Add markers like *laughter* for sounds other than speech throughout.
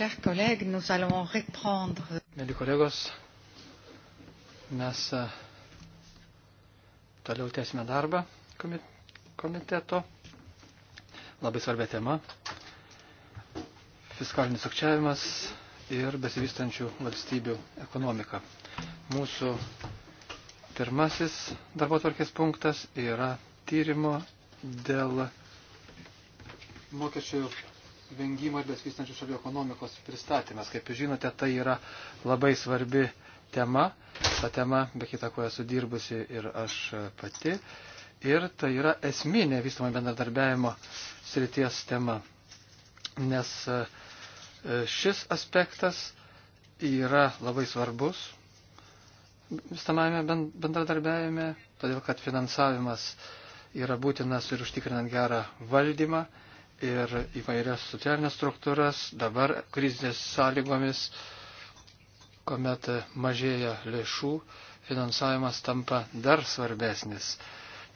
chers collègues, nous allons reprendre. Mėly kolegos, mes e, toliau tęsime darbą komiteto. Labai svarbia tema - fiskalinis sukčiavimas ir besivystančių valstybių ekonomika. Mūsų pirmasis darbo tvarkės punktas yra tyrimo dėl mokesčių vengimo ir besvystančių šalių ekonomikos pristatymas. Kaip jūs žinote, tai yra labai svarbi tema. Ta tema, be kita ko, esu dirbusi ir aš pati. Ir tai yra esminė vystomo bendradarbiavimo srities tema. Nes e, šis aspektas yra labai svarbus vystamajame bendradarbiavime, todėl kad finansavimas yra būtinas ir užtikrinant gerą valdymą ir įvairias socialinės struktūras dabar krizės sąlygomis, kuomet mažėja lėšų, finansavimas tampa dar svarbesnis.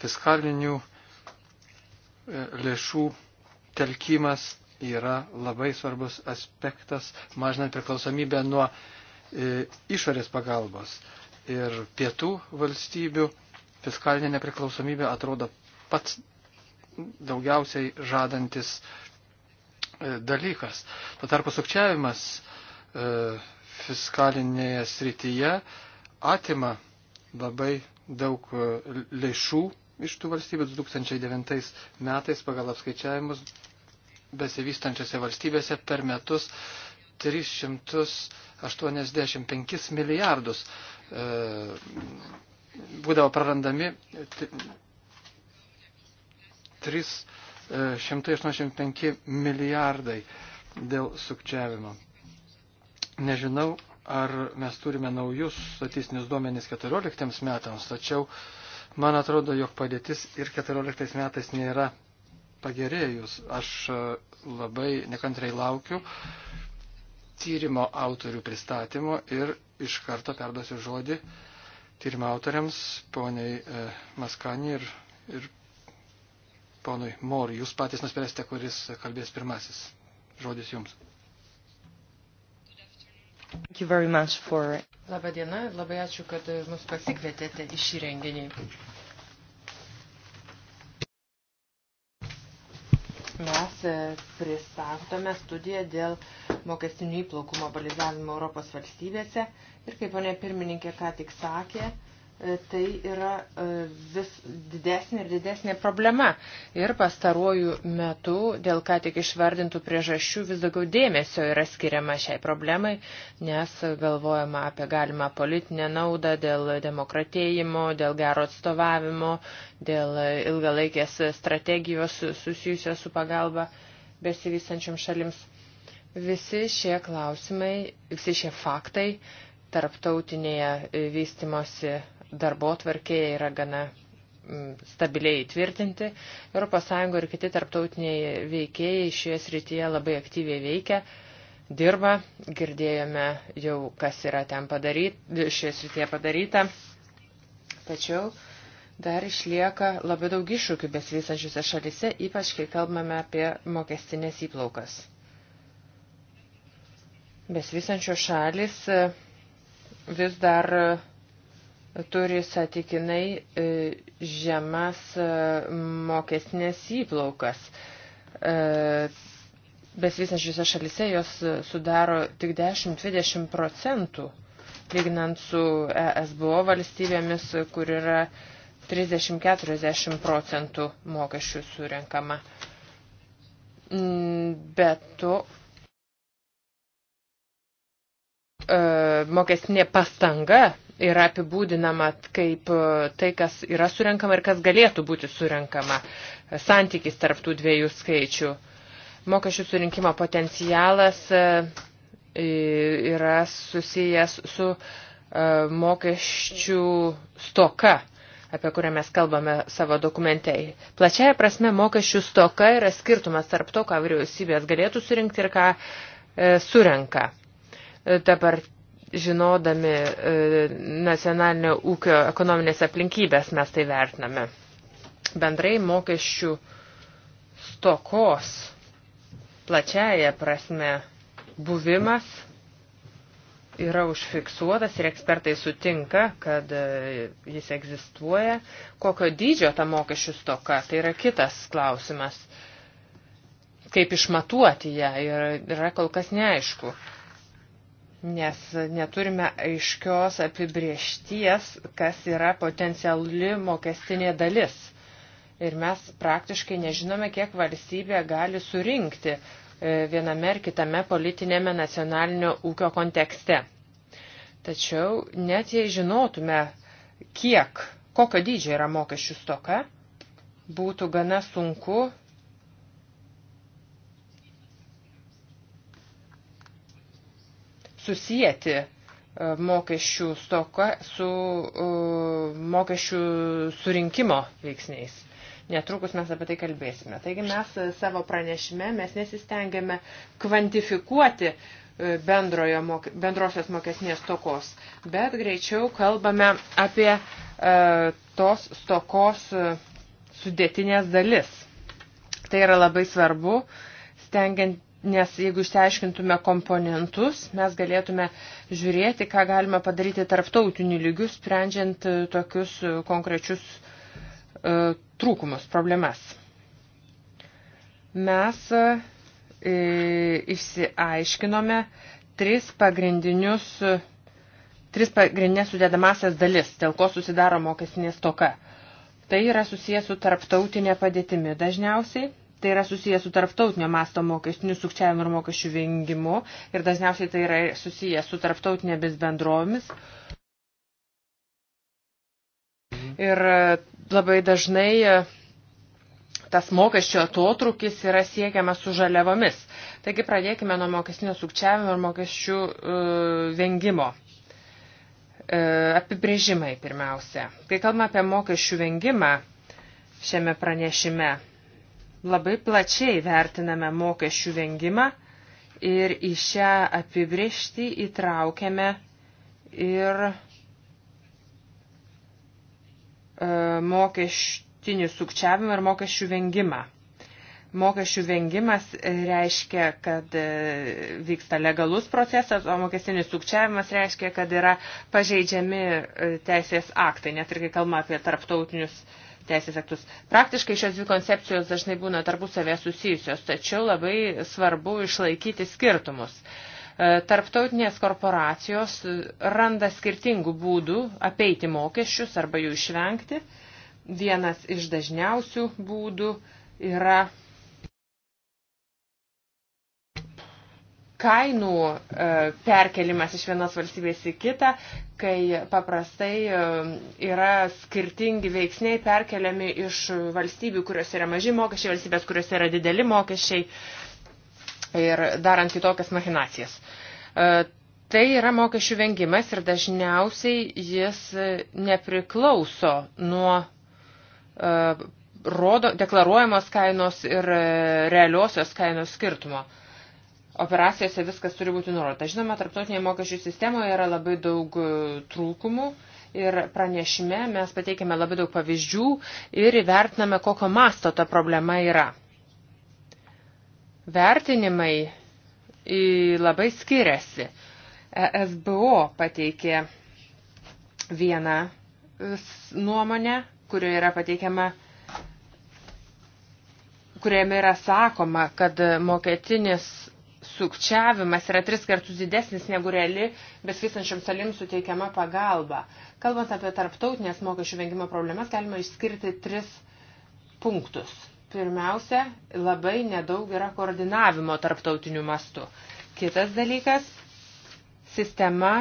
Fiskalinių e, lėšų telkimas yra labai svarbus aspektas, mažinant priklausomybę nuo e, išorės pagalbos. Ir pietų valstybių fiskalinė nepriklausomybė atrodo pats daugiausiai žadantis e, dalykas. Tuo tarpu sukčiavimas e, fiskalinėje srityje atima labai daug e, lėšų iš tų valstybių 2009 metais pagal apskaičiavimus besivystančiose valstybėse per metus 385 milijardus būdavo prarandami 385 e, milijardai dėl sukčiavimo. Nežinau, ar mes turime naujus statistinius duomenys 14 metams, tačiau man atrodo, jog padėtis ir 14 metais nėra pagerėjus. Aš e, labai nekantrai laukiu tyrimo autorių pristatymo ir iš karto perduosiu žodį tyrimo autoriams, poniai e, Maskani ir, ir ponui Mor. Jūs patys nuspręsite, kuris kalbės pirmasis. Žodis jums. For... Labą dieną, labai ačiū, kad mus pasikvietėte į šį renginį. Mes e, pristatome studiją dėl mokestinių įplaukų mobilizavimo Europos valstybėse ir kaip ponė pirmininkė ką tik sakė, E, tai yra e, vis didesnė ir didesnė problema. Ir pastaruoju metu, dėl ką tik išvardintų priežasčių, vis daugiau dėmesio yra skiriama šiai problemai, nes galvojama apie galimą politinę naudą dėl demokratėjimo, dėl gero atstovavimo, dėl ilgalaikės strategijos susijusios su pagalba besivystančiam šalims. Visi šie klausimai, visi šie faktai tarptautinėje vystimosi darbo tvarkėje yra gana mm, stabiliai įtvirtinti. ES ir kiti tarptautiniai veikėjai šioje srityje labai aktyviai veikia, dirba, girdėjome jau, kas yra ten padaryta, šioje srityje padaryta. Tačiau dar išlieka labai daug iššūkių besivysančiuose šalise, ypač kai kalbame apie mokestinės įplaukas. Besivysančios šalis e, vis dar e, turi satikinai e, žemas e, mokesnės įplaukas. E, Besvysančiose šalise jos sudaro tik 10-20 procentų, lyginant su ESBO valstybėmis, kur yra 30-40 procentų mokesčių surenkama. Mm, Bet to mokestinė pastanga yra apibūdinama kaip e, tai, kas yra surenkama ir kas galėtų būti surenkama. Santykis tarptų dviejų skaičių. Mokesčių surinkimo potencialas e, yra susijęs su e, mokesčių stoka apie kurią mes kalbame savo dokumente. Plačiaja prasme mokesčių stoka yra skirtumas tarp to, ką vyriausybės galėtų surinkti ir ką e, surenka. Dabar žinodami e, nacionalinio ūkio ekonominės aplinkybės mes tai vertiname. Bendrai mokesčių stokos plačiaja prasme buvimas yra užfiksuotas ir ekspertai sutinka, kad e, jis egzistuoja. Kokio dydžio ta mokesčių stoka, tai yra kitas klausimas. Kaip išmatuoti ją ir yra kol kas neaišku nes neturime aiškios apibriešties, kas yra potenciali mokestinė dalis. Ir mes praktiškai nežinome, kiek valstybė gali surinkti e, viename ar kitame politinėme nacionalinio ūkio kontekste. Tačiau net jei žinotume, kiek, kokio dydžio yra mokesčių stoka, būtų gana sunku susijęti e, mokesčių stoka su e, mokesčių surinkimo veiksniais. Netrukus mes apie tai kalbėsime. Taigi mes e, savo pranešime mes nesistengiame kvantifikuoti bendrojo, bendrosios mokesnės stokos, bet greičiau kalbame apie e, tos stokos sudėtinės dalis. Tai yra labai svarbu, stengiant Nes jeigu išsiaiškintume komponentus, mes galėtume žiūrėti, ką galime padaryti tarptautiniu lygiu, sprendžiant e, tokius e, konkrečius e, trūkumus, problemas. Mes e, e išsiaiškinome tris pagrindinius, tris pagrindinės sudėdamasias dalis, dėl ko susidaro mokestinė stoka. Tai yra susijęs su tarptautinė padėtimi dažniausiai, Tai yra susijęs su tarptautinio masto mokestiniu sukčiavimu ir mokesčių vengimu ir dažniausiai tai yra susijęs su tarptautinėmis bendrovėmis. Ir e, labai dažnai e, tas mokesčio atotrukis yra siekiamas su žaliavomis. Taigi pradėkime nuo mokestinio sukčiavimo ir mokesčių e, vengimo. E, apibrėžimai pirmiausia. Kai kalbame apie mokesčių vengimą šiame pranešime, Labai plačiai vertiname mokesčių vengimą ir į šią apibriežtį įtraukiame ir e, mokestinį sukčiavimą ir mokesčių vengimą. Mokesčių vengimas reiškia, kad e, vyksta legalus procesas, o mokestinis sukčiavimas reiškia, kad yra pažeidžiami e, teisės aktai, net ir kai kalbame apie tarptautinius uh, teisės aktus. Praktiškai šios dvi koncepcijos dažnai būna tarpusavėje susijusios, tačiau labai svarbu išlaikyti skirtumus. E, tarptautinės korporacijos e, randa skirtingų būdų apeiti mokesčius arba jų išvengti. Vienas iš dažniausių būdų yra kainų e, perkelimas iš vienos valstybės į kitą, kai paprastai e, yra skirtingi veiksniai perkeliami iš valstybių, kurios yra maži mokesčiai, valstybės, kurios yra dideli mokesčiai ir darant kitokias machinacijas. E, tai yra mokesčių vengimas ir dažniausiai jis nepriklauso nuo rodo, deklaruojamos kainos ir realiosios kainos skirtumo operacijose viskas turi būti nurodyta. Žinoma, tarptautinėje mokesčių sistemoje yra labai daug e, trūkumų ir pranešime mes pateikėme labai daug pavyzdžių ir įvertiname, kokio masto ta problema yra. Vertinimai labai skiriasi. ESBO pateikė vieną nuomonę, kurioje yra pateikiama kuriame yra sakoma, kad moketinis sukčiavimas yra tris kartus didesnis negu reali besvystančiam šalims suteikiama pagalba. Kalbant apie tarptautinės mokesčių vengimo problemas, galima išskirti tris punktus. Pirmiausia, labai nedaug yra koordinavimo tarptautiniu mastu. Kitas dalykas, sistema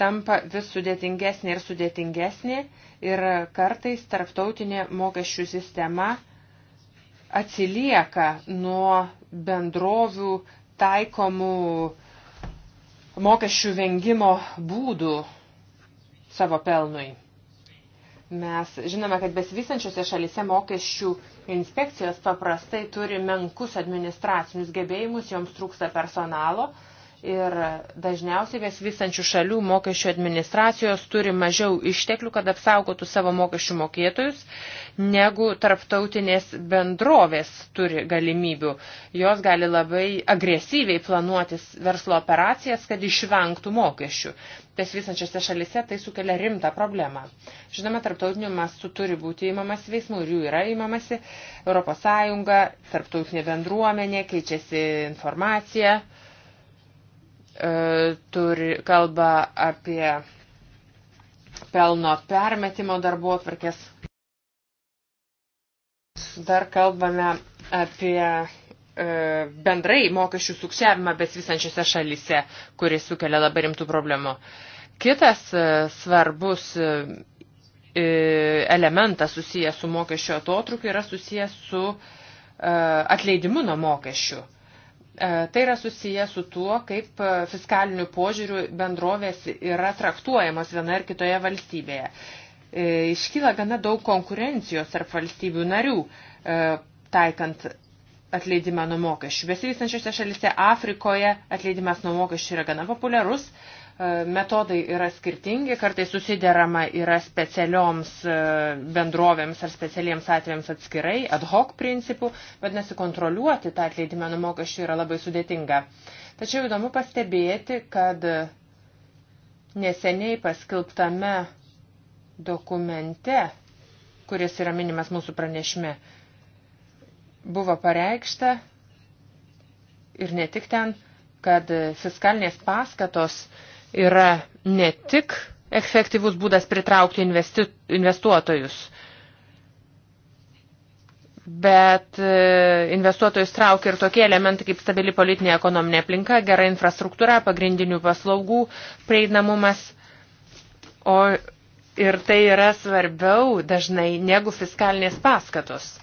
tampa vis sudėtingesnė ir sudėtingesnė ir kartais tarptautinė mokesčių sistema atsilieka nuo bendrovių taikomų mokesčių vengimo būdų savo pelnui. Mes žinome, kad besivystančiose šalise mokesčių inspekcijos paprastai turi menkus administracinius gebėjimus, joms trūksta personalo Ir dažniausiai besivystančių šalių mokesčių administracijos turi mažiau išteklių, kad apsaugotų savo mokesčių mokėtojus, negu tarptautinės bendrovės turi galimybių. Jos gali labai agresyviai planuotis verslo operacijas, kad išvengtų mokesčių. Besivystančiose šalise tai sukelia rimtą problemą. Žinoma, tarptautiniu mastu turi būti įmamas veiksmų ir jų yra įmamasi. Europos Sąjunga, tarptautinė bendruomenė, keičiasi informacija E, turi, kalba apie pelno permetimo darbo atvarkės. Dar kalbame apie e, bendrai mokesčių sukčiavimą besivysančiose šalise, kuris sukelia labai rimtų problemų. Kitas e, svarbus elementas susijęs su mokesčio atotrukiu yra susijęs su atleidimu nuo mokesčių. E, tai yra susiję su tuo, kaip e, fiskaliniu požiūriu bendrovės yra traktuojamos viena ar kitoje valstybėje. E, iškyla gana daug konkurencijos tarp valstybių narių, taikant atleidimą nuo mokesčių. Besivystančiose šalise Afrikoje atleidimas nuo mokesčių yra gana populiarus, E, metodai yra skirtingi, kartai susiderama yra specialioms e, bendrovėms ar specialiems atvejams atskirai, ad hoc principų, vadinasi, kontroliuoti tą atleidimą nuo mokesčių yra labai sudėtinga. Tačiau įdomu pastebėti, kad neseniai paskelbtame dokumente, kuris yra minimas mūsų pranešime, buvo pareikšta ir ne tik ten, kad fiskalinės paskatos uh, yra ne tik efektyvus būdas pritraukti investi, investuotojus, bet e, investuotojus traukia ir tokie elementai kaip stabili politinė ekonominė aplinka, gera infrastruktūra, pagrindinių paslaugų prieinamumas. O ir tai yra svarbiau dažnai negu fiskalinės paskatos.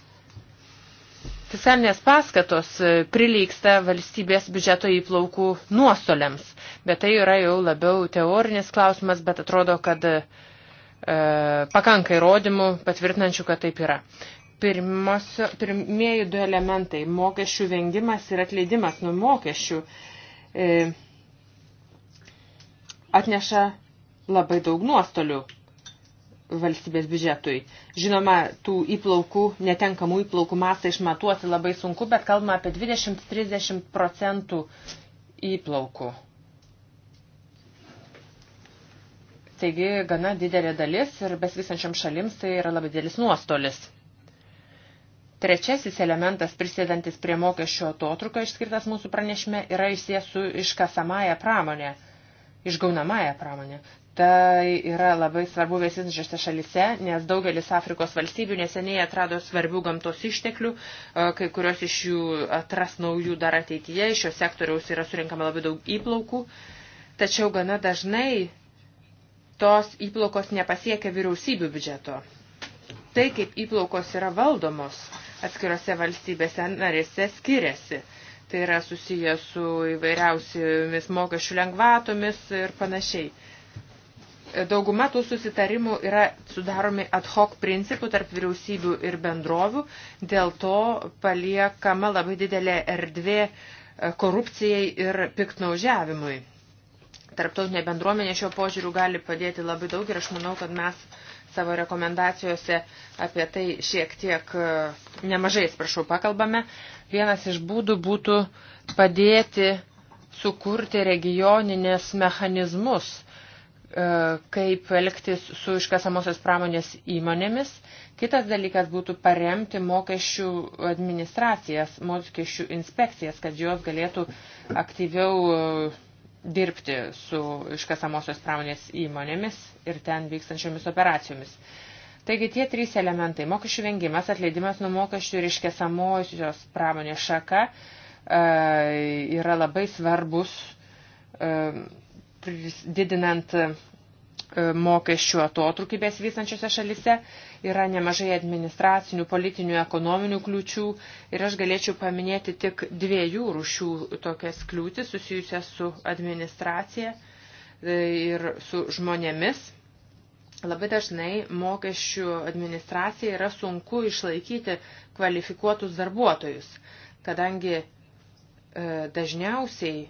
Fiskalinės paskatos e, prilyksta valstybės biudžeto įplaukų nuostoliams. Bet tai yra jau labiau teorinis klausimas, bet atrodo, kad e, pakanka įrodymų patvirtinančių, kad taip yra. Pirmosio, pirmieji du elementai - mokesčių vengimas ir atleidimas nuo mokesčių e, atneša labai daug nuostolių valstybės biudžetui. Žinoma, tų įplaukų, netenkamų įplaukų masą išmatuoti labai sunku, bet kalbame apie 20-30 procentų įplaukų. Taigi gana didelė dalis ir besvysančiam šalims tai yra labai didelis nuostolis. Trečiasis elementas prisėdantis prie mokesčio atotrukio išskirtas mūsų pranešime yra išsies su iškasamąją pramonę, išgaunamąją pramonę. Tai yra labai svarbu vėsinžiose šalise, nes daugelis Afrikos valstybių neseniai atrado svarbių gamtos išteklių, e, kai kurios iš jų atras naujų dar ateityje, iš šio sektoriaus yra surinkama labai daug įplaukų. Tačiau gana dažnai tos įplaukos nepasiekia vyriausybių biudžeto. Tai, kaip įplaukos yra valdomos atskirose valstybėse narėse, skiriasi. Tai yra susiję su įvairiausiamis mokesčių lengvatomis ir panašiai. Dauguma tų susitarimų yra sudaromi ad hoc principų tarp vyriausybių ir bendrovių, dėl to paliekama labai didelė erdvė korupcijai ir piktnaužiavimui tarptautinė bendruomenė šio požiūriu gali padėti labai daug ir aš manau, kad mes savo rekomendacijose apie tai šiek tiek e, nemažai, prašau, pakalbame. Vienas iš būdų būtų padėti sukurti regioninės mechanizmus, e, kaip elgtis su iškasamosios pramonės įmonėmis. Kitas dalykas būtų paremti mokesčių administracijas, mokesčių inspekcijas, kad jos galėtų aktyviau e, dirbti su iškasamosios pramonės įmonėmis ir ten vykstančiomis operacijomis. Taigi tie trys elementai – mokesčių vengimas, atleidimas nuo mokesčių ir iškesamosios pramonės šaka – e, yra labai svarbus e, didinant e, mokesčių atotrukį besivystančiose šalise Yra nemažai administracinių, politinių, ekonominių kliūčių ir aš galėčiau paminėti tik dviejų rušių tokias kliūtis susijusias su administracija e, ir su žmonėmis. Labai dažnai mokesčių administracija yra sunku išlaikyti kvalifikuotus darbuotojus, kadangi e, dažniausiai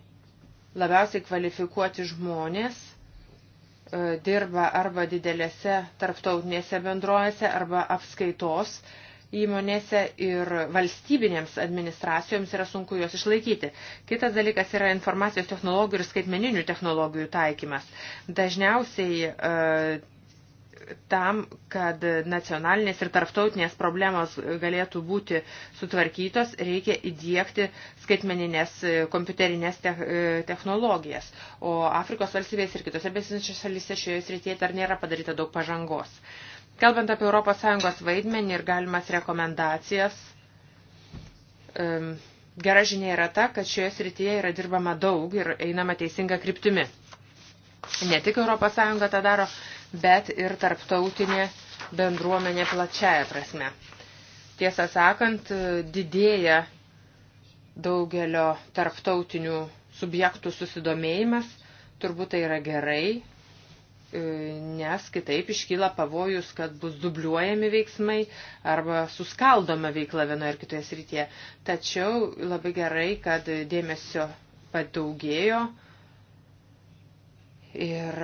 labiausiai kvalifikuoti žmonės E, dirba arba didelėse tarptautinėse bendrovėse, arba apskaitos įmonėse ir valstybinėms administracijoms yra sunku juos išlaikyti. Kitas dalykas yra informacijos technologijų ir skaitmeninių technologijų taikymas. Dažniausiai e, tam, kad nacionalinės ir tarptautinės problemos galėtų būti sutvarkytos, reikia įdėkti skaitmeninės e, kompiuterinės e, technologijas. O Afrikos valstybės ir kitose besinčiose šalyse šioje srityje dar nėra padaryta daug pažangos. Kalbant apie ES vaidmenį ir galimas rekomendacijas, gera žinia yra ta, kad šioje srityje yra dirbama daug ir einama teisinga kryptimi. Ne tik ES tą daro, bet ir tarptautinė bendruomenė plačiaja prasme. Tiesą sakant, didėja daugelio tarptautinių subjektų susidomėjimas, turbūt tai yra gerai, e, nes kitaip iškyla pavojus, kad bus dubliuojami veiksmai arba suskaldoma veikla vienoje ar kitoje srityje. Tačiau labai gerai, kad dėmesio padaugėjo ir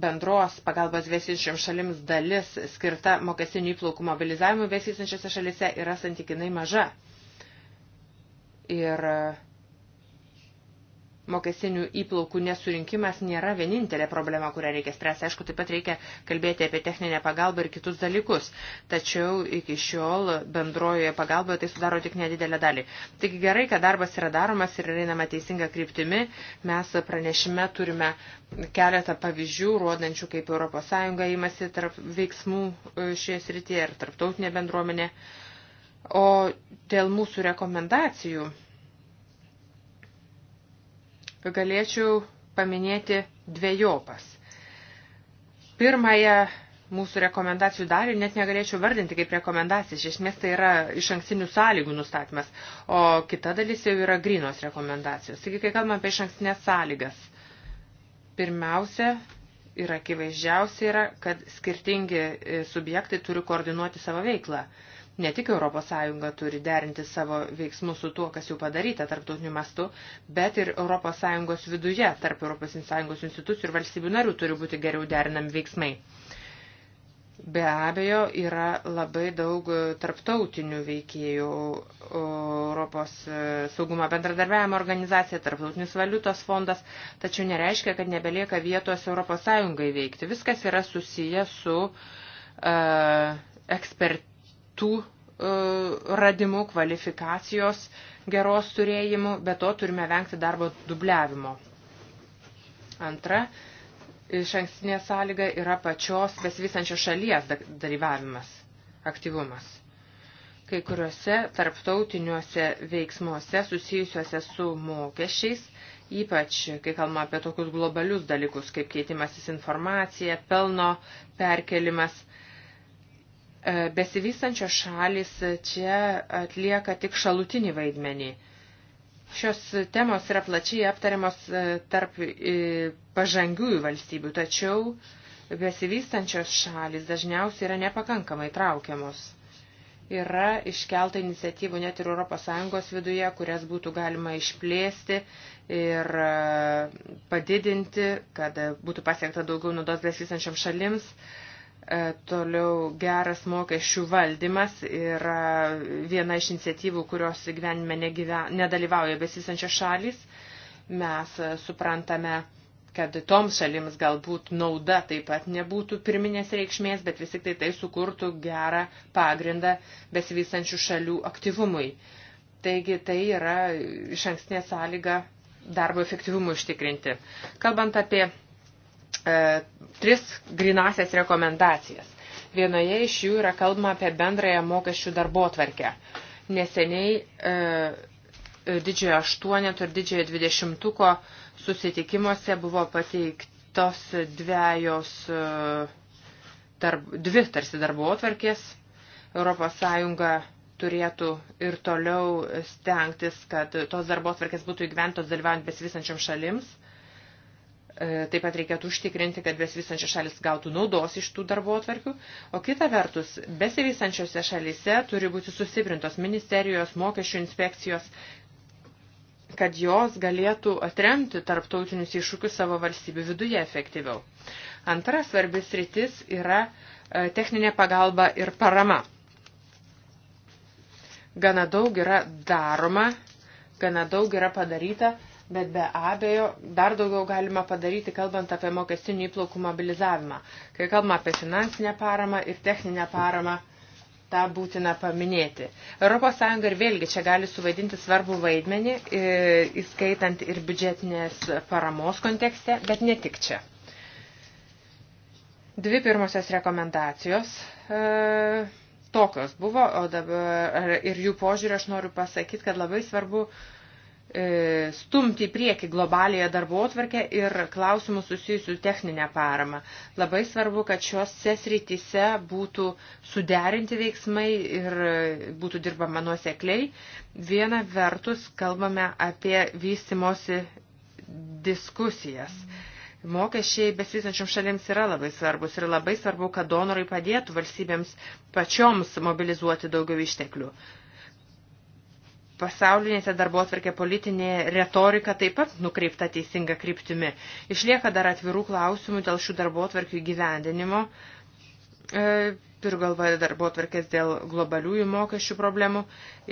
bendros pagalbos vėsinčiams šalims dalis skirta mokestinių įplaukų mobilizavimui vėsinčiose šalise yra santykinai maža. Ir uh, mokestinių įplaukų nesurinkimas nėra vienintelė problema, kurią reikia spręsti. Aišku, taip pat reikia kalbėti apie techninę pagalbą ir kitus dalykus, tačiau iki šiol bendrojoje pagalboje tai sudaro tik nedidelę dalį. Tik gerai, kad darbas yra daromas ir einama teisinga kryptimi. Mes pranešime turime keletą pavyzdžių, rodančių, kaip ES įmasi tarp veiksmų e, šioje srityje ir tarptautinė bendruomenė. O dėl mūsų rekomendacijų galėčiau paminėti dviejopas. Pirmąją mūsų rekomendacijų dalį net negalėčiau vardinti kaip rekomendacijas. Iš esmės tai yra iš ankstinių sąlygų nustatymas, o kita dalis jau yra grinos rekomendacijos. Taigi, kai kalbame apie iš ankstinės sąlygas, pirmiausia ir akivaizdžiausia yra, kad skirtingi subjektai turi koordinuoti savo veiklą. Ne tik ES turi derinti savo veiksmus su tuo, kas jau padaryta tarptautiniu mastu, bet ir ES viduje tarp ES institucijų ir valstybių narių turi būti geriau derinami veiksmai. Be abejo, yra labai daug tarptautinių veikėjų Europos saugumo bendradarbiavimo organizacija, tarptautinis valiutos fondas, tačiau nereiškia, kad nebelieka vietos ES veikti. Viskas yra susiję su uh, ekspert, tų e, radimų, kvalifikacijos geros turėjimų, bet to turime vengti darbo dubliavimo. Antra, iš ankstinė sąlyga yra pačios besivysančios šalies dalyvavimas, aktyvumas. Kai kuriuose tarptautiniuose veiksmuose susijusiuose su mokesčiais, ypač kai kalbame apie tokius globalius dalykus kaip keitimasis informacija, pelno perkelimas, E, besivystančios šalis čia atlieka tik šalutinį vaidmenį. Šios temos yra plačiai aptariamos e, tarp e, pažangiųjų valstybių, tačiau besivystančios šalis dažniausiai yra nepakankamai traukiamos. Yra iškelta iniciatyvų net ir ES viduje, kurias būtų galima išplėsti ir padidinti, kad būtų pasiekta daugiau naudos besivystančiam šalims. E, toliau geras mokesčių valdymas yra viena iš iniciatyvų, kurios gyvenime negyven, nedalyvauja besisančios šalys. Mes e, suprantame, kad toms šalims galbūt nauda taip pat nebūtų pirminės reikšmės, bet vis tik tai tai sukurtų gerą pagrindą besivysančių šalių aktyvumui. Taigi tai yra iš ankstinė sąlyga darbo efektyvumui užtikrinti. Kalbant apie e, tris grinasias rekomendacijas. Vienoje iš jų yra kalbama apie bendrąją mokesčių darbo tvarkę. Neseniai e, didžiojo aštuoneto ir didžiojo dvidešimtuko susitikimuose buvo pateiktos dviejos, e, darb, dvi tarsi darbo atvarkės. Europos Sąjunga turėtų ir toliau stengtis, kad tos darbo atvarkės būtų įgyventos dalyvaujant besivysančiam šalims. E, taip pat reikėtų užtikrinti, kad besivystančios šalis gautų naudos iš tų darbo atvarkių, o kita vertus, besivystančiose šalise turi būti sustiprintos ministerijos, mokesčių inspekcijos, kad jos galėtų atremti tarptautinius iššūkius savo valstybių viduje efektyviau. Antra svarbis rytis yra e, techninė pagalba ir parama. Gana daug yra daroma, gana daug yra padaryta bet be abejo dar daugiau galima padaryti, kalbant apie mokestinių įplaukų mobilizavimą. Kai kalbame apie finansinę paramą ir techninę paramą, tą būtina paminėti. ES ir vėlgi čia gali suvaidinti svarbų vaidmenį, e, įskaitant ir biudžetinės paramos kontekste, bet ne tik čia. Dvi pirmosios rekomendacijos e, tokios buvo, o dabar ir jų požiūrį aš noriu pasakyti, kad labai svarbu e, E, stumti į priekį globalėje darbo atvarkę ir klausimus susijusių techninę paramą. Labai svarbu, kad šios sesrytise būtų suderinti veiksmai ir būtų dirbama nuosekliai. Viena vertus kalbame apie vystimosi diskusijas. Mokesčiai besisančiom šalims yra labai svarbus ir labai svarbu, kad donorai padėtų valstybėms pačioms mobilizuoti daugiau išteklių pasaulinėse darbo atvarkė politinė retorika taip pat nukreipta teisinga kryptimi. Išlieka dar atvirų klausimų dėl šių darbo atvarkių įgyvendinimo. E, turiu galvoje darbo atvarkės dėl globaliųjų mokesčių problemų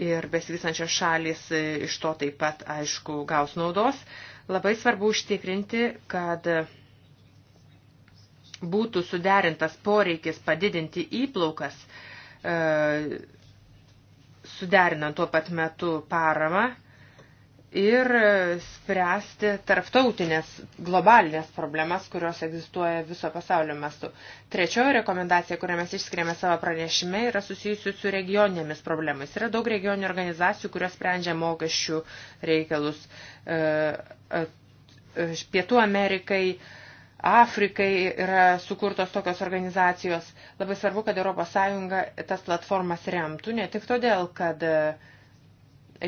ir besivysančios šalis e, iš to taip pat, aišku, gaus naudos. Labai svarbu užtikrinti, kad būtų suderintas poreikis padidinti įplaukas e, suderinant tuo pat metu paramą ir spręsti tarptautinės globalinės problemas, kurios egzistuoja viso pasaulio mastu. Trečioji rekomendacija, kurią mes išskiriame savo pranešime, yra susijusi su regioninėmis problemais. Yra daug regioninių organizacijų, kurios sprendžia mokesčių reikalus e, e, Pietų Amerikai, Afrikai yra sukurtos tokios organizacijos. Labai svarbu, kad ES tas platformas remtų, ne tik todėl, kad e,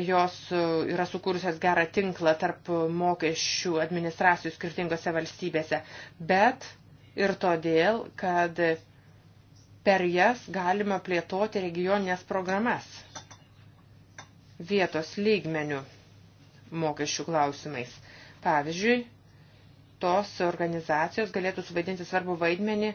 jos e, yra sukūrusios gerą tinklą tarp mokesčių administracijų skirtingose valstybėse, bet ir todėl, kad per jas galima plėtoti regioninės programas vietos lygmenių mokesčių klausimais. Pavyzdžiui, tos organizacijos galėtų suvaidinti svarbu vaidmenį,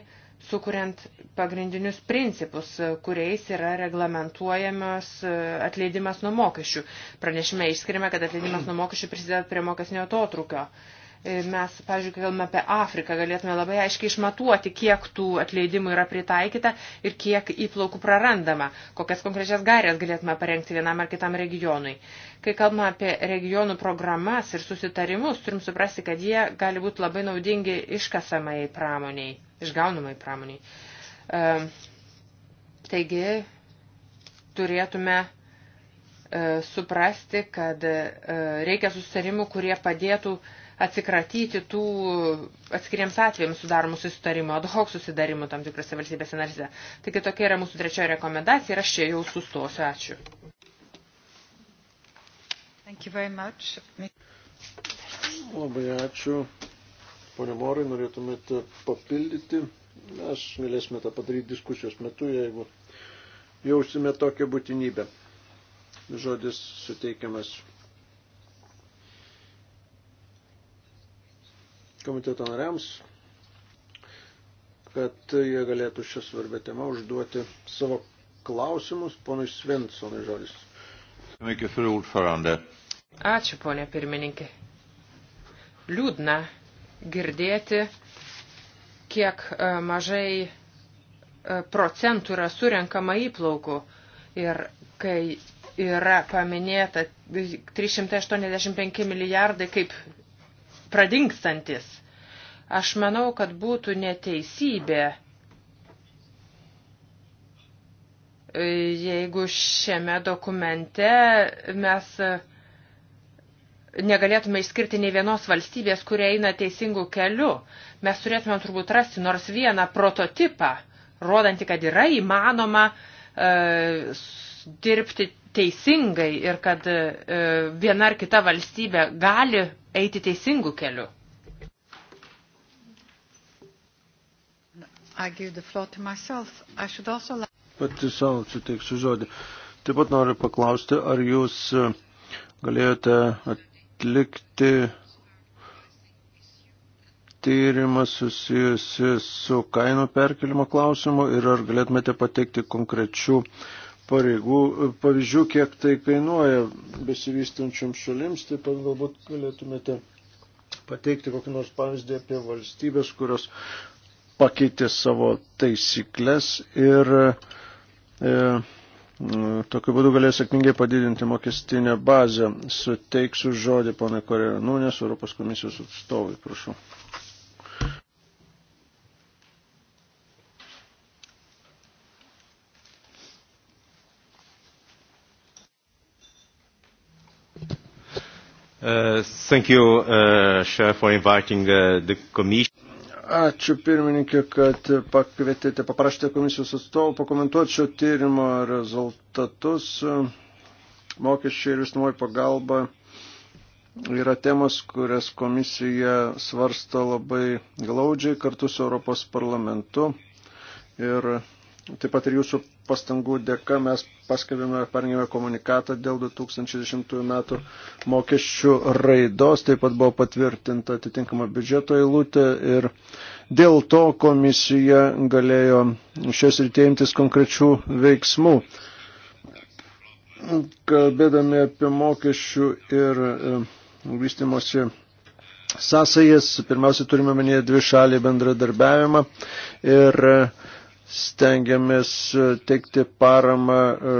sukuriant pagrindinius principus, kuriais yra reglamentuojamas e, atleidimas nuo mokesčių. Pranešime išskiriame, kad atleidimas nuo mokesčių prisideda prie mokesnio atotrukio. E, mes, pavyzdžiui, kai kalbame apie Afriką, galėtume labai aiškiai išmatuoti, kiek tų atleidimų yra pritaikyta ir kiek įplaukų prarandama, kokias konkrečias gairias galėtume parengti vienam ar kitam regionui. Kai kalbame apie regionų programas ir susitarimus, turim suprasti, kad jie gali būti labai naudingi iškasamai pramoniai, išgaunamai pramoniai. E, taigi, turėtume e, suprasti, kad e, reikia susitarimų, kurie padėtų uh, atsikratyti tų atskiriems atvejams sudaromų susitarimų, ad hoc susidarimų tam tikrose valstybėse narise. Taigi tokia yra mūsų trečioji rekomendacija ir aš čia jau sustosiu. Ačiū. Thank you very much. Labai ačiū. Pone Morai, norėtumėte papildyti? Mes galėsime tą padaryti diskusijos metu, jeigu jausime tokią būtinybę. Žodis suteikiamas komiteto nariams, kad jie galėtų šią svarbę temą užduoti savo klausimus. Ponui Svensonui žodis. Ačiū, ponė pirmininkė. Liūdna girdėti, kiek e, mažai e, procentų yra surenkama įplaukų. Ir kai yra paminėta 385 milijardai kaip pradingstantis. Aš manau, kad būtų neteisybė, jeigu šiame dokumente mes negalėtume išskirti nei vienos valstybės, kurie eina teisingų kelių. Mes turėtume turbūt rasti nors vieną prototipą, rodantį, kad yra įmanoma e, dirbti teisingai ir kad e, viena ar kita valstybė gali eiti teisingų kelių. Pati savo suteiksiu žodį. Taip pat noriu paklausti, ar jūs e, galėjote atlikti tyrimą susijusi su kainų perkelimo klausimu ir ar galėtumėte pateikti konkrečių uh, pareigų, e, pavyzdžių, kiek tai kainuoja besivystančiam šalims, taip pat galbūt galėtumėte pateikti kokį nors pavyzdį apie valstybės, kurios pakeitė savo taisyklės ir e, e tokiu būdu galės sėkmingai padidinti mokestinę bazę. Suteiksiu žodį, ponai Korėra Nūnės, Europos komisijos atstovai, prašau. Uh, thank you, uh, Chair, for inviting uh, the Commission. Ačiū pirmininkė, kad pakvietėte, paprašėte komisijos atstovų pakomentuoti šio tyrimo rezultatus. Mokesčiai ir visnumoji pagalba yra temas, kurias komisija svarsto labai glaudžiai kartu su Europos parlamentu. Ir taip pat ir jūsų pastangų dėka mes paskelbėme ir parengėme komunikatą dėl 2010 metų mokesčių raidos, taip pat buvo patvirtinta atitinkama biudžeto eilutė ir dėl to komisija galėjo šios rytėjimtis konkrečių veiksmų. Kalbėdami apie mokesčių ir e, vystimosi sąsajas, pirmiausia turime minėti dvi šalį bendradarbiavimą ir e, stengiamės e, teikti paramą e,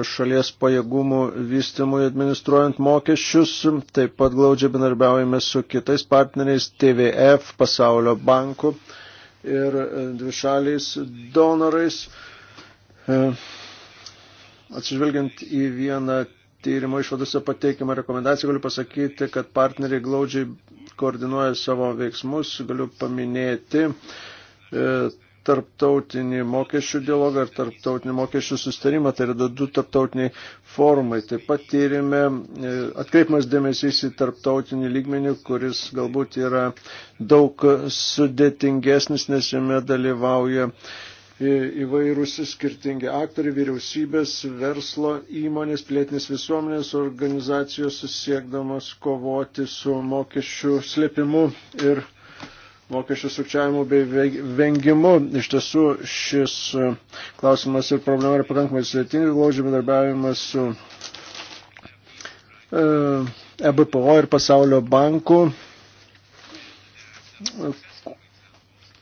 šalies pajėgumų vystimui administruojant mokesčius, taip pat glaudžiai bendarbiaujame su kitais partneriais TVF, Pasaulio banku ir e, dvišaliais donorais. Atsižvelgiant į vieną tyrimo išvadose pateikimą rekomendaciją, galiu pasakyti, kad partneriai glaudžiai koordinuoja savo veiksmus, galiu paminėti tarptautinį mokesčių dialogą ir tarptautinį mokesčių sustarimą, tai yra du tarptautiniai formai. Taip pat tyrime e, atkreipimas dėmesys į tarptautinį lygmenį, kuris galbūt yra daug sudėtingesnis, nes jame dalyvauja įvairūs skirtingi aktoriai, vyriausybės, verslo įmonės, plėtinės visuomenės organizacijos susiekdamas kovoti su mokesčių slėpimu ir mokesčių sukčiavimu bei vengimu. Iš tiesų šis e, klausimas ir problema yra pakankamai sudėtinga, glaudžiai bendarbiavimas su EBPO e ir pasaulio banku.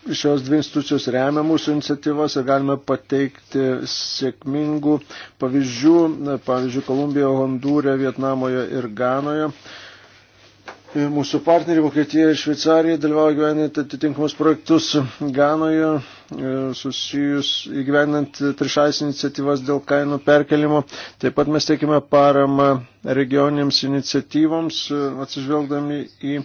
Šios dvi institucijos remia mūsų iniciatyvas ir galime pateikti sėkmingų pavyzdžių, pavyzdžiui, Kolumbijoje, Hondūre, Vietnamoje ir Ganoje. E, mūsų partneriai Vokietija ir Šveicarija dalyvauja gyveninti atitinkamus projektus Ganoje, e, susijus įgyvenant trišais iniciatyvas dėl kainų perkelimo. Taip pat mes teikime paramą regioniams iniciatyvoms, e, atsižvelgdami į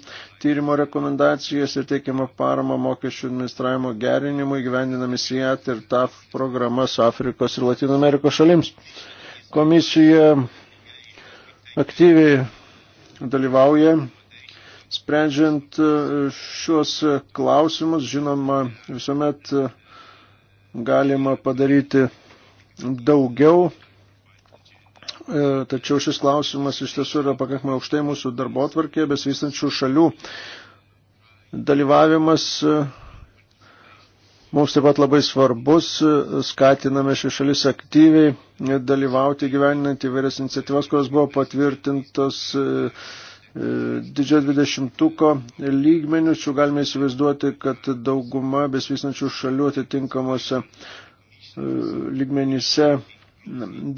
tyrimo rekomendacijas ir teikime paramą mokesčių administravimo gerinimui, gyvendinami SIAT ir TAF programas Afrikos ir Latino Amerikos šalims. Komisija aktyviai dalyvauja Sprendžiant e, šios klausimus, žinoma, visuomet e, galima padaryti daugiau, e, tačiau šis klausimas iš tiesų yra pakankamai aukštai mūsų darbo atvarkėje, besvystančių šalių dalyvavimas mums taip pat labai svarbus, skatiname šį šalis aktyviai dalyvauti gyveninant įvairias iniciatyvas, kurios buvo patvirtintos E, didžiojo dvidešimtuko lygmenių. Čia galime įsivaizduoti, kad dauguma besvystančių šalių atitinkamuose e, lygmenyse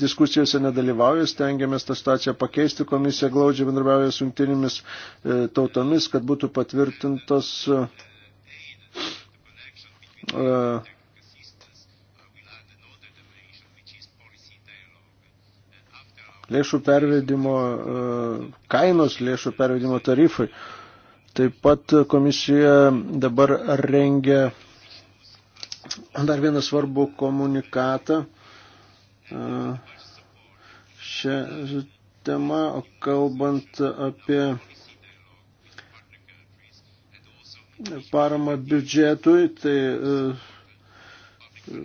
diskusijose nedalyvauja, stengiamės tą situaciją pakeisti, komisija glaudžiai bendrabiauja su jungtinėmis e, tautomis, kad būtų patvirtintos lėšų pervedimo e, kainos, lėšų pervedimo tarifai. Taip pat komisija dabar rengia dar vieną svarbų komunikatą e, šią temą, kalbant apie paramą biudžetui, tai e,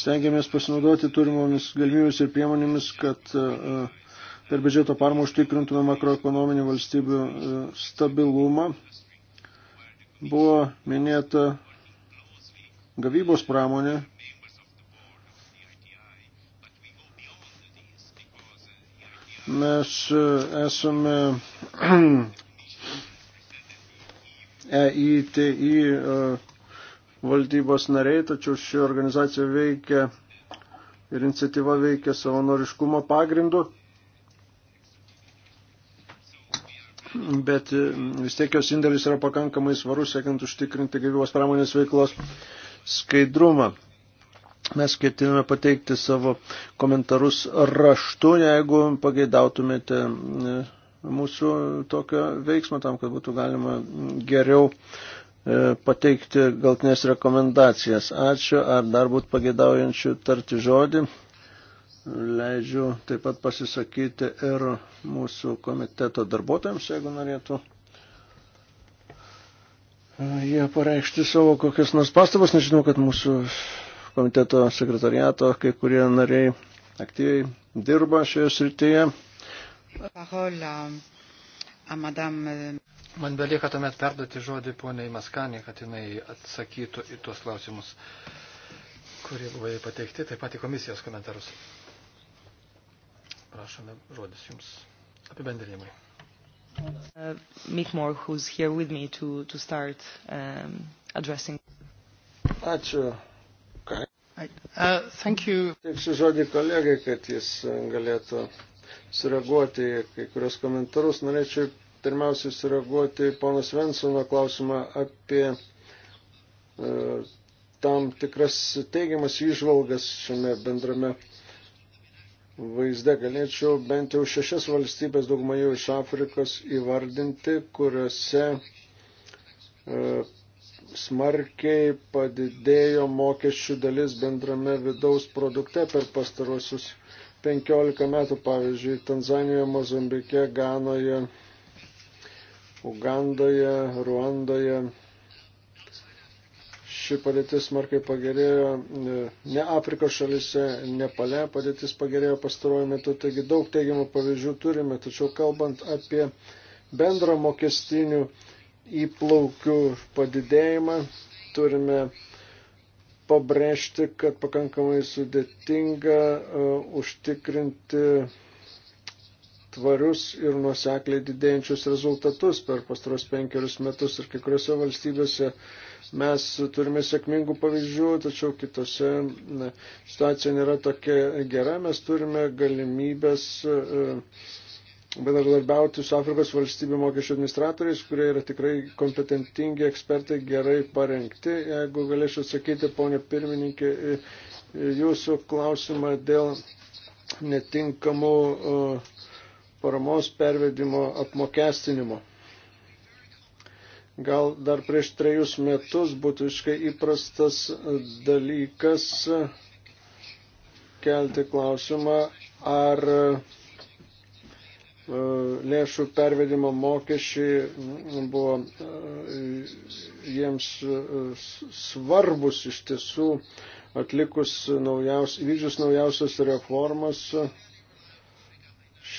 stengiamės pasinaudoti turimomis galimybėmis ir priemonėmis, kad e, e, per biudžeto parmą užtikrintume makroekonominį valstybių e, stabilumą. Buvo minėta gavybos pramonė. Mes esame EITI *clears throat* valdybos nariai, tačiau ši organizacija veikia ir iniciatyva veikia savanoriškumo pagrindu. Bet e, vis tiek jos indėlis yra pakankamai svarus, siekiant užtikrinti gyvybos pramonės veiklos skaidrumą. Mes ketiname pateikti savo komentarus raštu, jeigu pageidautumėte e, mūsų tokio veiksmo tam, kad būtų galima geriau E, pateikti galtinės rekomendacijas. Ačiū, ar dar būt pagėdaujančių tarti žodį. Leidžiu taip pat pasisakyti ir mūsų komiteto darbuotojams, jeigu norėtų. E, jie pareikšti savo kokias nors pastabas, nežinau, kad mūsų komiteto sekretariato kai kurie nariai aktyviai dirba šioje srityje. Parola, a, madame... Man belieka tuomet perduoti žodį poniai Maskanė, kad jinai atsakytų į tuos klausimus, kurie buvo pateikti, taip pat į komisijos komentarus. Prašome, žodis jums apibendrinimai. Uh, Mick Moore, who's here with me to, to start um, addressing. Ačiū. Ką? Uh, thank you. Teiksiu žodį kolegai, kad jis uh, galėtų sureaguoti kai kurios komentarus. Norėčiau pirmiausiai sureaguoti ponas Vensono klausimą apie e, tam tikras teigiamas išvalgas šiame bendrame vaizde. Galėčiau bent jau šešias valstybės, dauguma jų iš Afrikos, įvardinti, kuriuose e, smarkiai padidėjo mokesčių dalis bendrame vidaus produkte per pastarosius 15 metų, pavyzdžiui, Tanzanijoje, Mozambike, Ganoje, Ugandoje, Ruandoje. Ši padėtis smarkiai pagerėjo, e, ne Afrikos šalise, Nepale padėtis pagerėjo pastaruoju metu, taigi daug teigiamų pavyzdžių turime, tačiau kalbant apie bendrą mokestinių įplaukių padidėjimą, turime pabrėžti, kad pakankamai sudėtinga uh, užtikrinti tvarius ir nuosekliai didėjančius rezultatus per pastaros penkerius metus ir kai kuriuose valstybėse mes turime sėkmingų pavyzdžių, tačiau kitose ne, situacija nėra tokia gera, mes turime galimybės e, bendradarbiauti su Afrikos valstybių mokesčių administratoriais, kurie yra tikrai kompetentingi ekspertai, gerai parengti. Jeigu galėčiau atsakyti, ponė pirmininkė, jūsų klausimą dėl netinkamų uh, paramos pervedimo apmokestinimo. Gal dar prieš trejus metus būtų iškai įprastas dalykas kelti klausimą, ar e, lėšų pervedimo mokesčiai buvo e, jiems e, svarbus iš tiesų atlikus naujaus, įvykdžius naujausias reformas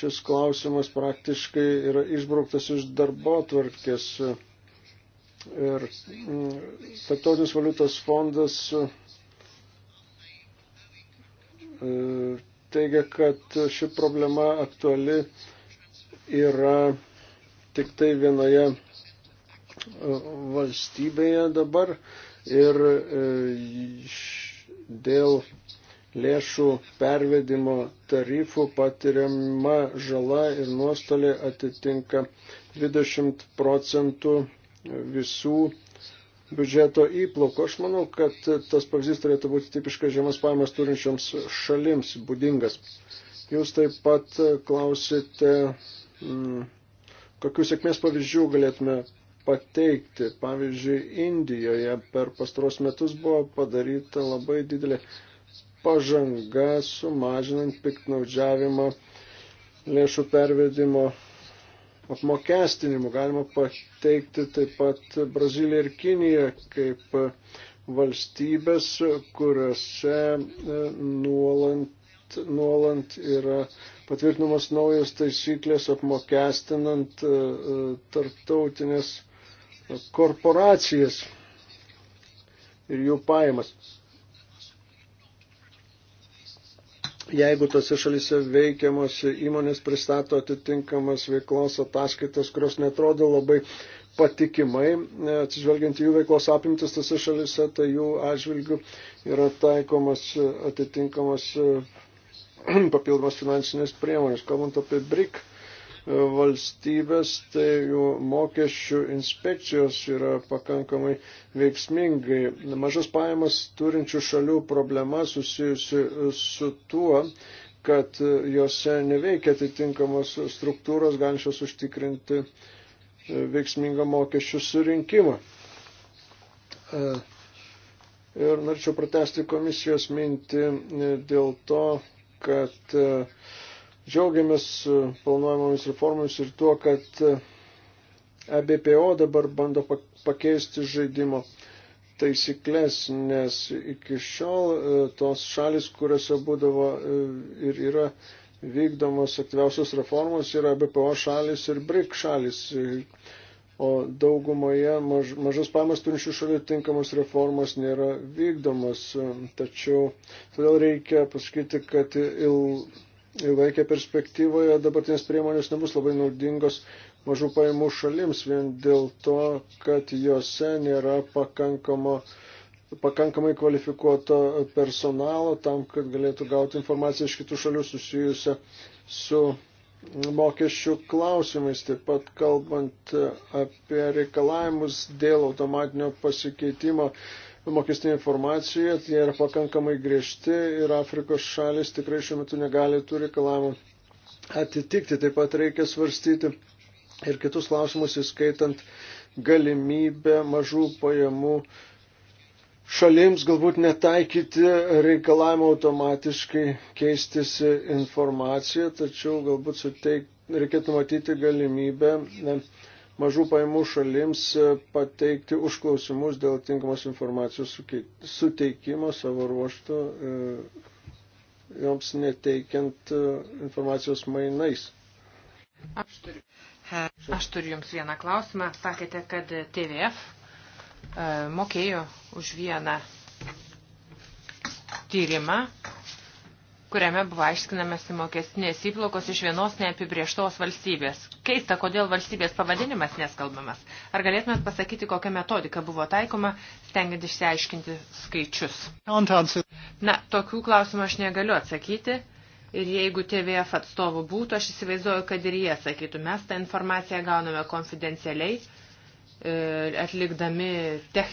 šis klausimas praktiškai yra išbrauktas iš darbo tvarkės. Ir mm, Tarptautinis valiutos fondas e, teigia, kad ši problema aktuali yra tik tai vienoje e, valstybėje dabar ir e, dėl lėšų pervedimo tarifų patiriama žala ir nuostolė atitinka 20 procentų visų biudžeto įplaukų. Aš manau, kad tas pavyzdys turėtų būti tipiškai žemas pajamas turinčioms šalims būdingas. Jūs taip pat klausite, mm, kokius sėkmės pavyzdžių galėtume pateikti. Pavyzdžiui, Indijoje per pastaros metus buvo padaryta labai didelė pažanga sumažinant piktnaudžiavimą lėšų pervedimo apmokestinimu. Galima pateikti taip pat Braziliją ir Kiniją kaip valstybės, kuriuose e, nuolant nuolant yra patvirtinamos naujas taisyklės apmokestinant e, e, tarptautinės korporacijas ir jų pajamas. jeigu tose šalise veikiamos įmonės pristato atitinkamas veiklos ataskaitas, kurios netrodo labai patikimai, e, atsižvelgiant į jų veiklos apimtis tose šalise, tai jų atžvilgių yra taikomas atitinkamas e, *clears throat* papildomas finansinės priemonės. Kalbant apie BRIC valstybės, tai jų mokesčių inspekcijos yra pakankamai veiksmingai. Mažas pajamas turinčių šalių problema susijusi su tuo, kad jose neveikia atitinkamos struktūros galinčios užtikrinti veiksmingą mokesčių surinkimą. Ir norėčiau pratesti komisijos mintį dėl to, kad uh, Džiaugiamės e, planuojamomis reformomis ir tuo, kad EBPO e dabar bando pakeisti žaidimo taisyklės, nes iki šiol e, tos šalis, kuriuose būdavo ir yra vykdomos aktyviausios reformos, yra BPO šalis ir BRIC šalis. O daugumoje maž, mažas pamas turinčių šalių tinkamos reformos nėra vykdomos. Tačiau todėl reikia pasakyti, kad il, ilgalaikė perspektyvoje dabartinės priemonės nebus labai naudingos mažų pajamų šalims vien dėl to, kad juose nėra pakankamo pakankamai kvalifikuoto personalo tam, kad galėtų gauti informaciją iš kitų šalių susijusią su mokesčių klausimais, taip pat kalbant apie reikalavimus dėl automatinio pasikeitimo mokestinė informacija, jie yra pakankamai griežti ir Afrikos šalis tikrai šiuo metu negali tų reikalavimų atitikti. Taip pat reikia svarstyti ir kitus klausimus, įskaitant galimybę mažų pajamų šalims galbūt netaikyti reikalavimo automatiškai keistis informaciją, tačiau galbūt suteik, reikėtų matyti galimybę. Ne, mažų pajamų šalims e, pateikti užklausimus dėl tinkamos informacijos suteikimo savo ruoštų, e, joms neteikiant e, informacijos mainais. Aš turiu, aš turiu Jums vieną klausimą. Sakėte, kad TVF mokėjo už vieną tyrimą kuriame buvo aiškinamas mokestinės įplaukos iš vienos neapibrieštos valstybės. Keista, kodėl valstybės pavadinimas neskalbamas. Ar galėtumėt pasakyti, kokia metodika buvo taikoma, stengiant išsiaiškinti skaičius? Na, tokių klausimų aš negaliu atsakyti. Ir jeigu TVF atstovų būtų, aš įsivaizduoju, kad ir jie sakytų, mes tą informaciją gauname konfidencialiai, e, atlikdami e,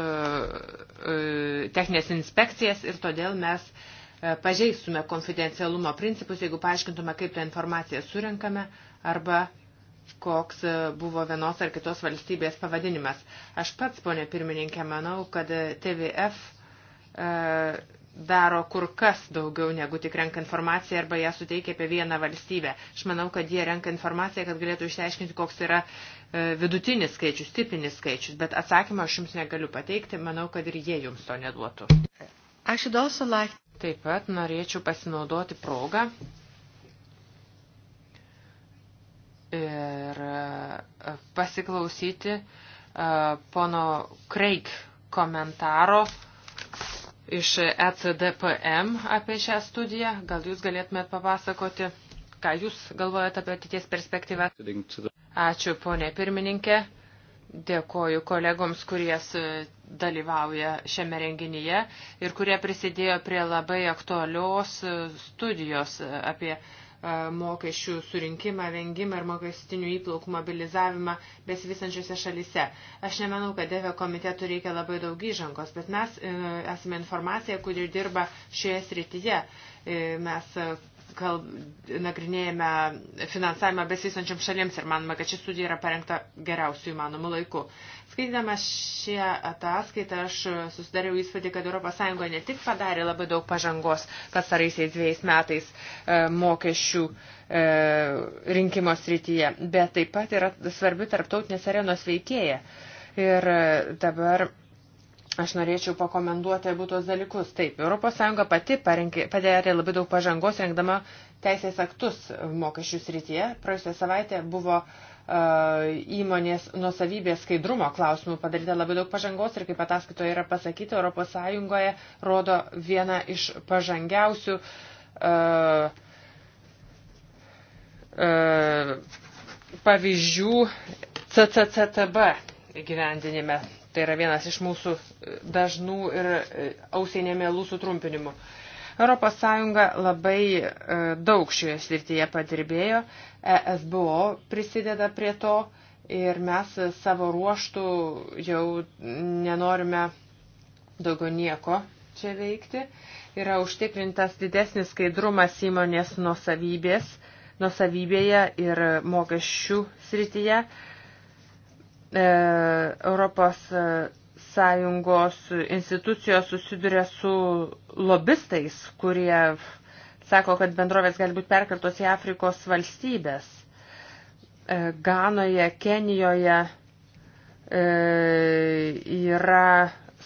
e, techninės inspekcijas ir todėl mes E, pažeistume konfidencialumo principus, jeigu paaiškintume, kaip tą informaciją surinkame arba koks e, buvo vienos ar kitos valstybės pavadinimas. Aš pats, ponė pirmininkė, manau, kad TVF e, daro kur kas daugiau negu tik renka informaciją arba ją suteikia apie vieną valstybę. Aš manau, kad jie renka informaciją, kad galėtų išsiaiškinti, koks yra vidutinis skaičius, tipinis skaičius, bet atsakymą aš jums negaliu pateikti, manau, kad ir jie jums to neduotų. Like... Taip pat norėčiau pasinaudoti progą ir e, pasiklausyti e, pono Kreik komentaro iš ECDPM apie šią studiją. Gal jūs galėtumėt papasakoti, ką jūs galvojate apie ateities perspektyvą? Ačiū, ponė pirmininkė. Dėkoju kolegoms, kurie dalyvauja šiame renginyje ir kurie prisidėjo prie labai aktualios e, studijos e, apie e, mokesčių surinkimą, vengimą ir mokestinių įplaukų mobilizavimą besivysančiose šalise. Aš nemanau, kad DV komitetų reikia labai daug įžangos, bet mes esame informacija, kuri dirba šioje srityje. Mes kalb, nagrinėjame finansavimą besisančiam šalims ir manome, kad ši studija yra parengta geriausių įmanomų laikų. Skaitydama šią ataskaitą, aš susidariau įspūdį, kad ES ne tik padarė labai daug pažangos pasaraisiais dviejais metais e, mokesčių e, rinkimo srityje, bet taip pat yra svarbi tarptautinės arenos veikėja. Ir e, dabar Aš norėčiau pakomenduoti abu tuos dalykus. Taip, ES pati parinkė, padarė labai daug pažangos rengdama teisės aktus mokesčių srityje. Praėjusią savaitę buvo e, įmonės nuosavybės skaidrumo klausimų padaryta labai daug pažangos ir kaip ataskaitoje yra pasakyti, ES rodo vieną iš pažangiausių uh, uh, pavyzdžių CCCTB gyvendinime. Tai yra vienas iš mūsų e, dažnų ir e, ausiai nemėlų sutrumpinimų. ES labai e, daug šioje srityje padirbėjo, ESBO prisideda prie to ir mes savo ruoštų jau nenorime daugiau nieko čia veikti. Yra užtikrintas didesnis skaidrumas įmonės nuosavybės, nuosavybėje ir mokesčių srityje. E, Europos e, Sąjungos institucijos susiduria su lobistais, kurie sako, kad bendrovės gali būti perkeltos į Afrikos valstybės. E, Ganoje, Kenijoje yra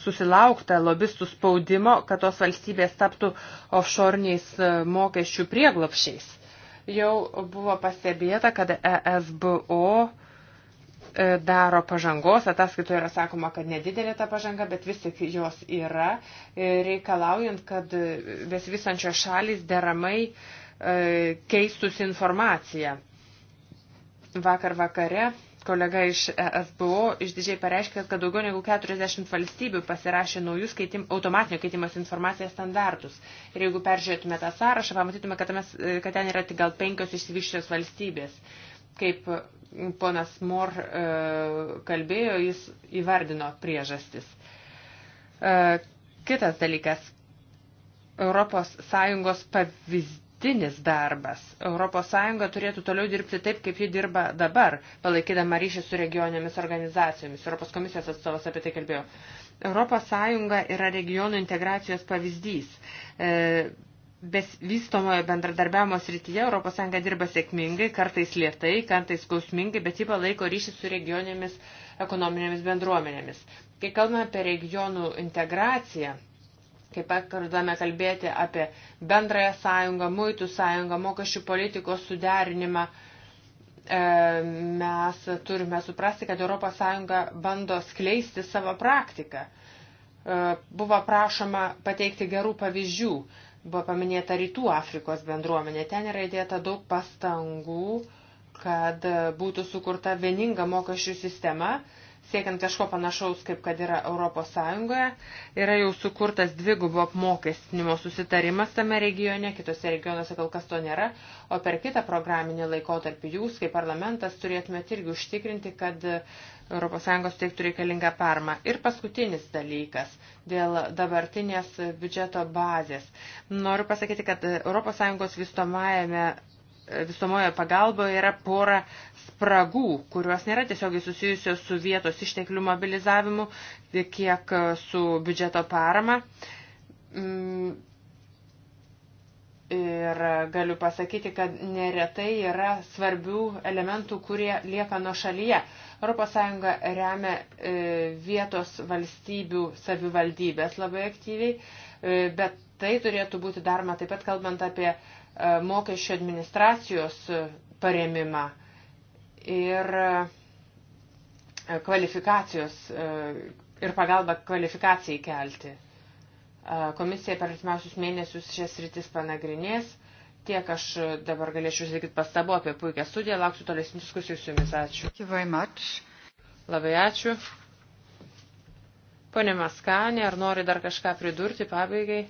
susilaukta lobistų spaudimo, kad tos valstybės taptų offshoriniais mokesčių prieglopšiais. Jau buvo pastebėta, kad ESBO E, daro pažangos, ataskaitoje yra sakoma, kad nedidelė ta pažanga, bet vis tik jos yra, e, reikalaujant, kad besivysančios šalis deramai e, keistus informaciją. Vakar vakare kolega iš SBO išdidžiai pareiškė, kad daugiau negu 40 valstybių pasirašė naujus keitim, automatinio keitimas informaciją standartus. Ir jeigu peržiūrėtume tą sąrašą, pamatytume, kad, mes, kad ten yra tik gal penkios išsivyščios valstybės. Uh, Kaip ponas Mor e, kalbėjo, jis įvardino priežastis. E, kitas dalykas - ES pavyzdinis darbas. ES turėtų toliau dirbti taip, kaip ji dirba dabar, palaikydama ryšį su regioninėmis organizacijomis. Europos komisijos atstovas apie tai kalbėjo. ES yra regionų integracijos pavyzdys. E, Vystomojo bendradarbiavimo srityje ES dirba sėkmingai, kartais lietai, kartais skausmingai, bet ji palaiko ryšį su regioninėmis ekonominėmis bendruomenėmis. Kai kalbame apie regionų integraciją, kaip pradame kalbėti apie bendrąją sąjungą, muitų sąjungą, mokesčių politikos suderinimą, e, mes turime suprasti, kad ES bando skleisti savo praktiką. E, buvo prašoma pateikti gerų pavyzdžių. Buvo paminėta Rytų Afrikos bendruomenė. Ten yra įdėta daug pastangų, kad būtų sukurta vieninga mokesčių sistema, siekiant kažko panašaus, kaip kad yra Europos Sąjungoje, yra jau sukurtas dvigubo apmokestinimo susitarimas tame regione, kitose regionuose kol kas to nėra, o per kitą programinį laikotarpį jūs, kaip parlamentas, turėtumėte irgi užtikrinti, kad ES teiktų reikalingą parmą. Ir paskutinis dalykas dėl dabartinės biudžeto bazės. Noriu pasakyti, kad ES vystomajame visomojo pagalboje yra pora spragų, kurios nėra tiesiogiai susijusios su vietos išteklių mobilizavimu, kiek su biudžeto parama mm, Ir galiu pasakyti, kad neretai yra svarbių elementų, kurie lieka nuo šalyje. ES remia e, vietos valstybių savivaldybės labai aktyviai, e, bet tai turėtų būti daroma taip pat kalbant apie e, mokesčio administracijos paremimą ir kvalifikacijos ir pagalbą kvalifikacijai kelti. Komisija per artimiausius mėnesius šias rytis panagrinės. Tiek aš dabar galėčiau išsakyti pastabų apie puikią studiją. Lauksiu tolesnių diskusijų su jumis. Ačiū. Labai ačiū. Pone Maskanė, ar nori dar kažką pridurti pabaigai?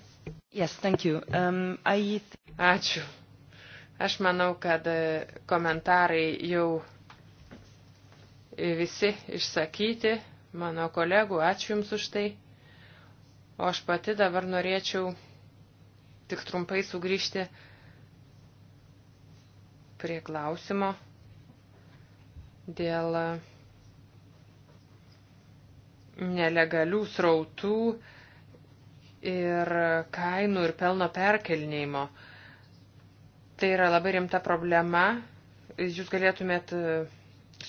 Yes, thank you. Um, I... Ačiū. Aš manau, kad e, komentarai jau visi išsakyti mano kolegų. Ačiū Jums už tai. O aš pati dabar norėčiau tik trumpai sugrįžti prie klausimo dėl nelegalių srautų ir kainų ir pelno perkelnėjimo. Tai yra labai rimta problema. Jūs galėtumėt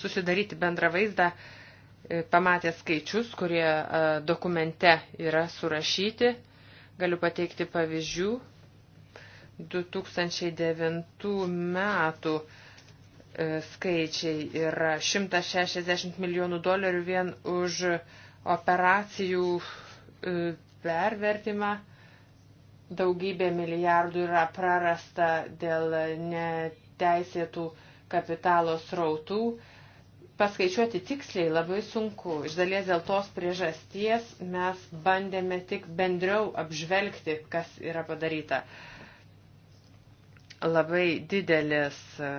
susidaryti bendrą vaizdą, E, pamatę skaičius, kurie e, dokumente yra surašyti, galiu pateikti pavyzdžių. 2009 metų e, skaičiai yra 160 milijonų dolerių vien už operacijų pervertimą. Daugybė milijardų yra prarasta dėl neteisėtų kapitalo srautų paskaičiuoti tiksliai labai sunku. Iš dalies dėl tos priežasties mes bandėme tik bendriau apžvelgti, kas yra padaryta. Labai didelis e,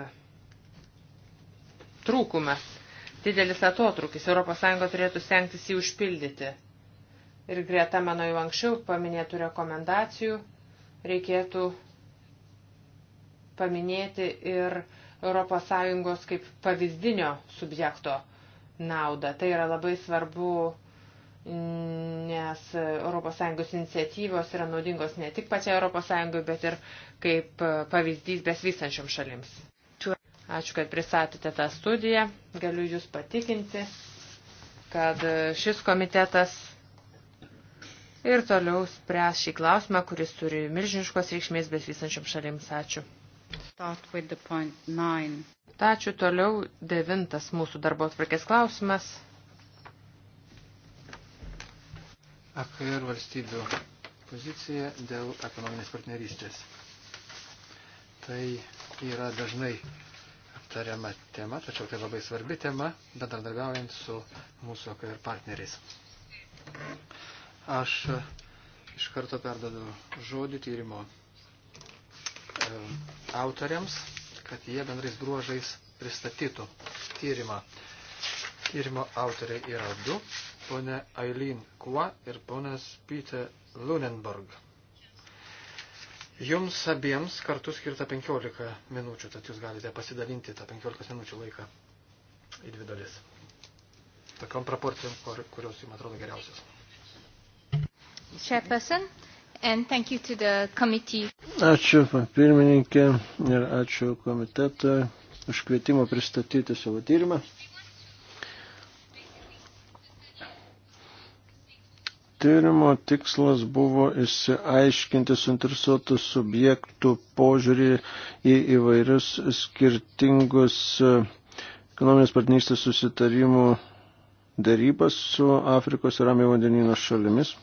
trūkumas, didelis atotrukis. ES turėtų stengtis jį užpildyti. Ir greta mano jau anksčiau paminėtų rekomendacijų reikėtų paminėti ir uh, ES kaip pavyzdinio subjekto naudą. Tai yra labai svarbu, nes ES iniciatyvos yra naudingos ne tik pačiai ES, bet ir kaip pavyzdys besvystančiom šalims. Ačiū, kad pristatėte tą studiją. Galiu Jūs patikinti, kad šis komitetas ir toliau spręs šį klausimą, kuris turi milžiniškos reikšmės besvystančiam šalims. Ačiū. Ačiū toliau. Devintas mūsų darbo atvarkės klausimas. AKR valstybių pozicija dėl ekonominės partnerystės. Tai yra dažnai aptariama tema, tačiau tai labai svarbi tema, bendradarbiaujant su mūsų AKR partneriais. Aš iš karto perdodu žodį tyrimo E, autoriams, kad jie bendrais bruožais pristatytų tyrimą. Tyrimo autoriai yra du - ponė Aileen Kua ir ponas Peter Lunenburg. Jums abiems kartu skirta 15 minučių, tad jūs galite pasidalinti tą 15 minučių laiką į dvi dalis. Tokiom proporcijom, kur, kurios jums atrodo geriausios. Chairperson, Ačiū pirmininkė ir ačiū komitetui už kvietimą pristatyti savo tyrimą. Tyrimo tikslas buvo išsiaiškinti suinteresuotų subjektų požiūrį į įvairius skirtingus ekonominės partnerystės susitarimų darybas su Afrikos ir Ramio vandenino šalimis.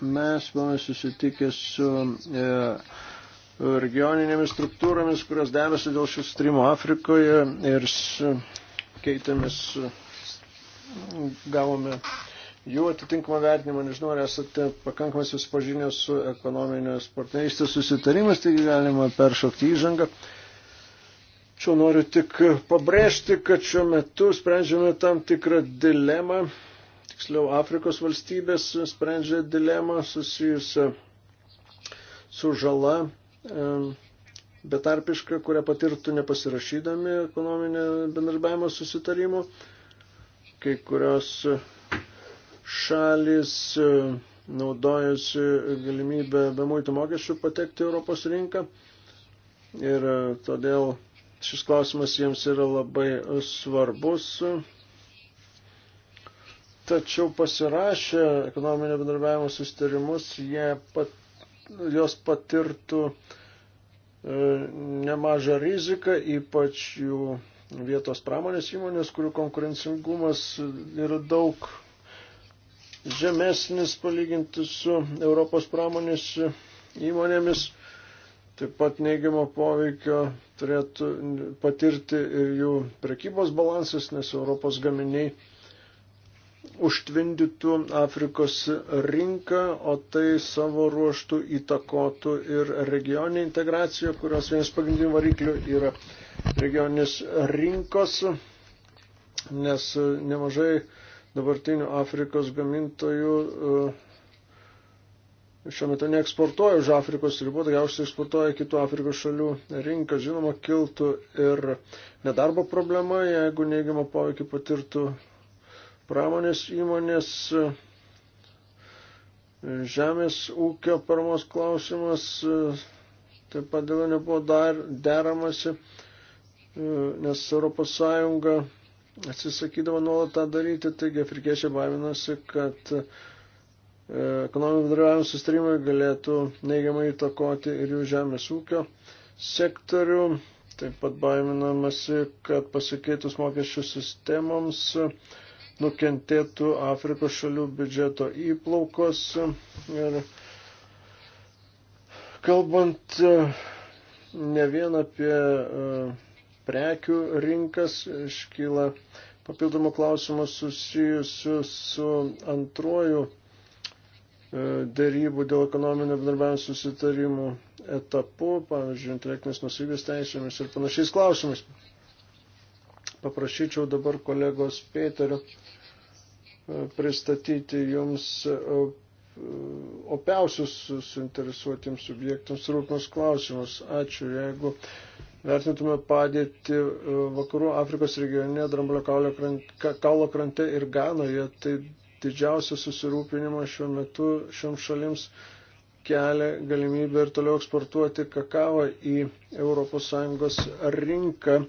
Mes buvome susitikę su e, regioninėmis struktūromis, kurios debėsi dėl šių streamų Afrikoje ir keitėmis, gavome jų atitinkamą vertinimą, nežinau, ar esate pakankamai susipažinę su ekonominės partnerystės susitarimas, taigi galima peršokti įžangą. Čia noriu tik pabrėžti, kad šiuo metu sprendžiame tam tikrą dilemą tiksliau Afrikos valstybės sprendžia dilemą susijusią su žala e, betarpiška, kurią patirtų nepasirašydami ekonominio bendarbiavimo susitarimo. Kai kurios šalis e, naudojasi galimybę be muitų mokesčių patekti Europos rinką ir e, todėl šis klausimas jiems yra labai svarbus tačiau pasirašę ekonominio bendradarbiavimo sustarimus, jie pat, jos patirtų e, nemažą riziką, ypač jų vietos pramonės įmonės, kurių konkurencingumas yra daug žemesnis palyginti su Europos pramonės įmonėmis. Taip pat neigiamo poveikio turėtų patirti ir jų prekybos balansas, nes Europos gaminiai užtvindytų Afrikos rinką, o tai savo ruoštų įtakotų ir regioninė integracija, kurios vienas pagrindinių variklių yra regioninės rinkos, nes nemažai dabartinių Afrikos gamintojų e, šiuo metu neeksportuoja už Afrikos ribų, daugiausiai eksportuoja kitų Afrikos šalių rinką. Žinoma, kiltų ir nedarbo problema, jeigu neigiamą poveikį patirtų pramonės įmonės, žemės ūkio paramos klausimas, taip pat dėl nebuvo dar deramasi, nes ES atsisakydavo nuolat tą daryti, taigi afrikiečiai baiminasi, kad e, ekonominio bendravimo sustarimai galėtų neigiamai įtakoti ir jų žemės ūkio sektorių. Taip pat baiminamasi, kad pasikeitus mokesčių sistemoms uh, nukentėtų Afrikos šalių biudžeto įplaukos. Ir kalbant e, ne vien apie e, prekių rinkas, iškyla papildomų klausimų susijusių su antruoju e, dėrybų dėl ekonominio bendarbiavimo susitarimų etapu, pavyzdžiui, intelektinės nusivys teisėmis ir panašiais klausimais. Paprašyčiau dabar kolegos Pėterio e, pristatyti jums e, e, opiausius suinteresuotiems subjektams rūpimus klausimus. Ačiū. Jeigu vertintume padėti Vakarų Afrikos regione, Dramblio kaulo krante ir Ganoje, tai didžiausia susirūpinimo šiuo metu šioms šalims kelia galimybę ir toliau eksportuoti kakavą į ES rinką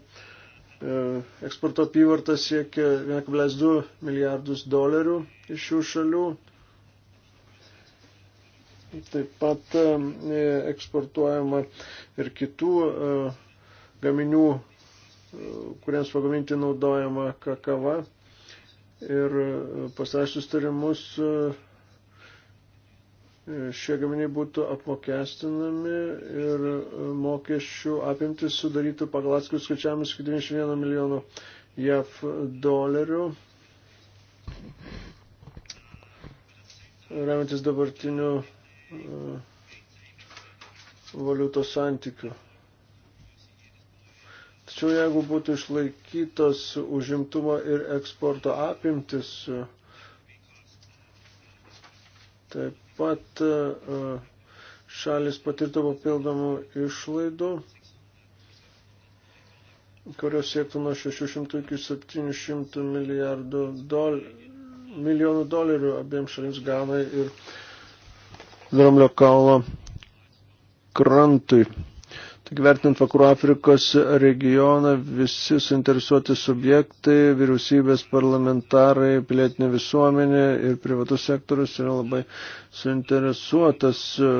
E, eksporto apyvarta siekia 1,2 milijardus dolerių iš šių šalių. Taip pat e, eksportuojama ir kitų e, gaminių, kuriems pagaminti naudojama kakava. Ir pasirašus tarimus šie gaminiai būtų apmokestinami ir e, mokesčių apimtis sudarytų pagal atskirius skaičiavimus iki 91 milijono JAV dolerių. Remiantis dabartiniu e, valiutos santykiu. Tačiau jeigu būtų išlaikytos užimtumo ir eksporto apimtis, e, taip pat e, e, šalis patirtų papildomų išlaidų, kurios siektų nuo 600 iki 700 milijardų dol, milijonų dolerių abiems šalims Ganai ir Dramblio kaulo krantui. Tik vertinant Vakarų Afrikos regioną, visi suinteresuoti subjektai, vyriausybės, parlamentarai, pilietinė visuomenė ir privatus sektorius yra labai suinteresuotas e,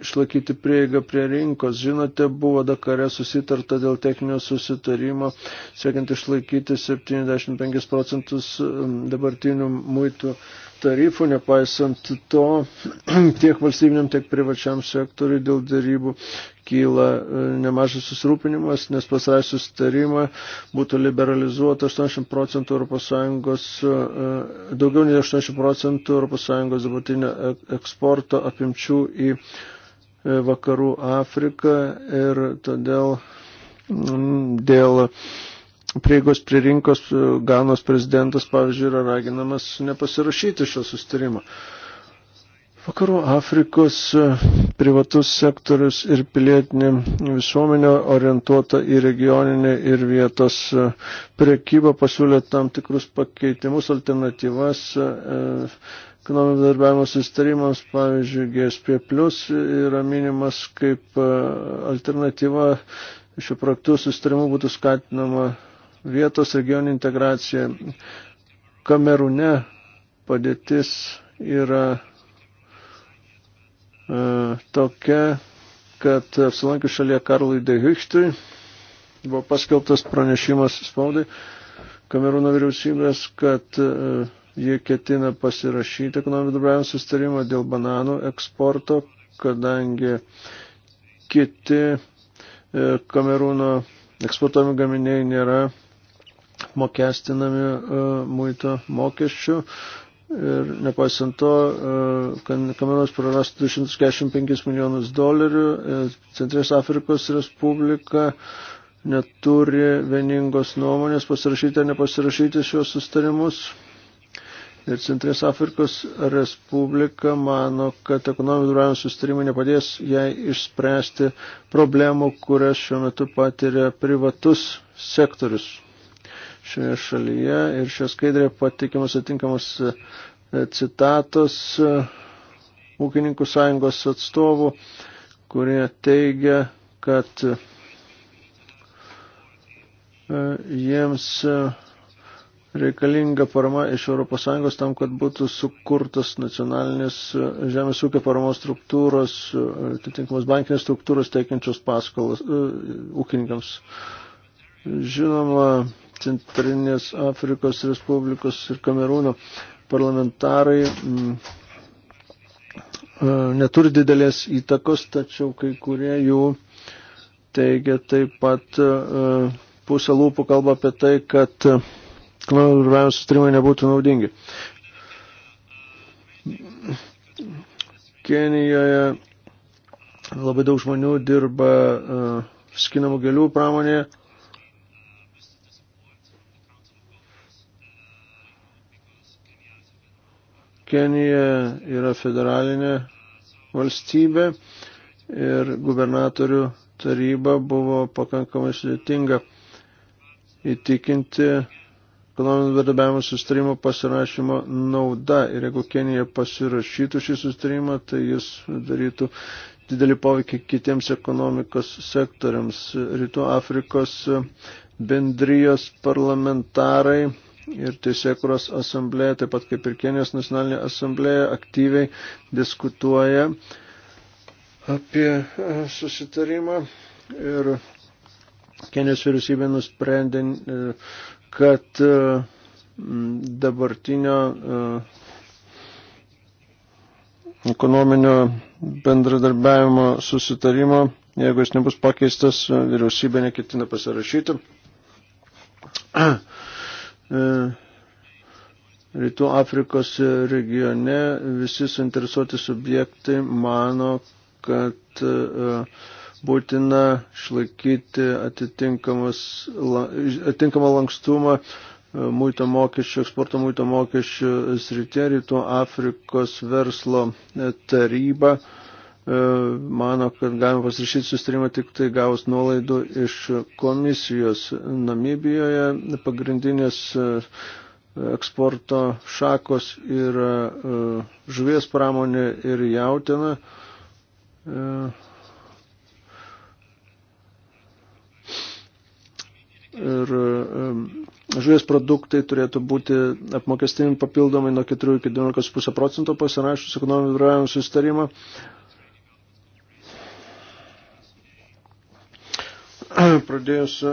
išlaikyti prieigą prie rinkos. Žinote, buvo Dakare susitarta dėl techninio susitarimo, siekiant išlaikyti 75 procentus dabartinių muitų tarifų, nepaisant to, *clears throat* tiek valstybiniam, tiek privačiam sektoriui dėl darybų kyla e, nemažas susirūpinimas, nes pasraisius tarimą būtų liberalizuota 80 procentų ES, e, daugiau nei 80 procentų ES dabartinio e, eksporto apimčių į vakarų Afriką ir todėl dėl prieigos prie rinkos e, Ganos prezidentas, pavyzdžiui, yra raginamas nepasirašyti šio sustarimo. Vakarų Afrikos e, privatus sektorius ir pilietinė visuomenė orientuota į regioninę ir vietos e, prekybą pasiūlė tam tikrus pakeitimus, alternatyvas ekonominio darbiavimo sustarimams, pavyzdžiui, GSP plus yra minimas kaip alternatyva šių projektų sustarimų būtų skatinama vietos regionų integracija. Kamerune padėtis yra e, tokia, kad apsilankius šalia Karlui de Hichtui buvo paskelbtas pranešimas spaudai Kamerūno vyriausybės, kad e, jie ketina pasirašyti ekonominio dubravimo sustarimą dėl bananų eksporto, kadangi kiti e, Kamerūno eksportuojami gaminiai nėra mokestinami e, muito mokesčių. Ir nepaisant to, e, Kamerūnas praras 245 milijonus dolerių, e, Centrinės Afrikos Respublika neturi vieningos nuomonės pasirašyti ar nepasirašyti šios sustarimus. Ir Centrinės Afrikos Respublika mano, kad ekonominio duravimo sustarimai nepadės jai išspręsti problemų, kurias šiuo metu patiria privatus sektorius šioje šalyje ir šią skaidrę patikimas atinkamos e, citatos e, ūkininkų sąjungos atstovų, kurie teigia, kad e, jiems reikalinga parama iš ES tam, kad būtų sukurtas nacionalinės žemės ūkio paramos struktūros, atitinkamos bankinės struktūros teikiančios paskolas ūkininkams. Žinoma, Centrinės Afrikos Respublikos ir Kamerūno parlamentarai mm, e, neturi didelės įtakos, tačiau kai kurie jų teigia taip pat e, pusę lūpų kalba apie tai, kad bendradarbiavimo sutrimai nebūtų naudingi. Kenijoje labai daug žmonių dirba e, skinamų gėlių pramonėje Kenija yra federalinė valstybė ir gubernatorių taryba buvo pakankamai sudėtinga įtikinti ekonominio bendradarbiavimo sustarimo pasirašymo nauda. Ir jeigu Kenija pasirašytų šį sustarimą, tai jis darytų didelį poveikį kitiems ekonomikos sektoriams. Rytų Afrikos bendrijos parlamentarai ir Teisėkuros asamblėje, taip pat kaip ir Kenijos nacionalinė asamblėje, aktyviai diskutuoja apie e, susitarimą ir Kenijos vyriausybė nusprendė, e, kad e, dabartinio ekonominio bendradarbiavimo susitarimo, jeigu jis nebus pakeistas, vyriausybė neketina pasirašyti. E, Rytų Afrikos regione visi suinteresuoti subjektai mano, kad e, būtina išlaikyti atitinkamą lankstumą e, muito mokesčių, eksporto muito mokesčių srityje Rytų Afrikos verslo taryba E, mano, kad galima pasirašyti sustarimą tik tai gaus nuolaidų iš komisijos Namibijoje. Pagrindinės e, eksporto šakos yra e, žuvies pramonė ir jautina. Ir žuvies produktai turėtų būti apmokestinami papildomai nuo 4 iki 12,5 procento pasirašus ekonominį bendravimo sustarimą. *clears throat* pradėjus e,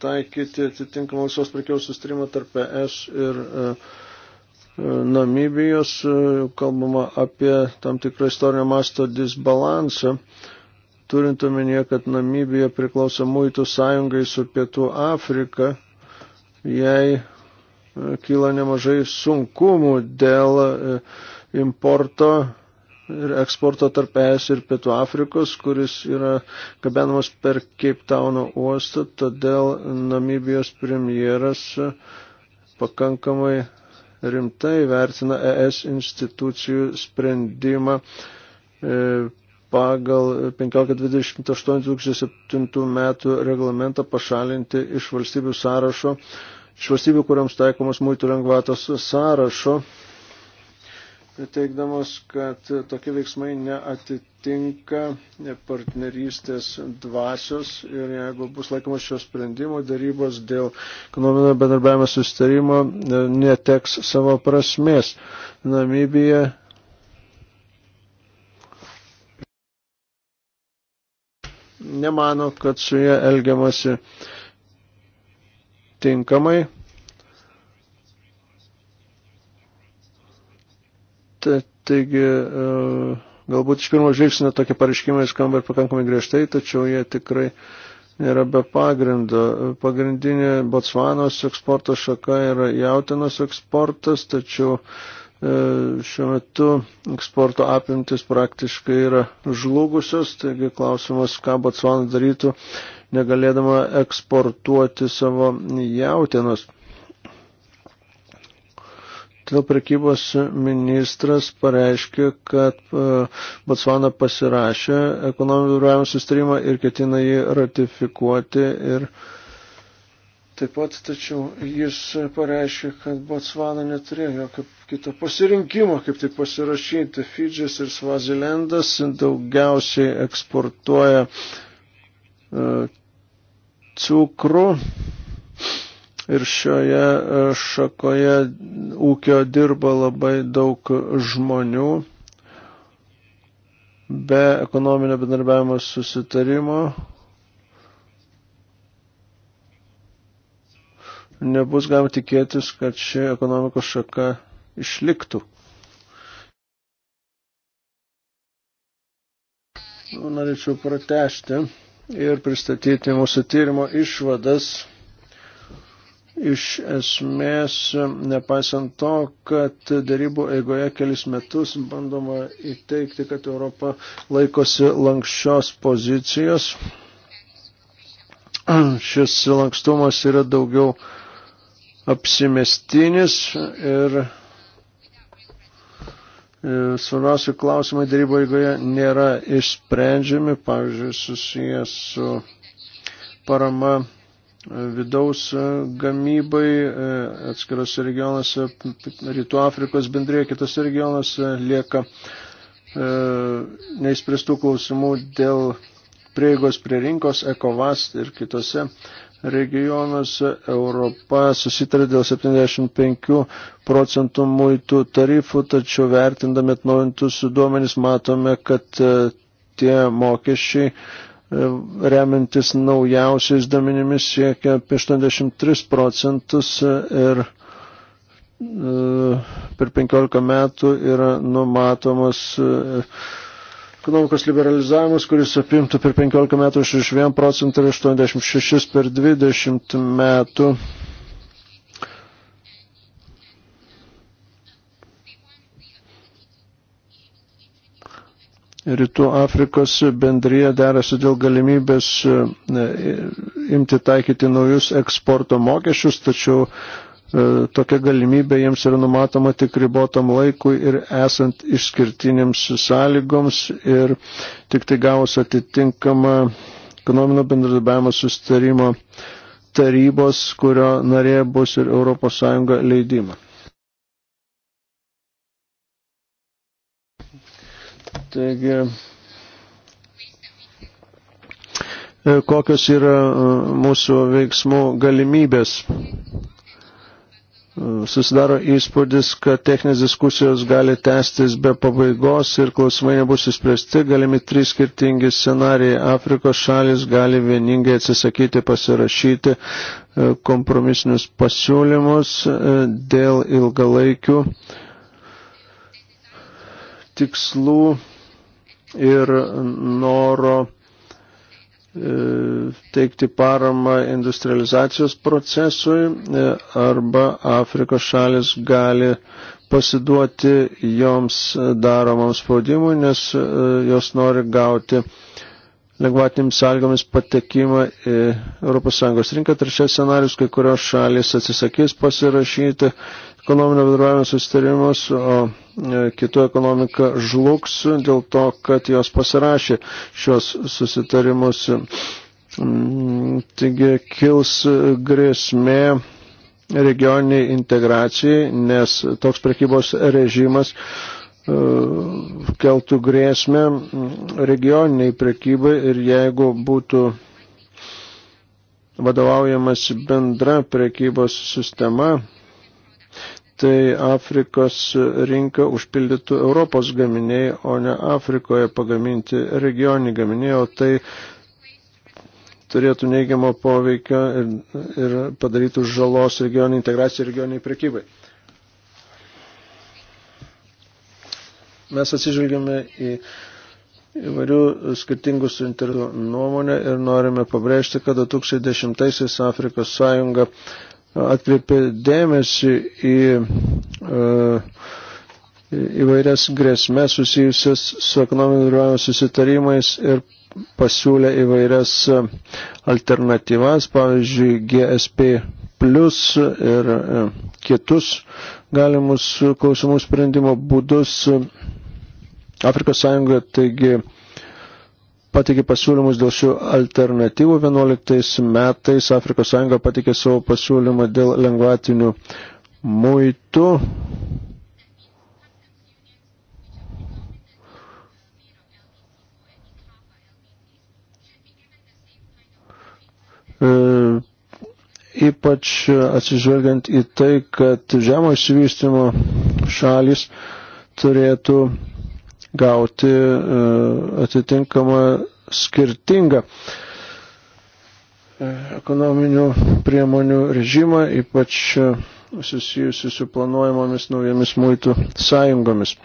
taikyti atitinkamą visos prekiaus sustarimą tarp ES ir e, e, Namibijos, kalbama apie tam tikrą istorinio masto disbalansą, turint omenyje, kad Namibija priklauso muitų sąjungai su Pietų Afrika, jai kyla nemažai sunkumų dėl importo ir eksporto tarp ES ir Pietų Afrikos, kuris yra gabenamas per Cape Towno uostą, todėl Namibijos premjeras pakankamai rimtai vertina ES institucijų sprendimą e, pagal 1528-2007 metų reglamentą pašalinti iš valstybių sąrašo, iš valstybių, kuriams taikomas muitų lengvatos sąrašo teikdamas, kad tokie veiksmai neatitinka partnerystės dvasios ir jeigu bus laikomas šio sprendimo, darybos dėl ekonominio bendarbiavimo sustarimo e, neteks savo prasmės. Namibija nemano, kad su jie elgiamasi tinkamai Taigi, e, galbūt iš pirmo žvilgsnio tokie pareiškimai skamba ir pakankamai griežtai, tačiau jie tikrai nėra be pagrindo. Pagrindinė Botsvanos eksporto šaka yra jautinos eksportas, tačiau e, šiuo metu eksporto apimtis praktiškai yra žlugusios, taigi klausimas, ką Botsvana darytų, negalėdama eksportuoti savo jautinos. Todėl prekybos ministras pareiškė, kad e, Botsvana pasirašė ekonominio vyruojimo sustarimą ir ketina jį ratifikuoti. Ir taip pat, tačiau jis pareiškė, kad Botsvana neturėjo jokio kito pasirinkimo, kaip tai pasirašyti. Fidžis ir Svazilendas daugiausiai eksportuoja uh, cukrų. Uh, ir šioje e, šakoje ūkio dirba labai daug žmonių. Be ekonominio bendarbiavimo susitarimo nebus galima tikėtis, kad ši ekonomikos šaka išliktų. Nu, norėčiau pratesti ir pristatyti mūsų tyrimo išvadas iš esmės, nepaisant to, kad darybų eigoje kelis metus bandoma įteikti, kad Europa laikosi lankščios pozicijos, šis lankstumas yra daugiau apsimestinis ir e, svarbiausių klausimai darybo eigoje nėra išsprendžiami, pavyzdžiui, susijęs su parama vidaus e, gamybai e, atskirose regionuose, Rytų Afrikos bendrėje, kitose regionuose lieka e, neįspręstų klausimų dėl prieigos prie rinkos, ECOVAS ir kitose regionuose Europa susitarė dėl 75 procentų muitų tarifų, tačiau vertindami atnaujintus duomenys matome, kad tie mokesčiai E, remiantis naujausiais duomenimis siekia apie 83 procentus e, ir e, per 15 metų yra numatomas ekonomikos liberalizavimas, kuris apimtų per 15 metų 61 procentą ir 86 per 20 metų. Rytų Afrikos bendryje derasi dėl galimybės e, imti taikyti naujus eksporto mokesčius, tačiau e, tokia galimybė jiems yra numatoma tik ribotam laikui ir esant išskirtinėms sąlygoms ir tik tai gavus atitinkamą ekonominio bendradarbiavimo sustarimo tarybos, kurio narė bus ir ES leidimą. Taigi, e, kokios yra e, mūsų veiksmų galimybės. E, susidaro įspūdis, kad techninės diskusijos gali tęstis be pabaigos ir klausimai nebus įspręsti. Galimi trys skirtingi scenarijai. Afrikos šalis gali vieningai atsisakyti pasirašyti kompromisinius pasiūlymus dėl ilgalaikių tikslų ir noro e, teikti paramą industrializacijos procesui e, arba Afrikos šalis gali pasiduoti joms daromam spaudimui, nes e, jos nori gauti lengvatinėms sąlygomis patekimą į ES rinką. Trečias scenarius, kai kurios šalis atsisakys pasirašyti ekonominio bendravimo sustarimus, o e, kitų ekonomika žlugs dėl to, kad jos pasirašė šios susitarimus. Mm, taigi kils grėsmė regioniniai integracijai, nes toks prekybos režimas e, keltų grėsmę regioniniai prekybai ir jeigu būtų vadovaujamas bendra prekybos sistema, tai Afrikos rinką užpildytų Europos gaminiai, o ne Afrikoje pagaminti regioninį gaminiai, o tai turėtų neigiamo poveikio ir, ir padarytų žalos regioninį integraciją ir regioninį prekybai. Mes atsižvelgiame į įvairių skirtingų suinteresų nuomonę ir norime pabrėžti, kad 2010-aisiais Afrikos sąjunga atkreipė dėmesį į e, įvairias grėsmės susijusias su ekonominio dalyvavimo susitarimais ir pasiūlė įvairias e, alternatyvas, pavyzdžiui, GSP plus ir e, kitus galimus klausimų sprendimo būdus Afrikos Sąjungoje. Taigi, pateikė pasiūlymus dėl šių alternatyvų. 11 metais Afrikos Sąjunga pateikė savo pasiūlymą dėl lengvatinių muitų. E, ypač atsižvelgiant į tai, kad žemo išsivystimo šalis turėtų gauti e, atitinkamą skirtingą e, ekonominių priemonių režimą, ypač e, susijusi su planuojamomis naujomis muitų sąjungomis.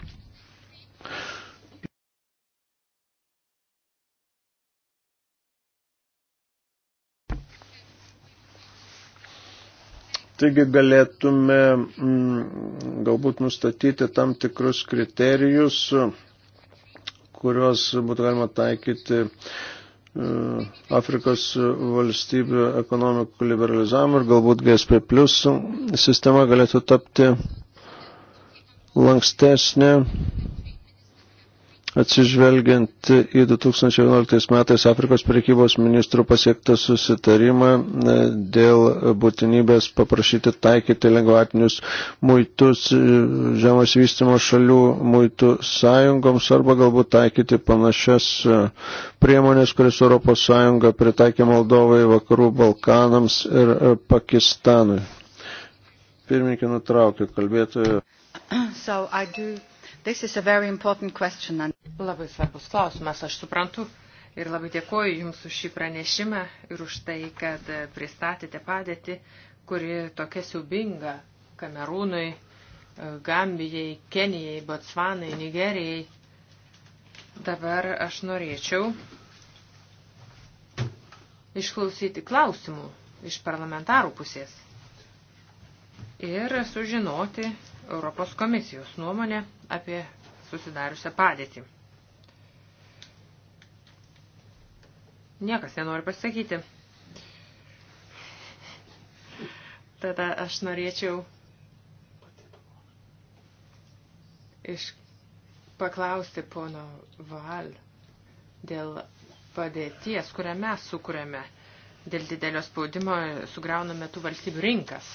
Taigi galėtume mm, galbūt nustatyti tam tikrus kriterijus, kuriuos būtų galima taikyti e, Afrikos valstybių ekonomikų liberalizavimą ir galbūt GSP plus sistema galėtų tapti lankstesnė Atsižvelgiant į 2011 metais Afrikos prekybos ministrų pasiektą susitarimą e, dėl būtinybės paprašyti taikyti lengvatinius muitus e, žemos vystimo šalių muitų sąjungoms arba galbūt taikyti panašias e, priemonės, kuris Europos sąjunga pritaikė Moldovai, Vakarų Balkanams ir Pakistanui. Pirmininkė nutraukė kalbėtojų. So I do Labai svarbus klausimas, aš suprantu. Ir labai dėkuoju Jums už šį pranešimą ir už tai, kad pristatėte padėtį, kuri tokia siubinga Kamerūnui, Gambijai, Kenijai, Botsvanai, Nigerijai. Dabar aš norėčiau išklausyti klausimų iš parlamentarų pusės ir sužinoti Europos komisijos nuomonę apie susidariusią padėtį. Niekas nenori pasakyti. Tada aš norėčiau iš paklausti pono Val dėl padėties, kurią mes sukūrėme dėl didelio spaudimo sugriauname tų valstybių rinkas.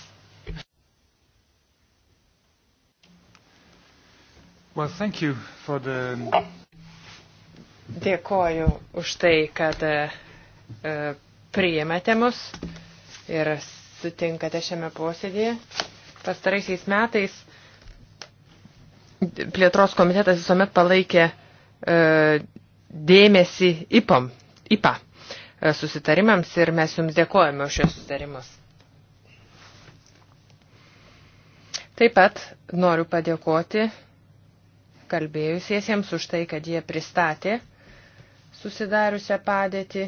Well, thank you for the... Dėkoju už tai, kad uh, priėmėte mus ir sutinkate šiame posėdėje. Pastaraisiais metais plėtros komitetas visuomet palaikė uh, dėmesį IPAM, IPA susitarimams ir mes jums dėkojame už šios susitarimus. Taip pat noriu padėkoti kalbėjusiesiems už tai, kad jie pristatė susidariusią padėtį.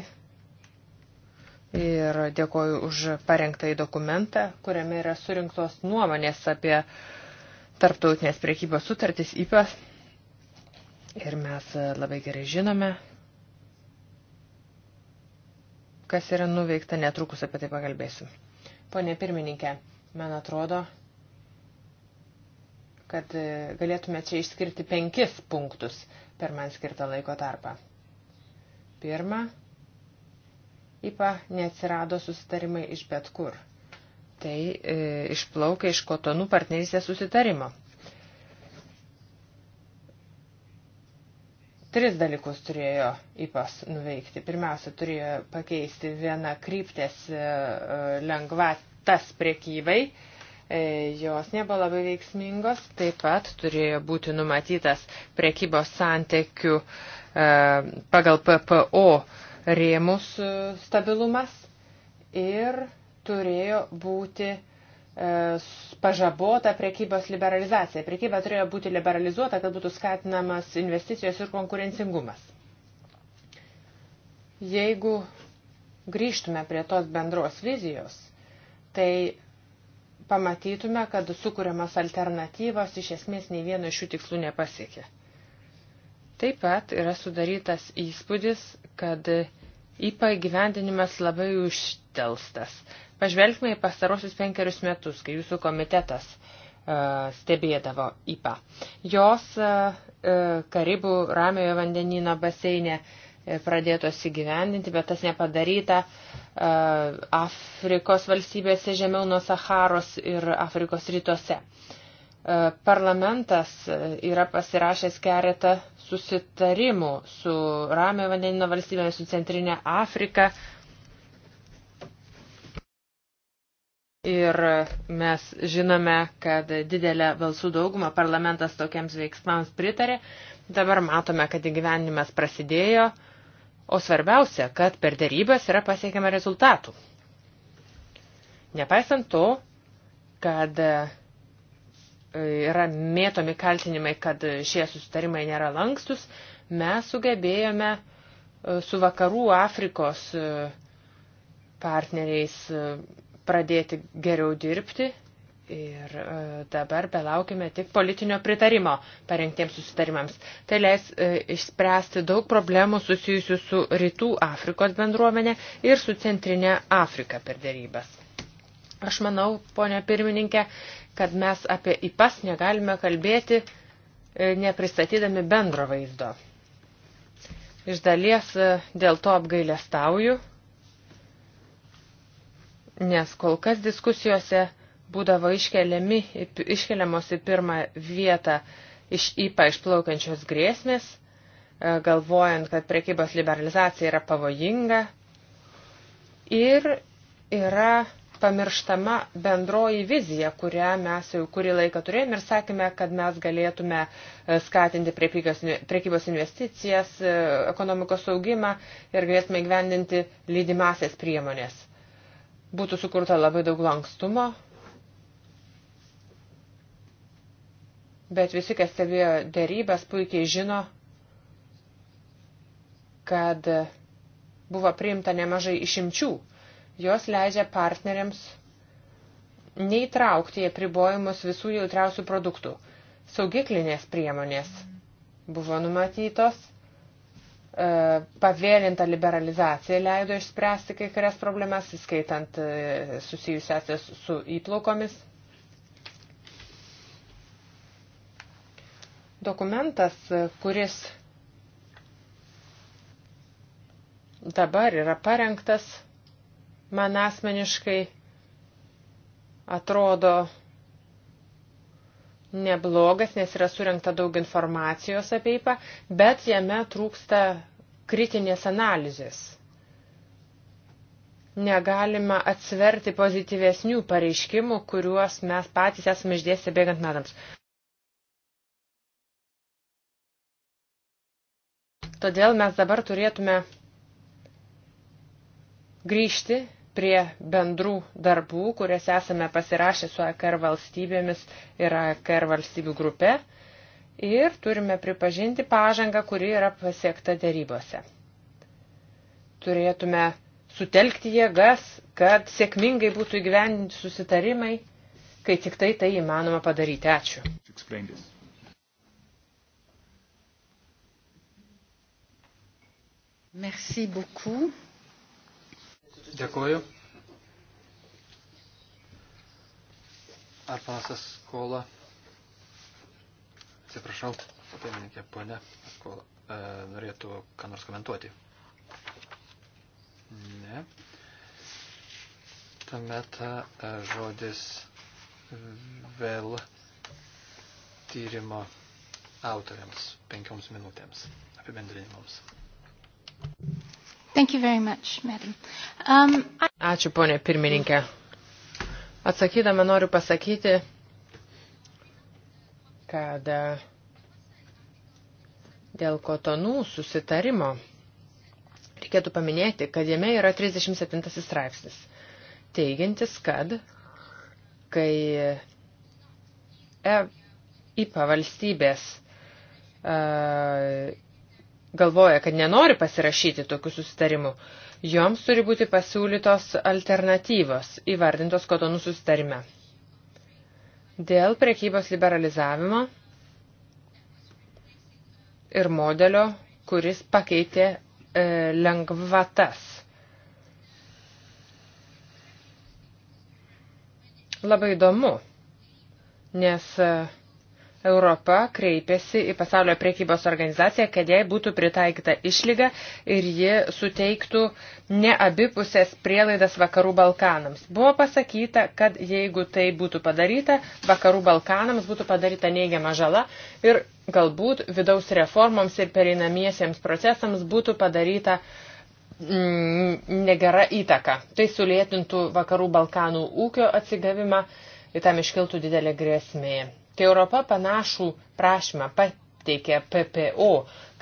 Ir dėkoju už parengtą į dokumentą, kuriame yra surinktos nuomonės apie tarptautinės priekybos sutartys IPAS. Ir mes labai gerai žinome, kas yra nuveikta, netrukus apie tai pakalbėsiu. Pone pirmininkė, man atrodo, kad e, galėtume čia išskirti penkis punktus per man skirtą laiko tarpą. Pirma, IPA neatsirado susitarimai iš bet kur. Tai e, išplaukia iš kotonų partnerystės susitarimo. Tris dalykus turėjo IPAS nuveikti. Pirmiausia, turėjo pakeisti vieną kryptės e, e lengvatas priekybai, e, E, jos nebuvo labai veiksmingos. Taip pat turėjo būti numatytas prekybos santykių e, pagal PPO rėmus e, stabilumas ir turėjo būti pažabota prekybos liberalizacija. Prekyba turėjo būti liberalizuota, kad būtų skatinamas investicijos ir konkurencingumas. Jeigu grįžtume prie tos bendros vizijos, tai pamatytume, kad sukūriamas alternatyvos iš esmės nei vieno iš šių tikslų nepasiekė. Taip pat yra sudarytas įspūdis, kad IPA įgyvendinimas labai užtelstas. Pažvelgime į pastarosius penkerius metus, kai jūsų komitetas uh, stebėdavo IPA. Jos uh, Karibų ramiojo vandenino baseinė uh, E, pradėtos įgyvendinti, bet tas nepadaryta e, Afrikos valstybėse žemiau nuo Saharos ir Afrikos rytuose. E, parlamentas yra pasirašęs keretą susitarimų su Ramio vandenino valstybėmis, su Centrinė Afrika. Ir mes žinome, kad didelę balsų daugumą parlamentas tokiems veiksmams pritarė. Dabar matome, kad įgyvenimas prasidėjo. Uh, O svarbiausia, kad per darybas yra pasiekiama rezultatų. Nepaisant to, kad e, yra mėtomi kaltinimai, kad šie susitarimai nėra lankstus, mes sugebėjome e, su vakarų Afrikos e, partneriais pradėti geriau dirbti Ir e, dabar belaukime tik politinio pritarimo parengtiems susitarimams. Tai leis e, išspręsti daug problemų susijusių su Rytų Afrikos bendruomenė ir su Centrinė Afrika per dėrybas. Aš manau, ponia pirmininkė, kad mes apie IPAS negalime kalbėti e, nepristatydami bendro vaizdo. Iš dalies dėl to apgailestauju, nes kol kas diskusijose būdavo iškeliami, iškeliamos į pirmą vietą iš ypa išplaukiančios grėsmės, e, galvojant, kad prekybos liberalizacija yra pavojinga ir yra pamirštama bendroji vizija, kurią mes jau kurį laiką turėjome ir sakėme, kad mes galėtume e, skatinti prekybos investicijas, e, ekonomikos augimą ir galėtume gyvendinti lydimasias priemonės. Būtų sukurta labai daug lankstumo, bet visi, kas stebėjo dėrybęs, puikiai žino, kad buvo priimta nemažai išimčių. Jos leidžia partneriams neįtraukti į apribojimus visų jautriausių produktų. Saugiklinės priemonės buvo numatytos, e, pavėlinta liberalizacija leido išspręsti kai kurias problemas, įskaitant e, susijusiasias su įplaukomis, Dokumentas, kuris dabar yra parengtas, man asmeniškai atrodo neblogas, nes yra surinkta daug informacijos apie IPA, bet jame trūksta kritinės analizės. Negalima atsverti pozityvesnių pareiškimų, kuriuos mes patys esame išdėstę bėgant metams. Todėl mes dabar turėtume grįžti prie bendrų darbų, kurias esame pasirašę su AKR valstybėmis ir AKR valstybių grupe ir turime pripažinti pažangą, kuri yra pasiekta dėrybose. Turėtume sutelkti jėgas, kad sėkmingai būtų įgyvendinti susitarimai, kai tik tai tai įmanoma padaryti. Ačiū. Merci beaucoup. Dėkuoju. Ar pasas skola? Atsiprašau, pirmininkė ponė skola. E, norėtų ką nors komentuoti. Ne. Tuomet e, žodis vėl tyrimo autoriams penkioms minutėms apibendrinimams. Much, um, I... Ačiū, ponė pirmininkė. Atsakydama noriu pasakyti, kad e, dėl kotonų susitarimo reikėtų paminėti, kad jame yra 37 straipsnis, teigintis, kad kai EIPA valstybės uh, galvoja, kad nenori pasirašyti tokių susitarimų, joms turi būti pasiūlytos alternatyvos įvardintos kotonų susitarime. Dėl prekybos liberalizavimo ir modelio, kuris pakeitė e, lengvatas. Labai įdomu, nes e, Europa kreipėsi į pasaulio priekybos organizaciją, kad jai būtų pritaikyta išlyga ir ji suteiktų neabipusės prielaidas Vakarų Balkanams. Buvo pasakyta, kad jeigu tai būtų padaryta, Vakarų Balkanams būtų padaryta neigiama žala ir galbūt vidaus reformoms ir pereinamiesiems procesams būtų padaryta mm, negera įtaka. Tai sulėtintų Vakarų Balkanų ūkio atsigavimą ir tam iškiltų didelė grėsmė. Kai Europa panašų prašymą pateikė PPO,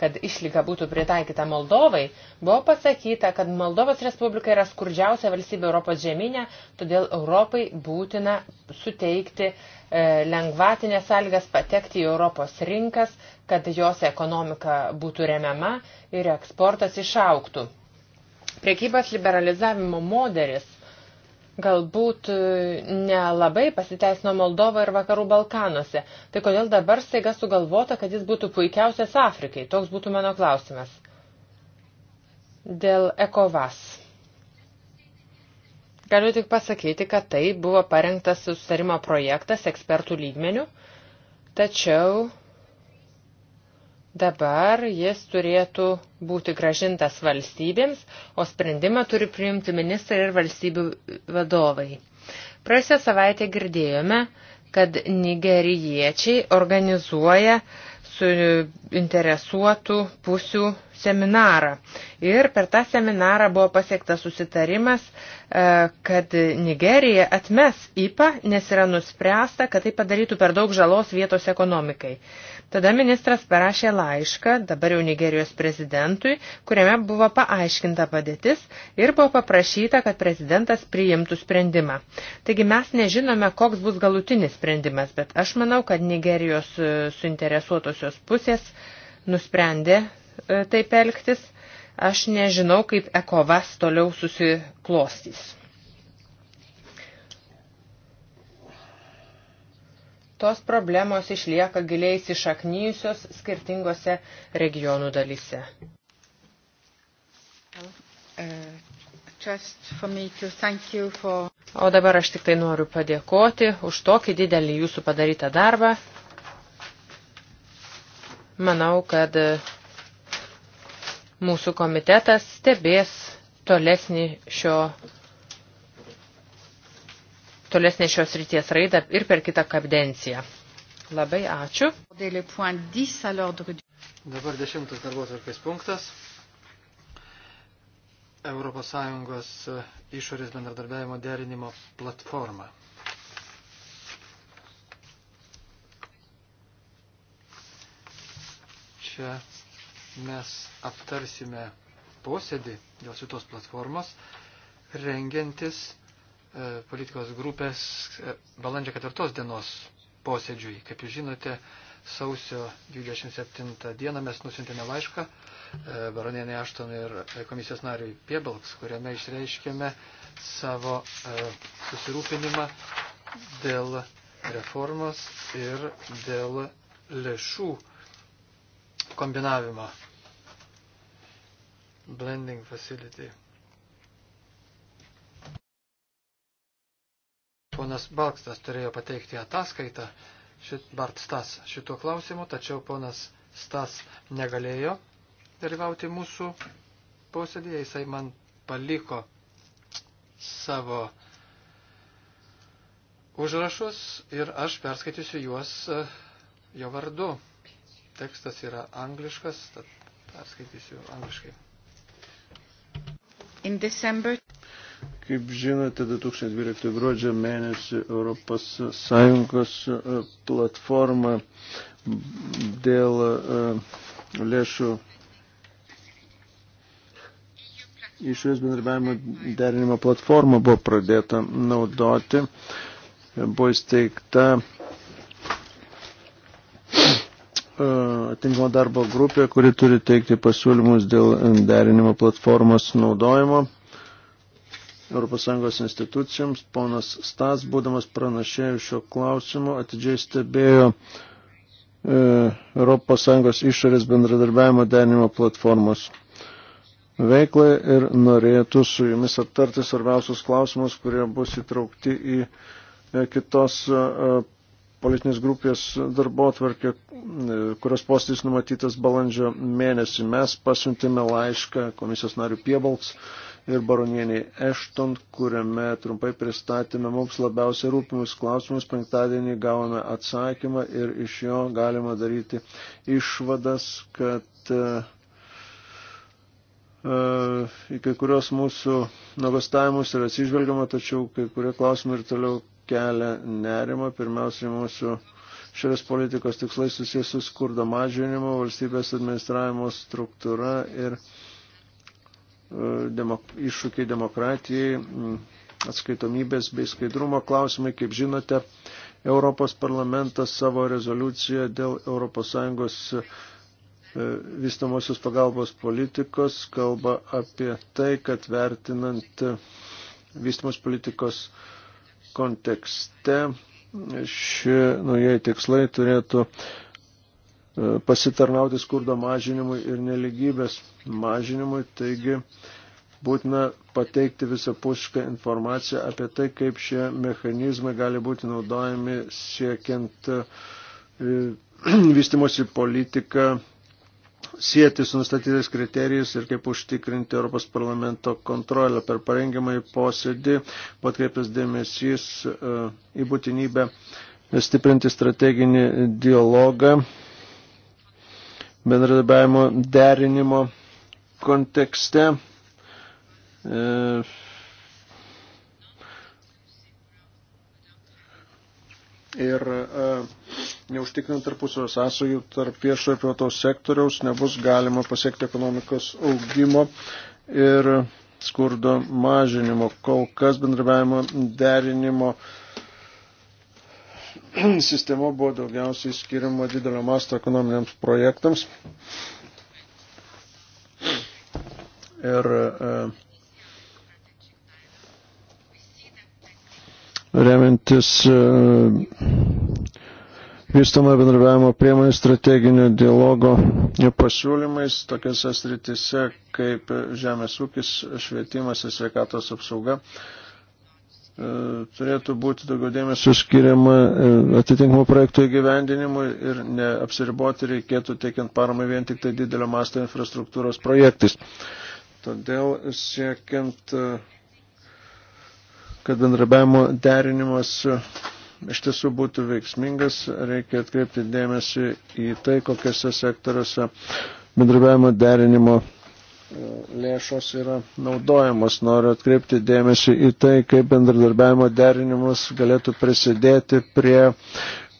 kad išlyga būtų pritaikyta Moldovai, buvo pasakyta, kad Moldovos Respublika yra skurdžiausia valstybė Europos žemynė, todėl Europai būtina suteikti e, lengvatinės sąlygas patekti į Europos rinkas, kad jos ekonomika būtų remiama ir eksportas išauktų. Prekybos liberalizavimo modelis galbūt e, nelabai pasiteisino Moldovo ir Vakarų Balkanuose. Tai kodėl dabar staiga sugalvota, kad jis būtų puikiausias Afrikai? Toks būtų mano klausimas. Dėl ekovas. Galiu tik pasakyti, kad tai buvo parengtas susitarimo projektas ekspertų lygmenių, tačiau Dabar jis turėtų būti gražintas valstybėms, o sprendimą turi priimti ministrai ir valstybių vadovai. Praėjusią savaitę girdėjome, kad nigerijiečiai organizuoja suinteresuotų pusių seminarą. Ir per tą seminarą buvo pasiektas susitarimas, e, kad Nigerija atmes IPA, nes yra nuspręsta, kad tai padarytų per daug žalos vietos ekonomikai. Tada ministras parašė laišką, dabar jau Nigerijos prezidentui, kuriame buvo paaiškinta padėtis ir buvo paprašyta, kad prezidentas priimtų sprendimą. Taigi mes nežinome, koks bus galutinis sprendimas, bet aš manau, kad Nigerijos e, suinteresuotosios pusės nusprendė e, taip elgtis. Aš nežinau, kaip ekovas toliau susiklostys. tos problemos išlieka giliai įsišaknyjusios skirtingose regionų dalise. Uh, o dabar aš tik tai noriu padėkoti už tokį didelį jūsų padarytą darbą. Manau, kad uh, mūsų komitetas stebės tolesnį šio tolesnė šios ryties raidą ir per kitą kadenciją. Labai ačiū. Dabar dešimtas darbotvarkės punktas. ES e, išorės bendradarbiavimo derinimo platforma. Čia mes aptarsime posėdį dėl šitos platformos, rengiantis E, politikos grupės e, balandžio 4 dienos posėdžiui. Kaip jūs žinote, sausio 27 dieną mes nusintėme laišką e, baronienė Ašton ir komisijos nariui Piebalks, kuriame išreiškėme savo susirūpinimą dėl reformos ir dėl lėšų kombinavimo. Blending facility. Ponas Balkstas turėjo pateikti ataskaitą šit, Bart Stas šituo klausimu, tačiau ponas Stas negalėjo dalyvauti mūsų posėdėje. Jisai man paliko savo užrašus ir aš perskaitysiu juos e, jo vardu. Tekstas yra angliškas, tad perskaitysiu angliškai. In December Kaip žinote, 2012 gruodžio mėnesį Europos Sąjungos e, platforma dėl e, lėšų išorės bendradarbiavimo derinimo platforma buvo pradėta naudoti. E, buvo įsteigta atinkama darbo grupė, kuri turi teikti pasiūlymus dėl derinimo platformos naudojimo. ES institucijoms. Ponas Stas, būdamas pranašėjų šio klausimo, atidžiai stebėjo ES išorės bendradarbiavimo denimo platformos veiklą ir norėtų su jumis aptarti svarbiausius klausimus, kurie bus įtraukti į e, kitos e, politinės grupės darbo atvarkė, e, kurios postys numatytas balandžio mėnesį. Mes pasiuntėme laišką komisijos narių Piebalts ir baronieniai Ešton, kuriame trumpai pristatėme mums labiausiai rūpimus klausimus. Penktadienį gavome atsakymą ir iš jo galima daryti išvadas, kad e, e, į kai kurios mūsų nuogastavimus yra atsižvelgiama, tačiau kai kurie klausimai ir toliau kelia nerimą. Pirmiausiai mūsų šios politikos tikslai susijęs su skurdo mažinimu, valstybės administravimo struktūra ir demok iššūkiai demokratijai, atskaitomybės bei skaidrumo klausimai, kaip žinote, Europos parlamentas savo rezoliuciją dėl ES e, vystamosios pagalbos politikos kalba apie tai, kad vertinant vystamos politikos kontekste šie naujai tikslai turėtų uh, pasitarnauti skurdo mažinimui ir neligybės mažinimui. Taigi būtina pateikti visapušką informaciją apie tai, kaip šie mechanizmai gali būti naudojami siekiant e, *clears throat* vystimosi politiką sieti su nustatytais kriterijais ir kaip užtikrinti Europos parlamento kontrolę. Per parengiamąjį posėdį patkreiptas dėmesys e, į būtinybę stiprinti strateginį dialogą bendradarbiavimo derinimo kontekste. E, ir e, neužtikrinant tarpusio sąsojų tarp viešo ir privataus sektoriaus nebus galima pasiekti ekonomikos augimo ir skurdo mažinimo. Kol kas bendrabiavimo derinimo *clears throat* sistema buvo daugiausiai skiriama didelio masto ekonominiams projektams. Ir e, remiantis e, vystamą bendravimo priemonių strateginio dialogo pasiūlymais tokiuose sritise kaip žemės ūkis, švietimas ir sveikatos apsauga E, turėtų būti daugiau dėmesio skiriama e, atitinkamų projektų įgyvendinimui ir neapsiriboti reikėtų teikiant paramą vien tik tai didelio masto infrastruktūros projektais. Todėl siekiant, e, kad bendrabiavimo derinimas iš tiesų būtų veiksmingas, reikia atkreipti dėmesį į tai, kokiuose sektoriuose bendrabiavimo derinimo lėšos yra naudojamos. Noriu atkreipti dėmesį į tai, kaip bendradarbiavimo derinimas galėtų prisidėti prie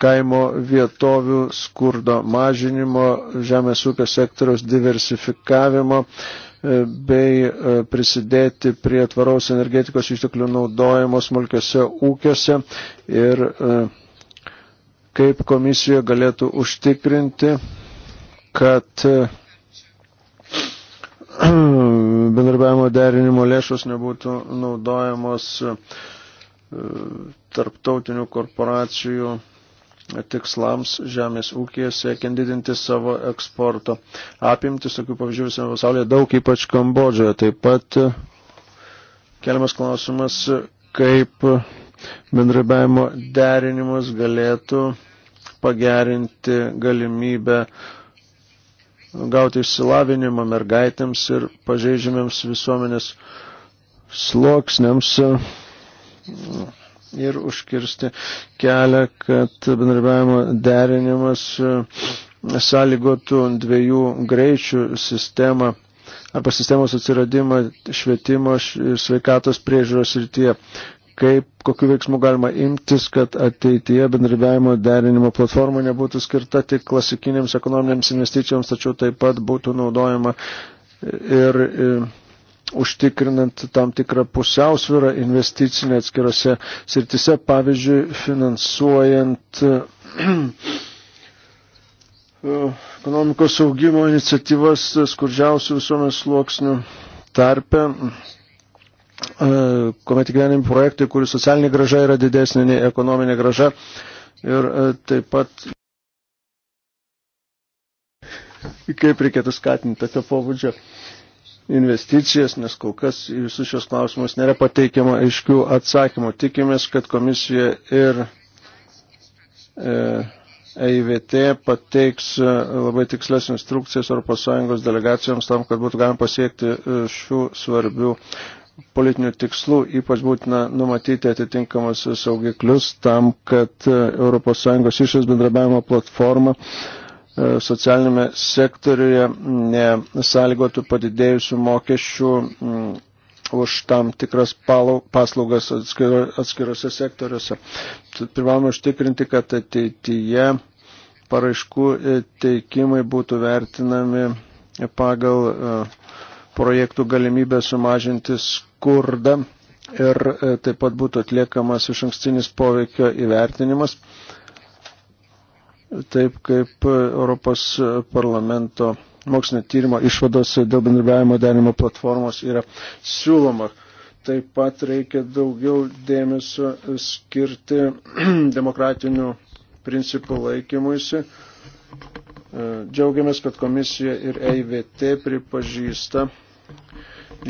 kaimo vietovių skurdo mažinimo, žemės ūkio sektoriaus diversifikavimo e, bei e, prisidėti prie tvaraus energetikos išteklių naudojimo smulkiose ūkiuose ir e, kaip komisija galėtų užtikrinti, kad *clears throat* bendarbiavimo derinimo lėšos nebūtų naudojamos e, tarptautinių korporacijų tikslams žemės ūkėje, siekiant didinti savo eksporto apimtis, tokių pavyzdžių visame pasaulyje daug, ypač Kambodžoje. Taip pat e, keliamas klausimas, kaip bendrabiavimo derinimas galėtų pagerinti galimybę uh, gauti išsilavinimą mergaitėms ir pažeidžiamiams visuomenės sloksniams mm, ir užkirsti kelią, kad bendrabiavimo derinimas mm, sąlygotų dviejų greičių sistemą arba sistemos atsiradimą švietimo ir sveikatos priežiūros rytyje kaip, kokiu veiksmu galima imtis, kad ateityje bendradarbiavimo derinimo platforma nebūtų skirta tik klasikinėms ekonominėms investicijoms, tačiau taip pat būtų naudojama ir, ir e, užtikrinant tam tikrą pusiausvyrą investicinę atskirose sritise, pavyzdžiui, finansuojant e, e, ekonomikos saugimo iniciatyvas skurdžiausių visuomenės sluoksnių tarpe kuomet įgyvenami projektai, kurių socialinė graža yra didesnė nei ekonominė graža. Ir taip pat kaip reikėtų skatinti tokio pobūdžio investicijas, nes kol kas į visus šios klausimus nėra pateikiama aiškių atsakymų. Tikimės, kad komisija ir e, EIVT pateiks e, labai tikslias instrukcijas ES delegacijoms tam, kad būtų galima pasiekti e, šių svarbių politinių tikslų, ypač būtina numatyti atitinkamus saugiklius tam, kad ES išės bendrabiavimo platforma e, socialinėme sektoriuje nesąlygotų padidėjusių mokesčių mm, už tam tikras paslaugas atskirose sektoriuose. Privalome užtikrinti, kad ateityje paraiškų e, teikimai būtų vertinami pagal e, projektų galimybę sumažinti skurdą ir e, taip pat būtų atliekamas iš ankstinis poveikio įvertinimas, taip kaip Europos parlamento mokslinio tyrimo išvados dėl bendrabiavimo derinimo platformos yra siūloma. Taip pat reikia daugiau dėmesio skirti *clears throat* demokratinių principų laikymuisi. E, džiaugiamės, kad komisija ir EIVT pripažįsta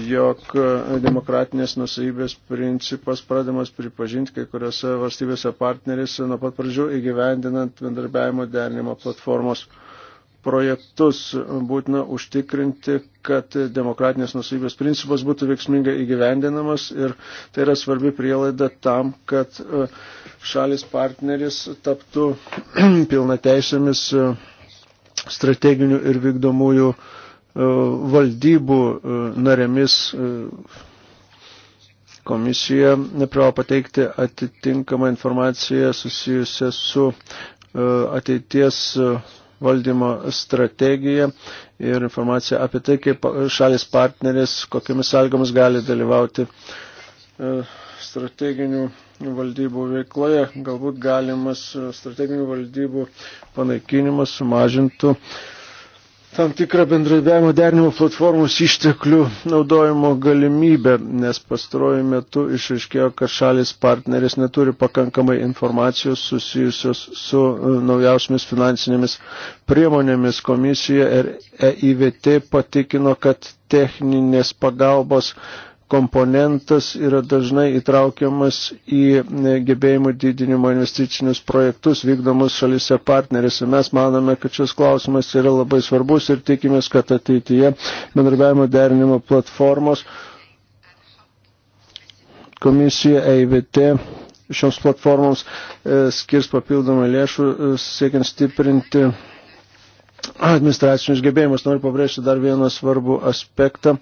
jog e, demokratinės nusaibės principas pradamas pripažinti kai kuriuose valstybėse partnerėse nuo pat pradžių įgyvendinant bendarbiavimo derinimo platformos projektus būtina užtikrinti, kad demokratinės nusavybės principas būtų veiksmingai įgyvendinamas ir tai yra svarbi prielaida tam, kad e, šalis partneris taptų *clears throat* pilnateisėmis e, strateginių ir vykdomųjų uh, E, valdybų e, narėmis e, komisija neprivalo pateikti atitinkamą informaciją susijusią su ateities valdymo strategija ir informacija apie tai, kaip šalis partneris, kokiamis sąlygomis gali dalyvauti strateginių valdybų veikloje. Galbūt galimas strateginių valdybų panaikinimas sumažintų uh, tam tikrą bendradarbiavimo derinimo platformos išteklių naudojimo galimybę, nes pastaruoju metu išaiškėjo, kad šalis partneris neturi pakankamai informacijos susijusios su e, naujausiamis finansinėmis priemonėmis. Komisija ir EIVT patikino, kad techninės pagalbos komponentas yra dažnai įtraukiamas į e, gebėjimų didinimo investicinius projektus vykdomus šalise partnerėse. Mes manome, kad šis klausimas yra labai svarbus ir tikimės, kad ateityje bendradarbiavimo derinimo platformos komisija EIVT šioms platformoms e, skirs papildomą lėšų e, siekiant stiprinti administracinius gebėjimus. Noriu pabrėžti dar vieną svarbų aspektą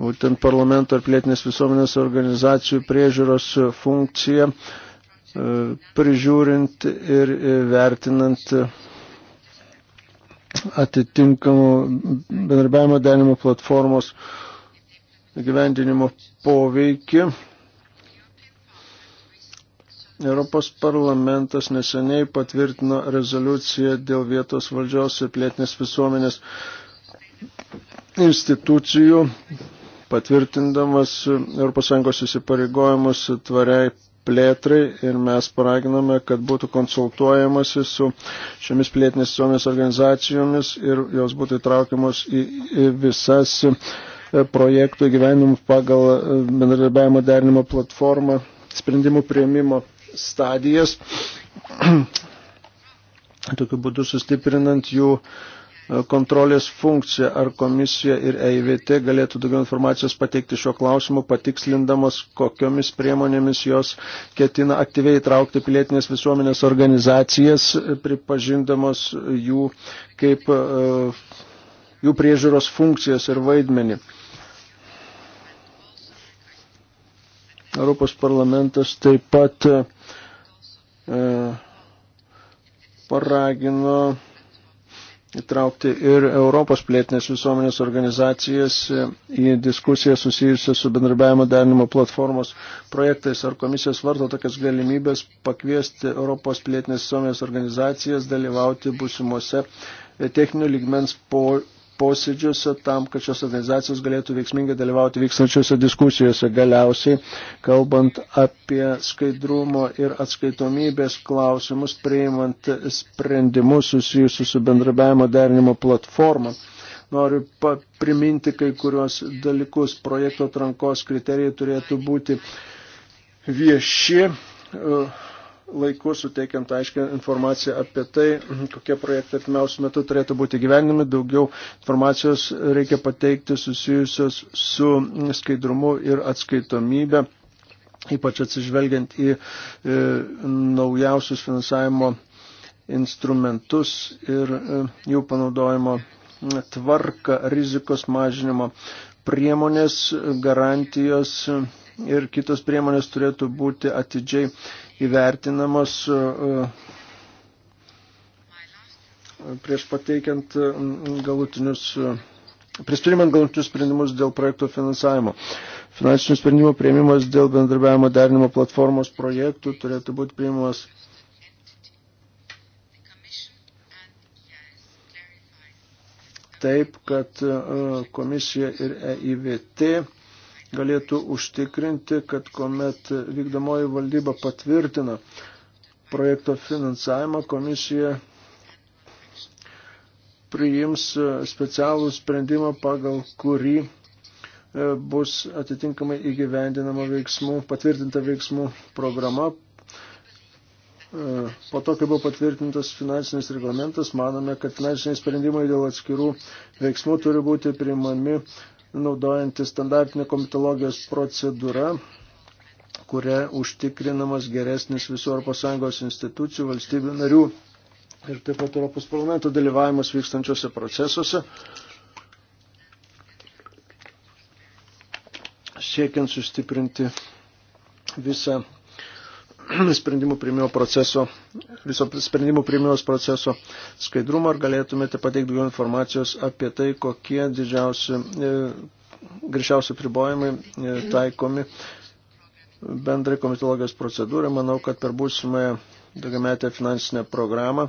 būtent parlamento ir plėtinės visuomenės organizacijų priežiūros funkcija, e, prižiūrint ir vertinant atitinkamų bendarbiavimo denimo platformos gyvendinimo poveikį. Europos parlamentas neseniai patvirtino rezoliuciją dėl vietos valdžios ir plėtinės visuomenės institucijų patvirtindamas ES įsipareigojimus tvariai plėtrai ir mes paraginame, kad būtų konsultuojamasi su šiomis plėtinės visuomenės organizacijomis ir jos būtų įtraukiamos į, į visas e, projektų gyvenimus pagal e, bendradarbiavimo derinimo platformą sprendimų prieimimo stadijas, *clears throat* tokiu būdu sustiprinant jų uh, E, kontrolės funkciją, ar komisija ir EIVT galėtų daugiau informacijos pateikti šiuo klausimu, patikslindamos, kokiomis priemonėmis jos ketina aktyviai įtraukti pilietinės visuomenės organizacijas, pripažindamos jų kaip e, jų priežiūros funkcijas ir vaidmenį. Europos parlamentas taip pat e, paragino įtraukti ir Europos plėtinės visuomenės organizacijas į diskusiją susijusią su bendrabiavimo derinimo platformos projektais. Ar komisijos varto tokias galimybės pakviesti Europos plėtinės visuomenės organizacijas dalyvauti būsimuose techninio lygmens po posėdžiuose tam, kad šios organizacijos galėtų veiksmingai dalyvauti vykstančiose diskusijose. Galiausiai, kalbant apie skaidrumo ir atskaitomybės klausimus, priimant sprendimus susijusius su bendrabiavimo derinimo platforma. Noriu priminti kai kuriuos dalykus. Projekto atrankos kriterijai turėtų būti vieši. Uh, laiku, suteikiant aiškę informaciją apie tai, kokie projektai artimiausių metų turėtų būti gyvenimi. Daugiau informacijos reikia pateikti susijusios su skaidrumu ir atskaitomybė, ypač atsižvelgiant į e, naujausius finansavimo instrumentus ir e, jų panaudojimo tvarką, rizikos mažinimo priemonės, garantijos. E, ir kitos priemonės turėtų būti atidžiai įvertinamos e, prieš pateikiant galutinius, e, prieš priimant galutinius sprendimus dėl projekto finansavimo. Finansinių sprendimų prieimimas dėl bendradarbiavimo derinimo platformos projektų turėtų būti priimamas taip, kad e, komisija ir EIVT galėtų užtikrinti, kad kuomet vykdomoji valdyba patvirtina projekto finansavimą, komisija priims specialų sprendimą, pagal kurį e, bus atitinkamai įgyvendinama veiksmų, patvirtinta veiksmų programa, e, Po to, kai buvo patvirtintas finansinis reglamentas, manome, kad finansiniai sprendimai dėl atskirų veiksmų turi būti priimami naudojantį standartinę komitologijos procedūrą, kuria užtikrinamas geresnis visų ES institucijų, valstybių narių ir taip pat Europos parlamento dalyvavimas vykstančiose procesuose. Siekiant sustiprinti visą *clears throat* sprendimų priimimo proceso, viso sprendimų priimimos proceso skaidrumą, ar galėtumėte pateikti daugiau informacijos apie tai, kokie didžiausi, e, grįžčiausi pribojimai e, taikomi bendrai komitologijos procedūrai. Manau, kad per būsimąją daugiametę finansinę programą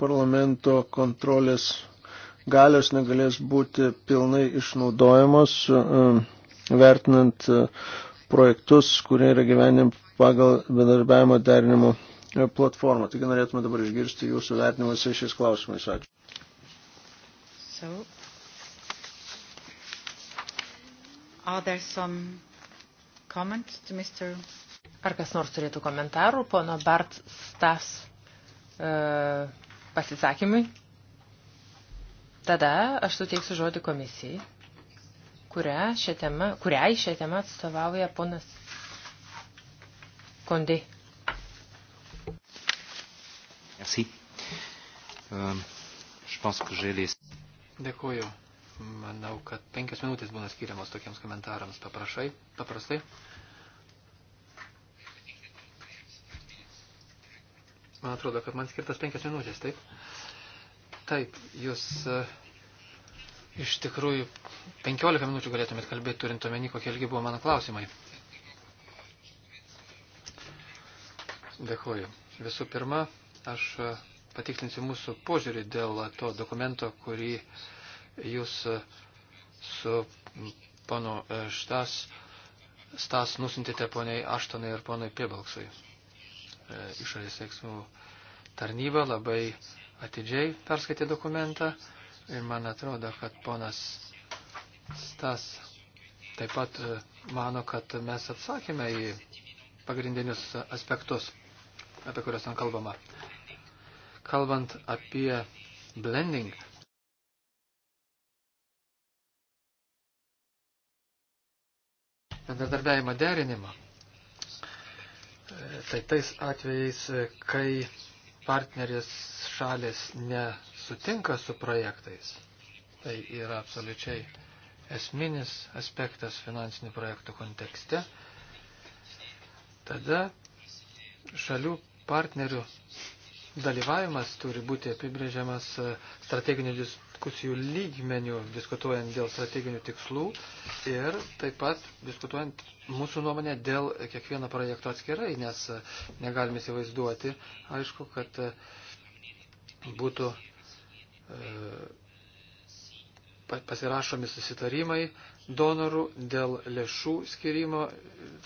parlamento kontrolės galios negalės būti pilnai išnaudojamos, e, vertinant e, projektus, kurie yra gyvenim pagal bendarbiavimo derinimo e, platformą. Taigi norėtume dabar išgirsti jūsų vertinimus šiais klausimais. Ačiū. So, are there some comments to Mr. Ar kas nors turėtų komentarų pono Bart Stas e, pasisakymui? Tada aš suteiksiu žodį komisijai, kurią šią temą, kuriai šią temą atstovauja ponas Kondi. Merci. Euh, je pense que j'ai les... Dėkuoju. Manau, kad penkias minutės būna skiriamos tokiems komentarams paprašai, paprastai. Man atrodo, kad man skirtas penkias minutės, taip? Taip, jūs e, iš tikrųjų 15 minučių galėtumėt kalbėti, turint omeny, kokie ilgi buvo mano klausimai. Dėkuoju. Visų pirma, aš e, patikrinsiu mūsų požiūrį dėl to dokumento, kurį jūs e, su panu Štas, Stas nusintėte poniai Aštonai ir ponai Piebalksui. Išorės veiksmų tarnyba labai uh, atidžiai perskaitė dokumentą ir man atrodo, kad ponas Stas taip pat e, mano, kad mes atsakėme į pagrindinius aspektus, apie kuriuos ten kalbama. Kalbant apie blending, bendradarbiavimo derinimą, e, tai tais atvejais, e, kai partnerės šalis nesutinka su projektais, tai yra absoliučiai esminis aspektas finansinių projektų kontekste, tada šalių partnerių dalyvavimas turi būti apibrėžiamas e, strateginių diskusijų lygmenių, diskutuojant dėl strateginių tikslų ir taip pat diskutuojant mūsų nuomonę dėl kiekvieno projekto atskirai, nes e, negalime įsivaizduoti, aišku, kad e, būtų pasirašomi susitarimai donorų dėl lėšų skirimo,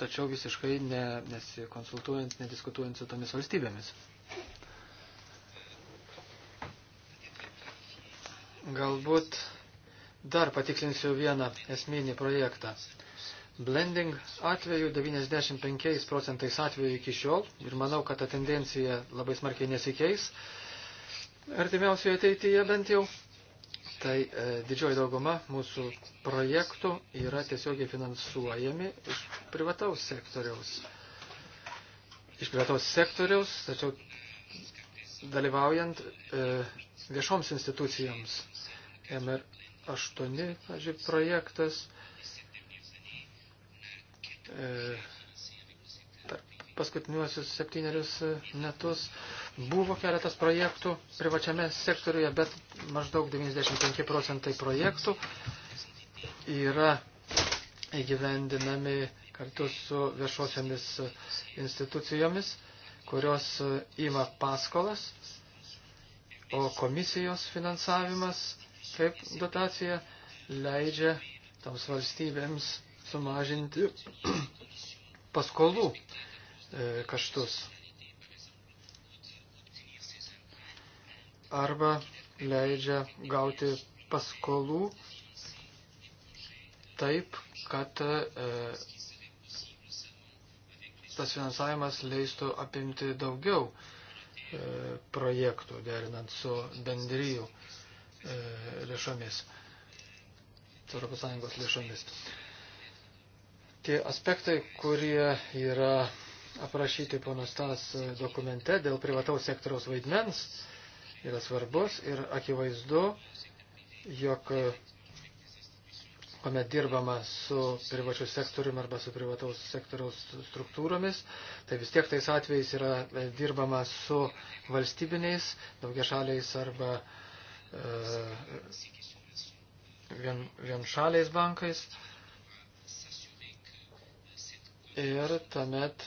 tačiau visiškai ne, nesikonsultuojant, nediskutuojant su tomis valstybėmis. Galbūt dar patikslinsiu vieną esminį projektą. Blending atveju 95 procentais atveju iki šiol ir manau, kad ta tendencija labai smarkiai nesikeis artimiausioje ateityje bent jau. Tai e, didžioji dauguma mūsų projektų yra tiesiogiai finansuojami iš privataus sektoriaus. Iš privataus sektoriaus, tačiau dalyvaujant e, viešoms institucijoms. MR8, pažiūrėjau, projektas e, paskutiniuosius septynerius metus buvo keletas projektų privačiame sektoriuje, bet maždaug 95 procentai projektų yra įgyvendinami kartu su viešosiamis institucijomis, kurios ima paskolas o komisijos finansavimas kaip dotacija leidžia toms valstybėms sumažinti *clears throat* paskolų e, kaštus. Arba leidžia gauti paskolų taip, kad e, tas finansavimas leistų apimti daugiau E, projektų, derinant su bendryjų e, lėšomis, su ES lėšomis. Tie aspektai, kurie yra aprašyti ponos tas dokumente dėl privataus sektoriaus vaidmens, yra svarbus ir akivaizdu, jog kuomet dirbama su privačiu sektoriumi arba su privataus sektoriaus struktūromis, tai vis tiek tais atvejais yra e, dirbama su valstybiniais, daugiašaliais arba e, vien, vienšaliais bankais. Ir tuomet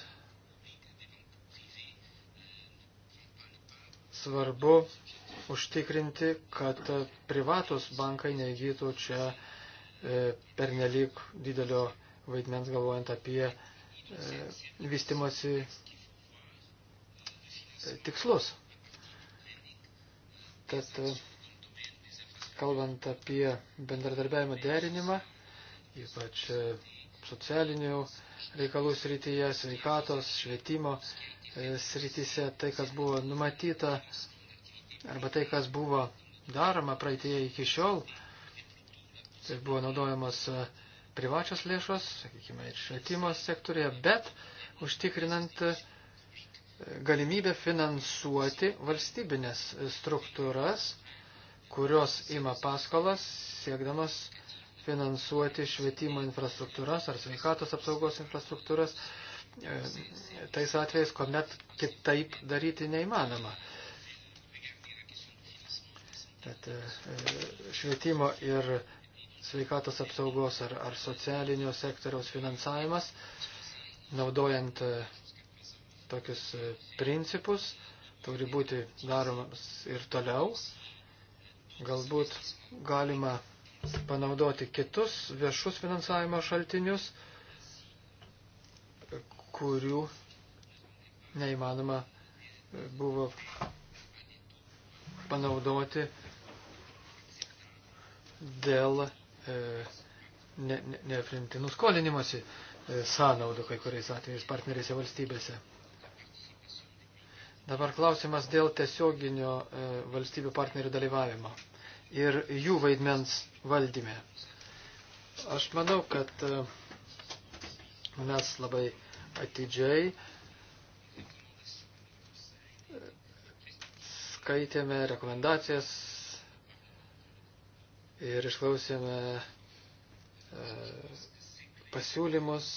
svarbu užtikrinti, kad privatus bankai neįgytų čia E, pernelyg didelio vaidmens galvojant apie e, vystimosi e, tikslus. Tad kalbant apie bendradarbiavimo derinimą, ypač socialinių reikalų srityje, sveikatos, švietimo srityse, tai, kas buvo numatyta arba tai, kas buvo daroma praeitėje iki šiol, tai buvo naudojamos e, privačios lėšos, sakykime, ir švietimo sektorėje, bet užtikrinant e, galimybę finansuoti valstybinės struktūras, kurios ima paskolas, siekdamas finansuoti švietimo infrastruktūras ar sveikatos apsaugos infrastruktūras, e, tais atvejais, kuomet kitaip daryti neįmanoma. Tad švietimo ir sveikatos apsaugos ar, ar socialinio sektoriaus finansavimas, naudojant e, tokius e, principus, turi būti daromas ir toliau. Galbūt galima panaudoti kitus viešus finansavimo šaltinius, kurių neįmanoma e, buvo panaudoti dėl E, neprimtinų skolinimuose sąnaudų kai kuriais atvejais partnerėse valstybėse. Dabar klausimas dėl tiesioginio e, valstybių partnerių dalyvavimo ir jų vaidmens valdyme. Aš manau, kad e, mes labai atidžiai skaitėme rekomendacijas ir išklausėme e, pasiūlymus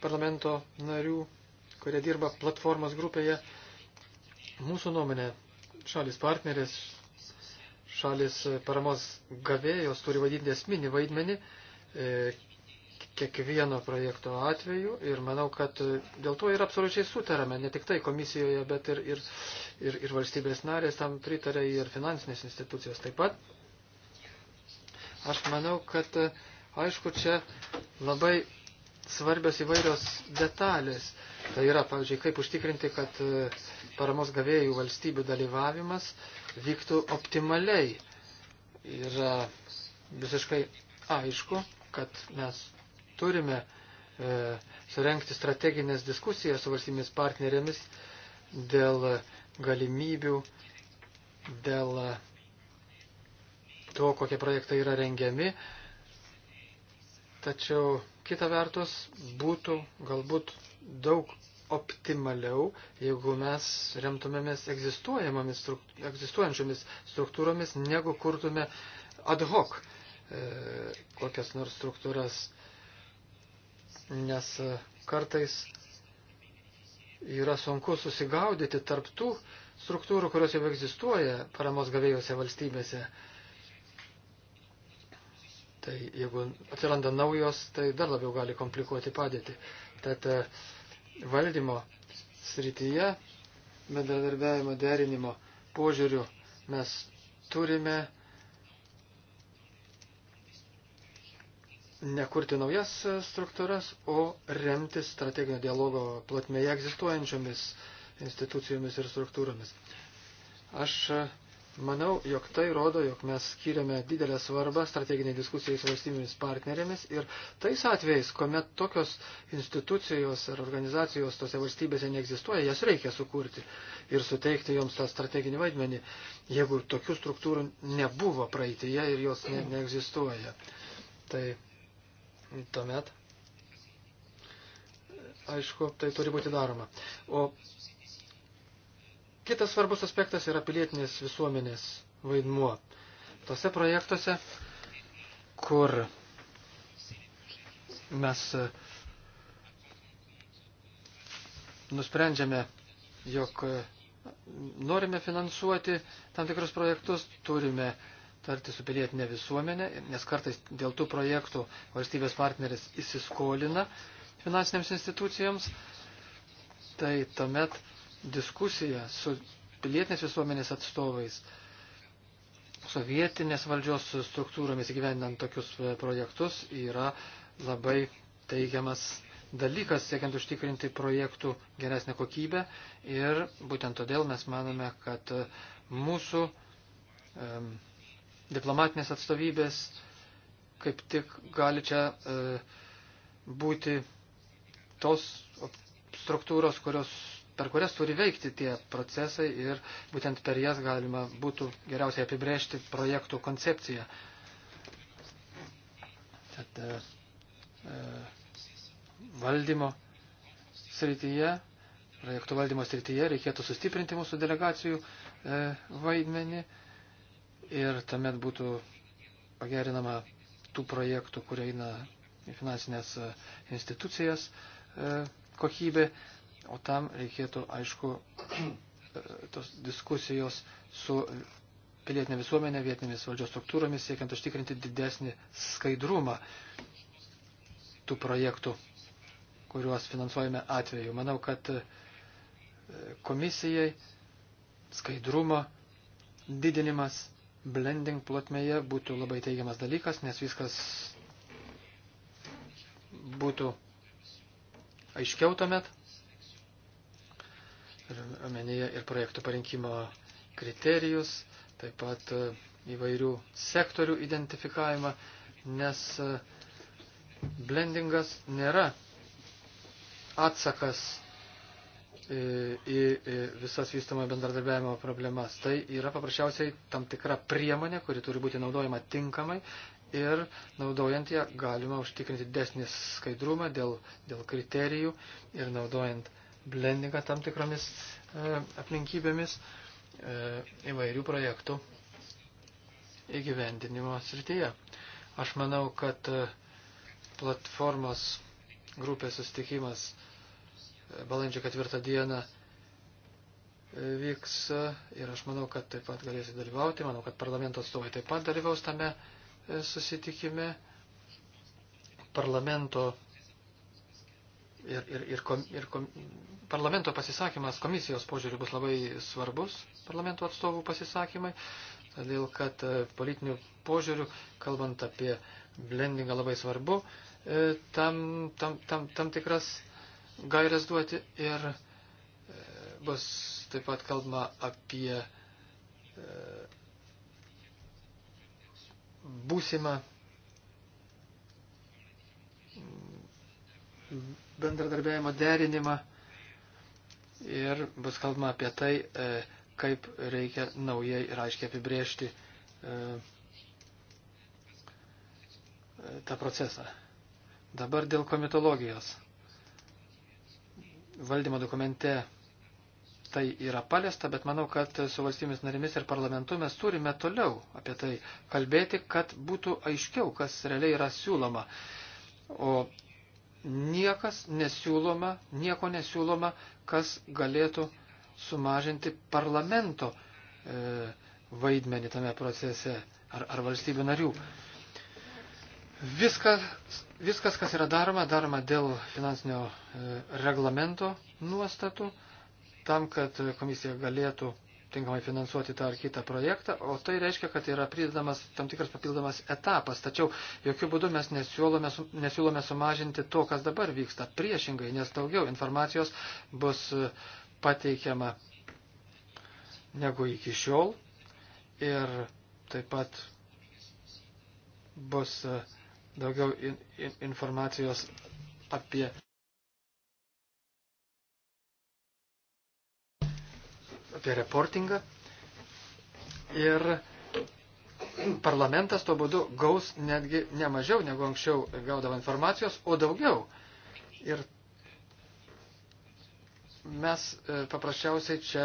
parlamento narių, kurie dirba platformos grupėje. Mūsų nuomonė, šalis partneris, šalis paramos gavėjos turi vadinti esminį vaidmenį e, kiekvieno projekto atveju ir manau, kad dėl to ir absoliučiai sutarame, ne tik tai komisijoje, bet ir, ir, ir, ir valstybės narės tam pritarė ir finansinės institucijos taip pat. Aš manau, kad e, aišku, čia labai svarbios įvairios detalės. Tai yra, pavyzdžiui, kaip užtikrinti, kad e, paramos gavėjų valstybių dalyvavimas vyktų optimaliai. Yra e, visiškai aišku, kad mes turime e, surenkti strateginės diskusijas su valstybės partnerėmis dėl galimybių, dėl e, to, kokie projektai yra rengiami. Tačiau kita vertus būtų galbūt daug optimaliau, jeigu mes remtumėmės struktūr, egzistuojančiomis struktūromis, negu kurtume ad hoc e, kokias nors struktūras. Nes e, kartais yra sunku susigaudyti tarptų struktūrų, kurios jau egzistuoja paramos gavėjose valstybėse. E, Tai jeigu atsiranda naujos, tai dar labiau gali komplikuoti padėtį. Tad e, valdymo srityje, bendradarbiavimo derinimo požiūrių mes turime nekurti naujas struktūras, o remtis strateginio dialogo platmėje egzistuojančiomis institucijomis ir struktūromis. Aš Manau, jog tai rodo, jog mes skiriame didelę svarbą strateginiai diskusijai su valstybėmis partnerėmis ir tais atvejais, kuomet tokios institucijos ar organizacijos tose valstybėse neegzistuoja, jas reikia sukurti ir suteikti joms tą strateginį vaidmenį, jeigu tokių struktūrų nebuvo praeitėje ir jos ne, neegzistuoja. Tai tuomet, aišku, tai turi būti daroma. O Kitas svarbus aspektas yra pilietinės visuomenės vaidmuo. Tose projektuose, kur mes e, nusprendžiame, jog e, norime finansuoti tam tikrus projektus, turime tarti su pilietinė visuomenė, nes kartais dėl tų projektų valstybės partneris įsiskolina finansinėms institucijoms, tai tuomet diskusiją su pilietinės visuomenės atstovais, sovietinės valdžios struktūromis įgyvendinant tokius e, projektus yra labai teigiamas dalykas, siekiant užtikrinti projektų geresnę kokybę ir būtent todėl mes manome, kad e, mūsų um, diplomatinės atstovybės kaip tik gali čia e, būti tos struktūros, kurios per kurias turi veikti tie procesai ir būtent per jas galima būtų geriausiai apibrėžti projektų koncepciją. Tad e, e, valdymo srityje, projektų valdymo srityje reikėtų sustiprinti mūsų delegacijų e, vaidmenį ir tuomet būtų pagerinama tų projektų, kurie eina į finansinės e, institucijas e, kokybė. E, O tam reikėtų, aišku, *clears throat* e, tos diskusijos su pilietinė visuomenė, vietinėmis valdžios struktūromis, siekiant užtikrinti didesnį skaidrumą tų projektų, kuriuos finansuojame atveju. Manau, kad e, komisijai skaidrumo didinimas blending plotmėje būtų labai teigiamas dalykas, nes viskas būtų aiškiau tuomet omenyje ir projektų parinkimo kriterijus, taip pat e, įvairių sektorių identifikavimą, nes e, blendingas nėra atsakas e, į visas vystamą bendradarbiavimo problemas. Tai yra paprasčiausiai tam tikra priemonė, kuri turi būti naudojama tinkamai ir naudojant ją galima užtikrinti desnį skaidrumą dėl, dėl kriterijų ir naudojant blendingą tam tikromis e, aplinkybėmis e, įvairių projektų įgyvendinimo srityje. Aš manau, kad e, platformos grupės sustikimas balandžio ketvirtą dieną vyks ir aš manau, kad taip pat galėsiu dalyvauti, manau, kad parlamento atstovai taip pat dalyvaus tame susitikime. Parlamento ir, ir, ir, kom, ir kom, parlamento pasisakymas komisijos požiūriu bus labai svarbus, parlamento atstovų pasisakymai, todėl kad e, politinių požiūrių, kalbant apie blendingą, labai svarbu e, tam, tam, tam, tam tikras gairias duoti ir e, bus taip pat kalbama apie būsimą bendradarbiavimo derinimą ir bus kalbama apie tai, e, kaip reikia naujai ir aiškiai apibriežti e, e, tą procesą. Dabar dėl komitologijos. Valdymo dokumente tai yra paliesta, bet manau, kad su valstybės narimis ir parlamentu mes turime toliau apie tai kalbėti, kad būtų aiškiau, kas realiai yra siūloma. O niekas nesiūloma, nieko nesiūloma, kas galėtų sumažinti parlamento e, vaidmenį tame procese ar, ar valstybių narių. Viskas, viskas, kas yra daroma, daroma dėl finansinio e, reglamento nuostatų, tam, kad komisija galėtų tinkamai finansuoti tą ar kitą projektą, o tai reiškia, kad yra pridedamas tam tikras papildomas etapas. Tačiau jokių būdų mes nesiūlome, nesiūlome sumažinti to, kas dabar vyksta. Priešingai, nes daugiau informacijos bus e, pateikiama negu iki šiol ir taip pat bus e, daugiau informacijos apie apie reportingą. Ir parlamentas tuo būdu gaus netgi ne mažiau negu anksčiau gaudavo informacijos, o daugiau. Ir mes e, paprasčiausiai čia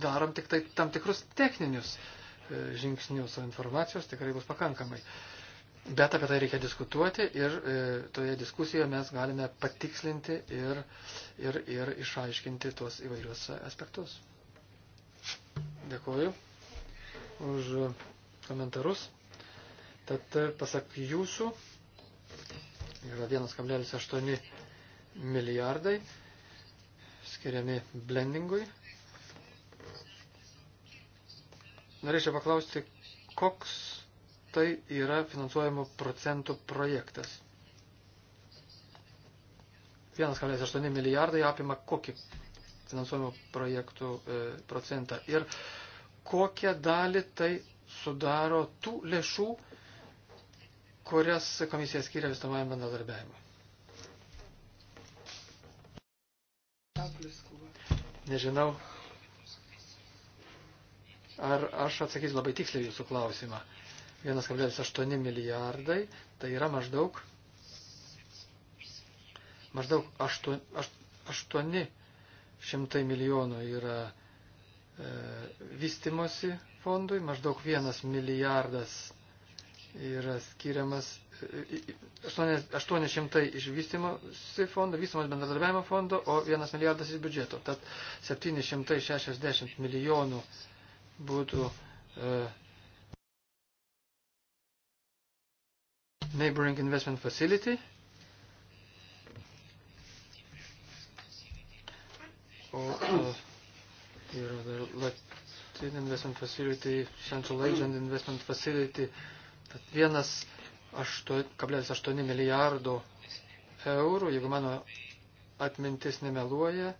darom tik tai tam tikrus techninius e, žingsnius, o informacijos tikrai bus pakankamai. Uh, Bet apie tai reikia diskutuoti ir e, toje diskusijoje mes galime patikslinti ir, ir, ir išaiškinti tuos įvairius aspektus. Dėkuoju už komentarus. Tad pasak jūsų yra 1,8 milijardai skiriami blendingui. Norėčiau paklausti, koks Tai yra finansuojamų procentų projektas. 1,8 milijardai apima kokį finansuojamų projektų e, procentą ir kokią dalį tai sudaro tų lėšų, kurias komisija skiria visomajam bendradarbiavimui. Nežinau, ar aš atsakysiu labai tiksliai jūsų klausimą. 1,8 milijardai, tai yra maždaug, maždaug 8, 800 milijonų yra e, vystimosi fondui, maždaug 1 milijardas yra skiriamas 800 e, iš vystimosi fondo, vystimos bendradarbiavimo fondo, o 1 milijardas iš biudžeto. Tad 760 milijonų būtų e, Neighboring Investment Facility. O, o yra dar Latin Investment Facility, Central Agent Investment Facility. Tad vienas 1,8 milijardo eurų, jeigu mano atmintis nemeluoja,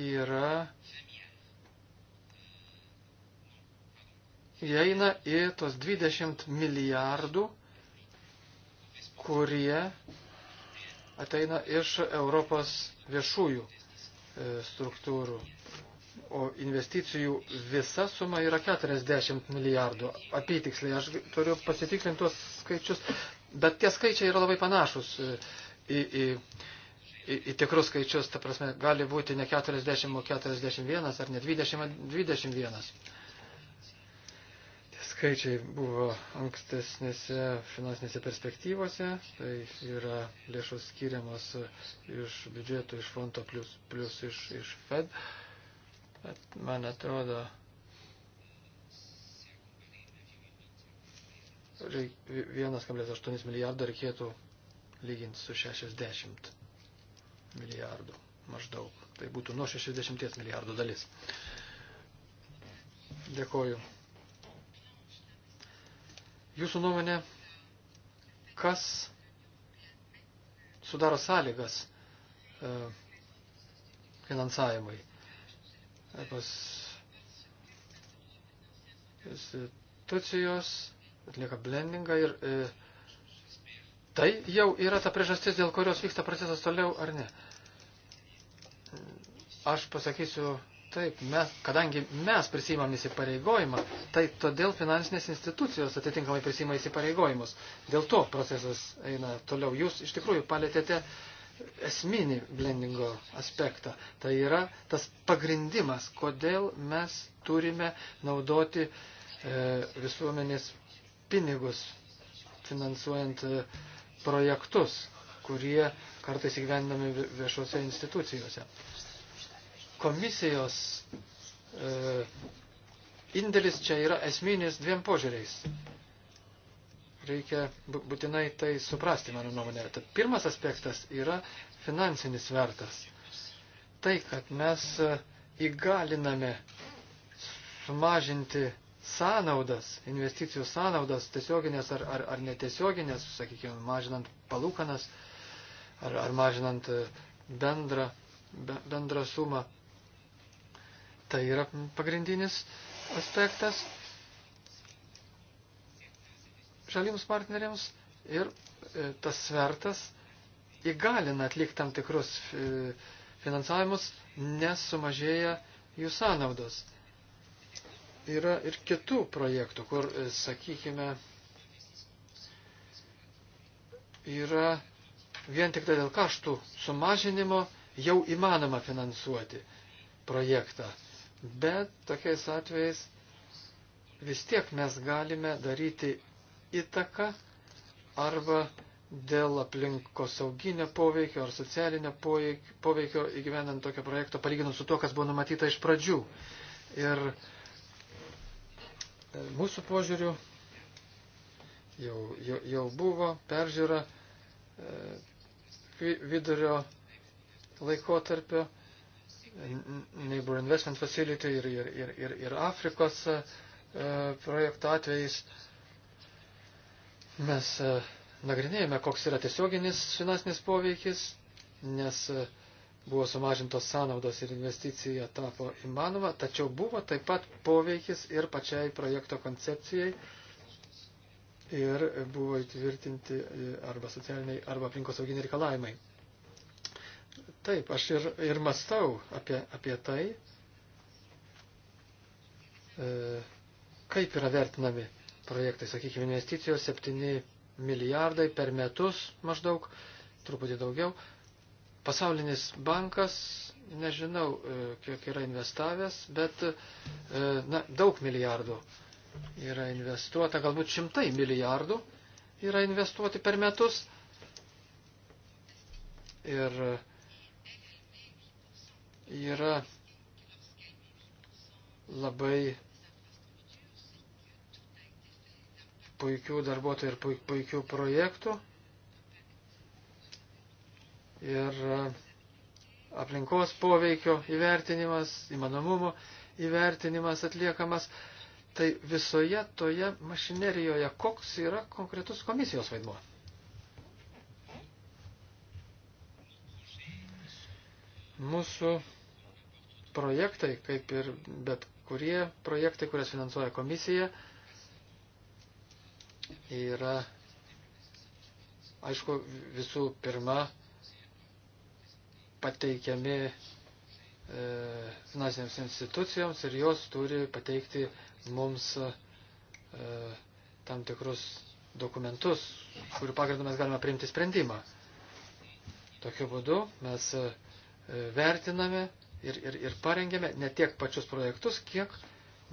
yra įeina į tos 20 milijardų, kurie ateina iš Europos viešųjų e, struktūrų. O investicijų visa suma yra 40 milijardų. Apytiksliai, aš turiu pasitikrinti tuos skaičius, bet tie skaičiai yra labai panašus e, į, į, į, į tikrus skaičius. Ta prasme, gali būti ne 40, o 41 ar ne 20, 21 skaičiai buvo ankstesnėse finansinėse perspektyvose, tai yra lėšos skiriamos iš biudžeto, iš fondo plus, plus iš, iš Fed. Bet man atrodo, reik, 1,8 milijardo reikėtų lyginti su 60 milijardų maždaug. Tai būtų nuo 60 milijardų dalis. Dėkoju. Jūsų nuomonė, kas sudaro sąlygas e, finansavimui? Pas institucijos atlieka blendingą ir e, tai jau yra ta priežastis, dėl kurios vyksta procesas toliau ar ne. Aš pasakysiu Taip, mes, kadangi mes prisimam įsipareigojimą, tai todėl finansinės institucijos atitinkamai prisima įsipareigojimus. Dėl to procesas eina toliau. Jūs iš tikrųjų palėtėte esminį blendingo aspektą. Tai yra tas pagrindimas, kodėl mes turime naudoti e, visuomenės pinigus, finansuojant e, projektus, kurie kartais įgyvendami viešose institucijose. Komisijos e, indėlis čia yra esminis dviem požiūriais. Reikia būtinai tai suprasti, mano nuomonė. Tad pirmas aspektas yra finansinis vertas. Tai, kad mes e, įgaliname sumažinti sąnaudas, investicijų sąnaudas, tiesioginės ar, ar, ar netiesioginės, sakykime, mažinant palūkanas ar, ar mažinant e, bendrą, be, bendrą sumą. Tai yra pagrindinis aspektas šalims partneriams ir e, tas svertas įgalina atlikti tam tikrus e, finansavimus, nes sumažėja jų sąnaudos. Yra ir kitų projektų, kur, e, sakykime, yra vien tik tai dėl kaštų sumažinimo jau įmanoma finansuoti projektą bet tokiais atvejais vis tiek mes galime daryti įtaką arba dėl aplinkosauginio poveikio ar socialinio poveikio įgyvenant tokio projekto, palyginus su to, kas buvo numatyta iš pradžių. Ir e, mūsų požiūrių jau, jau, jau buvo peržiūra e, vidurio laikotarpio Neighbor Investment Facility ir, ir, ir, ir, ir Afrikos e, projektų atvejais. Mes e, nagrinėjame, koks yra tiesioginis finansinis poveikis, nes e, buvo sumažintos sąnaudos ir investicija tapo įmanoma, tačiau buvo taip pat poveikis ir pačiai projekto koncepcijai ir buvo įtvirtinti arba socialiniai, arba aplinkosauginiai reikalavimai. Taip, aš ir, ir mastau apie, apie tai, e, kaip yra vertinami projektai, sakykime, investicijos 7 milijardai per metus maždaug, truputį daugiau. Pasaulinis bankas, nežinau, e, kiek yra investavęs, bet e, na, daug milijardų yra investuota, galbūt šimtai milijardų yra investuoti per metus. Ir yra labai puikių darbuotojų ir puikių projektų. Ir e, aplinkos poveikio įvertinimas, įmanomumo įvertinimas atliekamas. Tai visoje toje mašinerijoje koks yra konkretus komisijos vaidmuo? Mūsų projektai, kaip ir bet kurie projektai, kurias finansuoja komisija, yra, aišku, visų pirma pateikiami e, finansinėms institucijoms ir jos turi pateikti mums e, tam tikrus dokumentus, kurių pagrindu mes galime priimti sprendimą. Tokiu būdu mes e, vertiname ir, ir, ir parengėme ne tiek pačius projektus, kiek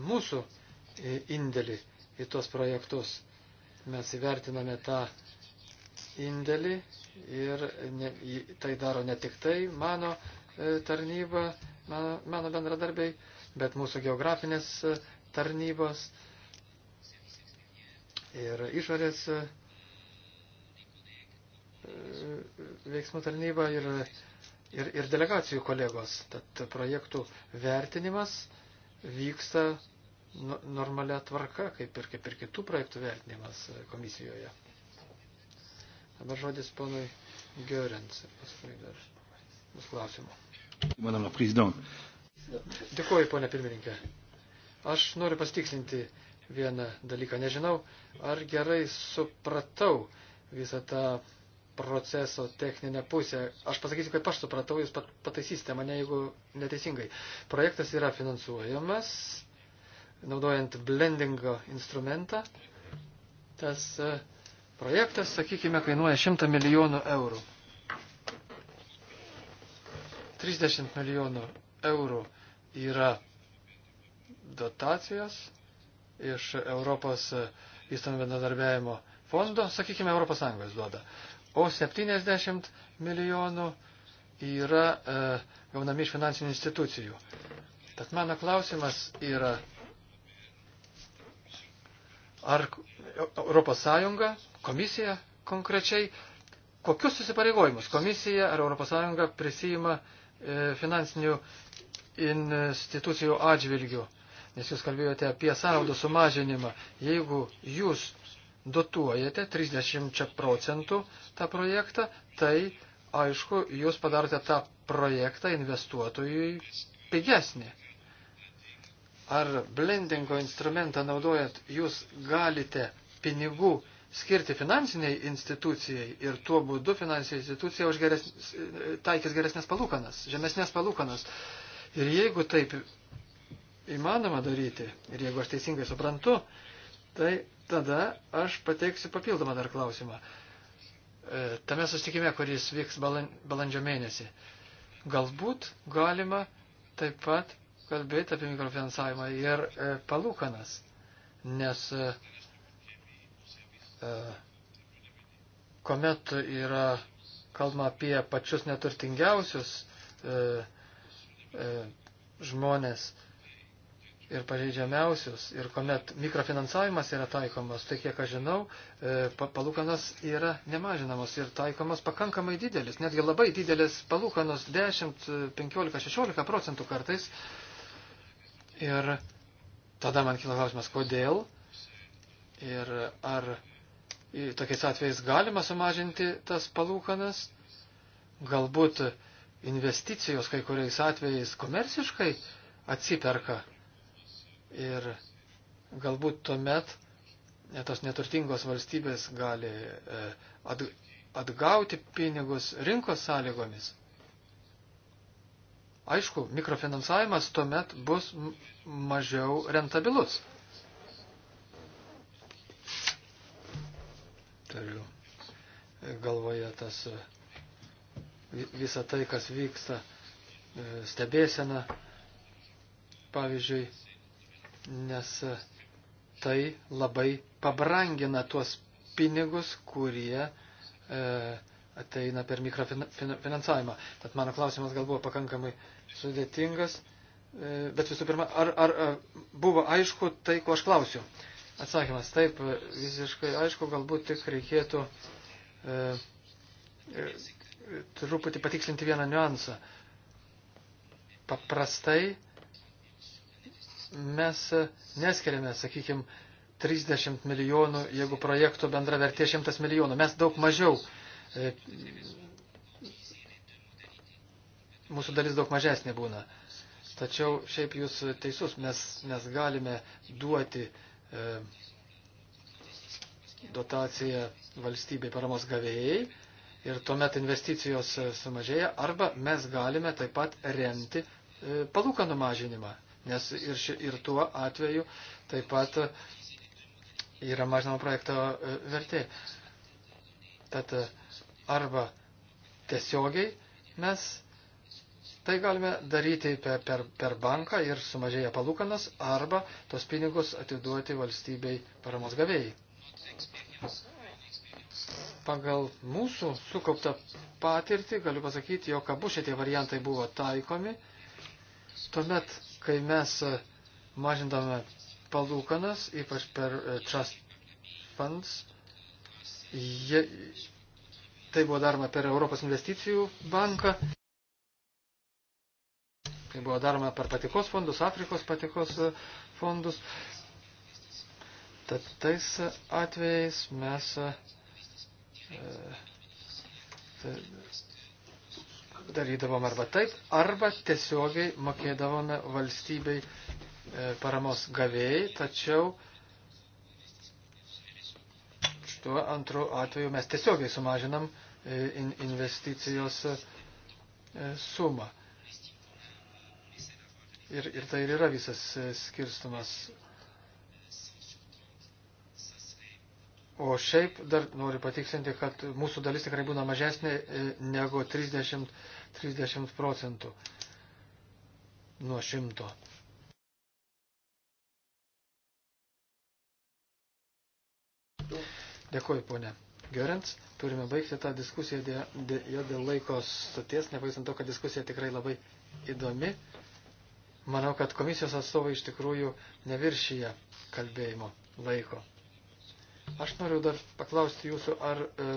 mūsų indėlį į tuos projektus. Mes įvertiname tą indėlį ir ne, tai daro ne tik tai mano e, tarnyba, mano, mano bendradarbiai, bet mūsų geografinės e, tarnybos ir išorės e, veiksmų tarnyba ir ir, ir delegacijų kolegos. Tad projektų vertinimas vyksta normalia tvarka, kaip ir, kaip ir kitų projektų vertinimas komisijoje. Dabar žodis ponui Görens ir paskui dar bus klausimų. Manoma, prezident. Dėkuoju, ponė pirmininkė. Aš noriu pastikslinti vieną dalyką. Nežinau, ar gerai supratau visą tą proceso techninę pusę. Aš pasakysiu, kaip aš supratau, jūs pat, pataisysite mane, jeigu neteisingai. Projektas yra finansuojamas, naudojant blendingo instrumentą. Tas e, projektas, sakykime, kainuoja 100 milijonų eurų. 30 milijonų eurų yra dotacijos iš Europos e, įstamų bendradarbiavimo fondo, sakykime, Europos Sąjungos duoda. Uh, o 70 milijonų yra e, gaunami iš finansinių institucijų. Tad mano klausimas yra, ar e- Europos Sąjunga, komisija konkrečiai, kokius susipareigojimus komisija ar Europos Sąjunga prisijima e, finansinių institucijų atžvilgių, nes jūs kalbėjote apie sąnaudų sumažinimą. Jeigu jūs dotuojate 30 procentų tą projektą, tai aišku, jūs padarote tą projektą investuotojui pigesnį. Ar blendingo instrumentą naudojant jūs galite pinigų skirti finansiniai institucijai ir tuo būdu finansinė institucija už geres, taikys geresnės palūkanas, žemesnės palūkanas. Ir jeigu taip įmanoma daryti, ir jeigu aš teisingai suprantu, tai tada aš pateiksiu papildomą dar klausimą. E, tame sustikime, kuris vyks balan, balandžio mėnesį. Galbūt galima taip pat kalbėti apie mikrofinansavimą ir e, palūkanas, nes e, e kuomet yra kalbama apie pačius neturtingiausius e, e, žmonės, e, ir pažeidžiamiausius. Ir kuomet mikrofinansavimas yra taikomas, tai kiek aš žinau, e, palūkanos yra nemažinamos ir taikomas pakankamai didelis, netgi labai didelis palūkanos 10, 15, 16 procentų kartais. Ir tada man kilo klausimas, kodėl ir ar tokiais atvejais galima sumažinti tas palūkanas. Galbūt investicijos kai kuriais atvejais komerciškai atsiperka Ir galbūt tuomet tos neturtingos valstybės gali e, atgauti pinigus rinkos sąlygomis. Aišku, mikrofinansavimas tuomet bus mažiau rentabilus. Turiu galvoje tas e, visą tai, kas vyksta e, stebėsena, pavyzdžiui, nes tai labai pabrangina tuos pinigus, kurie e, ateina per mikrofinansavimą. Tad mano klausimas gal buvo pakankamai sudėtingas, e, bet visų pirma, ar, ar, ar e, buvo aišku tai, ko aš klausiu? Atsakymas taip, visiškai aišku, galbūt tik reikėtų e, e, truputį patikslinti vieną niuansą. Paprastai e, mes neskiriame, sakykime, 30 milijonų, jeigu projektų bendra vertė 100 milijonų. Mes daug mažiau, e, mūsų dalis daug mažesnė būna. Tačiau šiaip jūs teisus, mes, mes galime duoti e, dotaciją valstybei paramos gavėjai ir tuomet investicijos sumažėja arba mes galime taip pat remti e, palūkanų mažinimą nes ir, ši, ir tuo atveju taip pat yra mažinama projekto e, vertė. Tad e, arba tiesiogiai mes tai galime daryti per, per, per banką ir sumažėję palūkanas, arba tos pinigus atiduoti valstybei paramos gavėjai. Pagal mūsų sukauptą patirtį galiu pasakyti, jog abu šitie variantai buvo taikomi. Tuomet kai mes e, mažindame palūkanas, ypač per e, trust funds, jie, tai buvo daroma per Europos investicijų banką, tai buvo daroma per patikos fondus, Afrikos patikos e, fondus. Tad tais atvejais mes. E, tai, darydavom arba taip, arba tiesiogiai mokėdavome valstybei e, paramos gavėjai, tačiau tuo antru atveju mes tiesiogiai sumažinam e, investicijos e, sumą. Ir, ir tai ir yra visas skirstumas. O šiaip dar noriu patiksinti, kad mūsų dalis tikrai būna mažesnė e, negu 30, 30 procentų nuo šimto. Dėkuoju, ponė. Gerants, turime baigti tą diskusiją dėl, dėl, dėl laikos stoties, nepaisant to, kad diskusija tikrai labai įdomi. Manau, kad komisijos atstovai iš tikrųjų neviršyje kalbėjimo laiko. Aš noriu dar paklausti jūsų, ar e,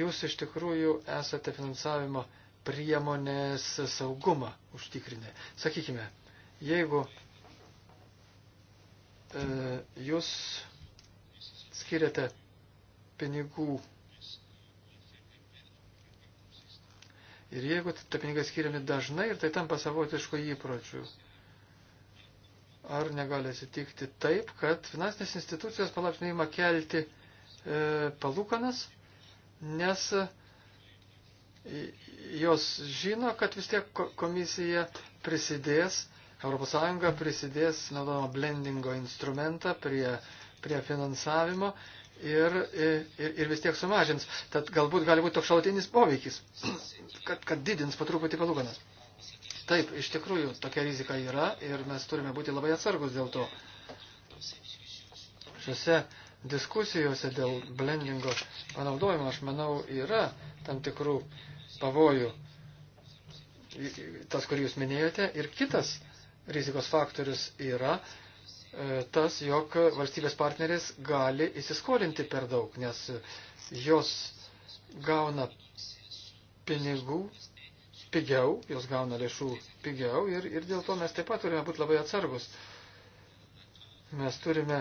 jūs iš tikrųjų esate finansavimo priemonės saugumą užtikrinę. Sakykime, jeigu e, jūs skiriate pinigų ir jeigu tie pinigai skiriami dažnai ir tai tampa savotiško įpročių, ar negali atsitikti taip, kad finansinės institucijos palapsniai ima kelti e, palūkanas, nes e, jos žino, kad vis tiek komisija prisidės, ES prisidės, naudojama blendingo instrumentą prie, prie finansavimo ir, e, ir, ir vis tiek sumažins. Tad galbūt gali būti toks šalutinis poveikis, kad, kad didins patruputį palūkanas. Taip, iš tikrųjų, tokia rizika yra ir mes turime būti labai atsargus dėl to. Šiuose diskusijose dėl blendingo panaudojimo, aš manau, yra tam tikrų pavojų. Tas, kurį jūs minėjote, ir kitas rizikos faktorius yra e, tas, jog valstybės partneris gali įsiskolinti per daug, nes jos gauna pinigų pigiau, jos gauna lėšų pigiau ir, ir dėl to mes taip pat turime būti labai atsargus. Mes turime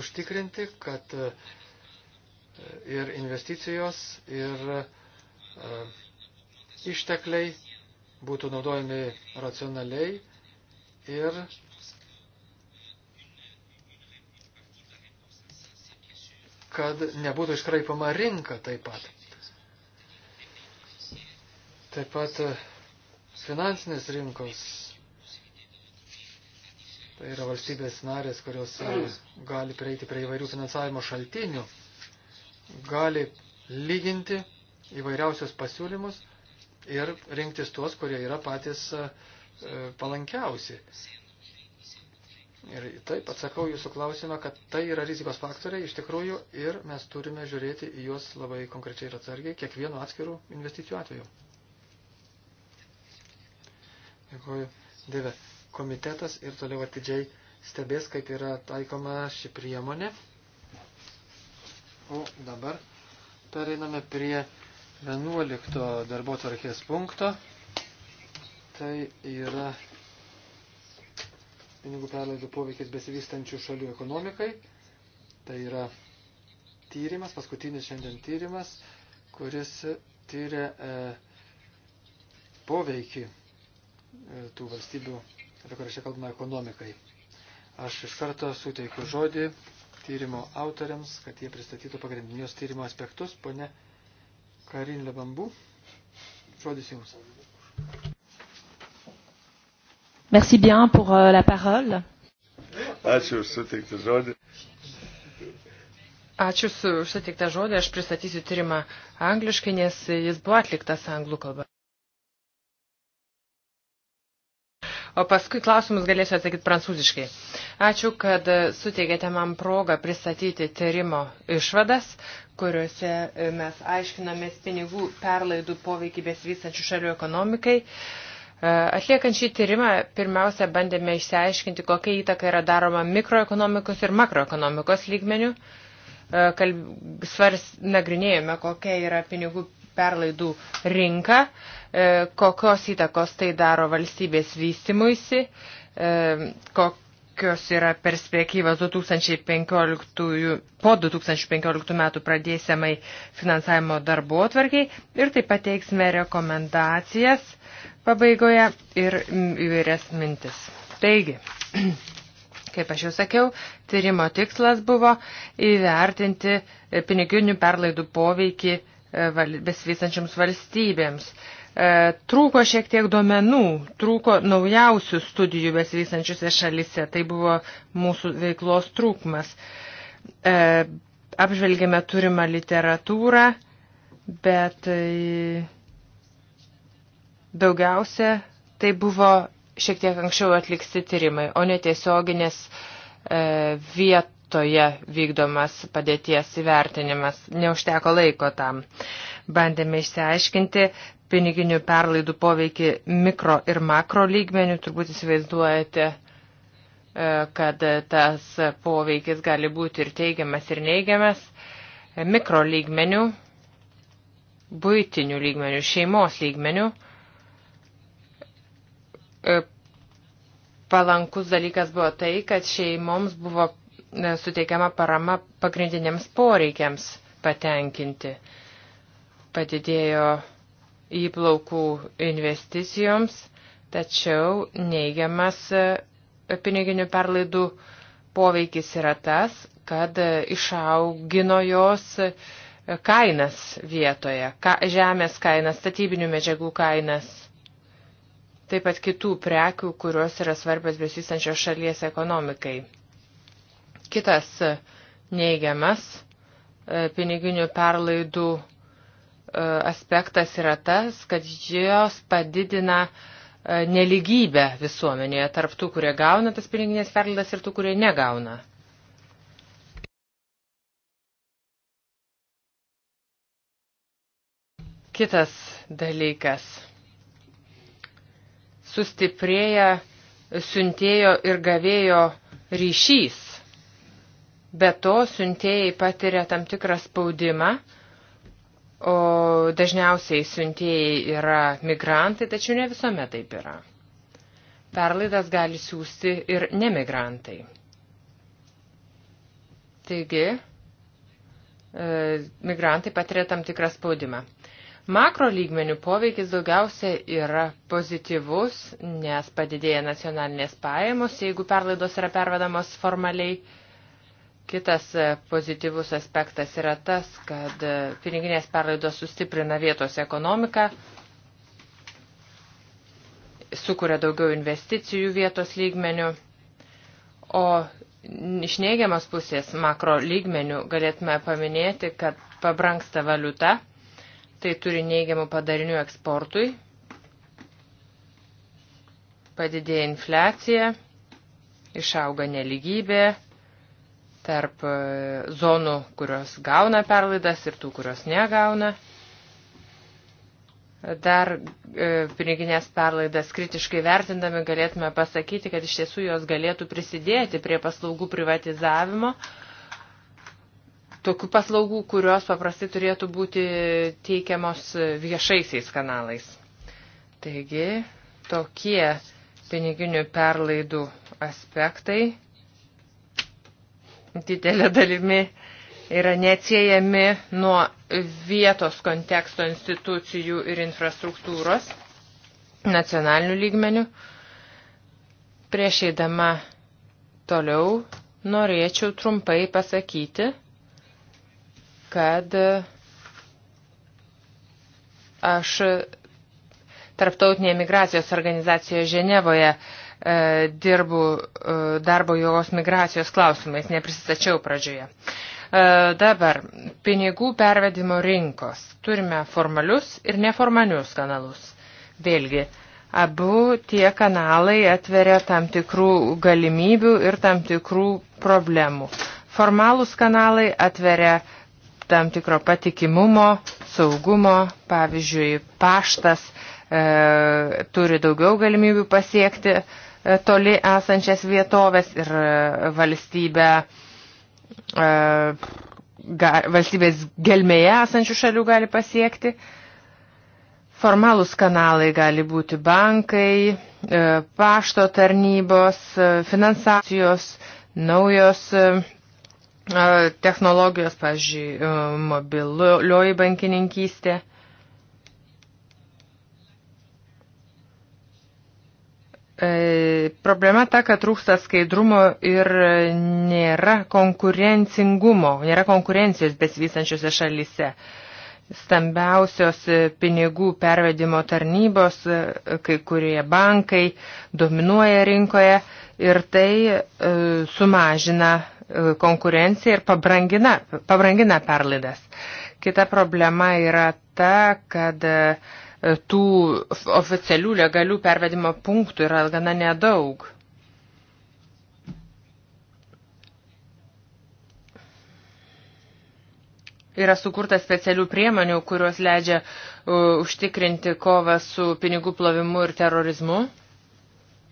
užtikrinti, kad e, ir investicijos, ir e, ištekliai būtų naudojami racionaliai ir kad nebūtų iškraipama rinka taip pat. Taip pat e, finansinės rinkos. Tai yra valstybės narės, kurios e, gali prieiti prie įvairių finansavimo šaltinių, gali lyginti įvairiausius pasiūlymus ir rinktis tuos, kurie yra patys e, palankiausi. Ir taip atsakau jūsų klausimą, kad tai yra rizikos faktoriai iš tikrųjų ir mes turime žiūrėti į juos labai konkrečiai ir atsargiai kiekvienu atskirų investicijų atveju. Dėkuoju, Dieve. Komitetas ir toliau atidžiai stebės, kaip yra taikoma ši priemonė. O dabar pereiname prie 11 darbo tvarkės punkto. Tai yra pinigų perlaidų poveikis besivystančių šalių ekonomikai. Tai yra tyrimas, paskutinis šiandien tyrimas, kuris tyria e, poveikį E, tų valstybių, apie kurias čia kalbame, ekonomikai. Aš iš karto suteikiu žodį tyrimo autoriams, kad jie pristatytų pagrindinius tyrimo aspektus. Pone Karin Lebambu, žodis jums. Merci bien pour euh, la parole. Ačiū už suteiktą žodį. Ačiū už suteiktą žodį. Aš pristatysiu tyrimą angliškai, nes jis buvo atliktas anglų kalba. o paskui klausimus galėsiu atsakyti prancūziškai. Ačiū, kad suteikėte man progą pristatyti tyrimo išvadas, kuriuose e, mes aiškinamės pinigų perlaidų poveikį besivystančių šalių ekonomikai. E, atliekant šį tyrimą, pirmiausia, bandėme išsiaiškinti, kokia įtaka yra daroma mikroekonomikos ir makroekonomikos lygmenių. E, kalb... Svars nagrinėjome, kokia yra pinigų perlaidų rinką, e, kokios įtakos tai daro valstybės vystimuisi, e, kokios yra perspektyvos 2015, po 2015 metų pradėsiamai finansavimo darbo atvarkiai ir taip pateiksime rekomendacijas pabaigoje ir įvairias mintis. Taigi, *clears throat* kaip aš jau sakiau, tyrimo tikslas buvo įvertinti piniginių perlaidų poveikį E, besivystančiams valstybėms. E, trūko šiek tiek duomenų, trūko naujausių studijų besivystančiose šalise, tai buvo mūsų veiklos trūkumas. E, apžvelgėme turimą literatūrą, bet daugiausia tai buvo šiek tiek anksčiau atliksti tyrimai, o ne tiesioginės vietos toje vykdomas padėties įvertinimas. Neužteko laiko tam. Bandėme išsiaiškinti piniginių perlaidų poveikį mikro ir makro lygmenių. Turbūt įsivaizduojate, e, kad tas poveikis gali būti ir teigiamas, ir neigiamas. E, mikro lygmenių, būtinių lygmenių, šeimos lygmenių e, palankus dalykas buvo tai, kad šeimoms buvo E, suteikiama parama pagrindiniams poreikiams patenkinti. Padidėjo įplaukų investicijoms, tačiau neigiamas e, piniginių perlaidų poveikis yra tas, kad išaugino jos e, kainas vietoje, ka, žemės kainas, statybinių medžiagų kainas, taip pat kitų prekių, kurios yra svarbios besistančios šalies ekonomikai. Kitas neigiamas e, piniginių perlaidų e, aspektas yra tas, kad jos padidina e, neligybę visuomenėje tarp tų, kurie gauna tas piniginės perlaidas ir tų, kurie negauna. Kitas dalykas. Sustiprėja siuntėjo ir gavėjo ryšys Be to, siuntėjai patiria tam tikrą spaudimą, o dažniausiai siuntėjai yra migrantai, tačiau ne visuomet taip yra. Perlaidas gali siūsti ir nemigrantai. Taigi, e, migrantai patiria tam tikrą spaudimą. Makro lygmenių poveikis daugiausia yra pozityvus, nes padidėja nacionalinės pajamos, jeigu perlaidos yra pervedamos formaliai Kitas e, pozityvus aspektas yra tas, kad e, piniginės perlaidos sustiprina vietos ekonomiką, sukuria daugiau investicijų vietos lygmenių, o iš neigiamas pusės makro lygmenių galėtume paminėti, kad pabranksta valiuta, tai turi neigiamų padarinių eksportui, padidėja infliacija, išauga neligybė, tarp e, zonų, kurios gauna perlaidas ir tų, kurios negauna. Dar e, piniginės perlaidas kritiškai vertindami galėtume pasakyti, kad iš tiesų jos galėtų prisidėti prie paslaugų privatizavimo, tokių paslaugų, kurios paprastai turėtų būti teikiamos viešaisiais kanalais. Taigi, tokie piniginių perlaidų aspektai didelė dalimi yra neatsiejami nuo vietos konteksto institucijų ir infrastruktūros nacionalinių lygmenių. Prieš eidama toliau norėčiau trumpai pasakyti, kad aš Tarptautinėje migracijos organizacijoje Ženevoje E, dirbu e, darbo jėgos migracijos klausimais, neprisistačiau pradžioje. E, dabar pinigų pervedimo rinkos. Turime formalius ir neformalius kanalus. Vėlgi, abu tie kanalai atveria tam tikrų galimybių ir tam tikrų problemų. Formalūs kanalai atveria tam tikro patikimumo, saugumo, pavyzdžiui, paštas e, turi daugiau galimybių pasiekti e, E, toli esančias vietovės ir e, valstybę, e, valstybės gelmėje esančių šalių gali pasiekti. Formalūs kanalai gali būti bankai, pašto tarnybos, finansacijos, naujos technologijos, pavyzdžiui, mobilioji bankininkystė. E, problema ta, kad trūksta skaidrumo ir nėra konkurencingumo, nėra konkurencijos besivystančiose šalyse. Stambiausios pinigų pervedimo tarnybos, e, kai kurie bankai dominuoja rinkoje ir tai e, sumažina konkurenciją ir pabrangina, pabrangina perlaidas. Kita problema yra ta, kad E, tų oficialių legalių pervedimo punktų yra gana nedaug. Yra sukurta specialių priemonių, kurios leidžia uh, užtikrinti kovą su pinigų plovimu ir terorizmu,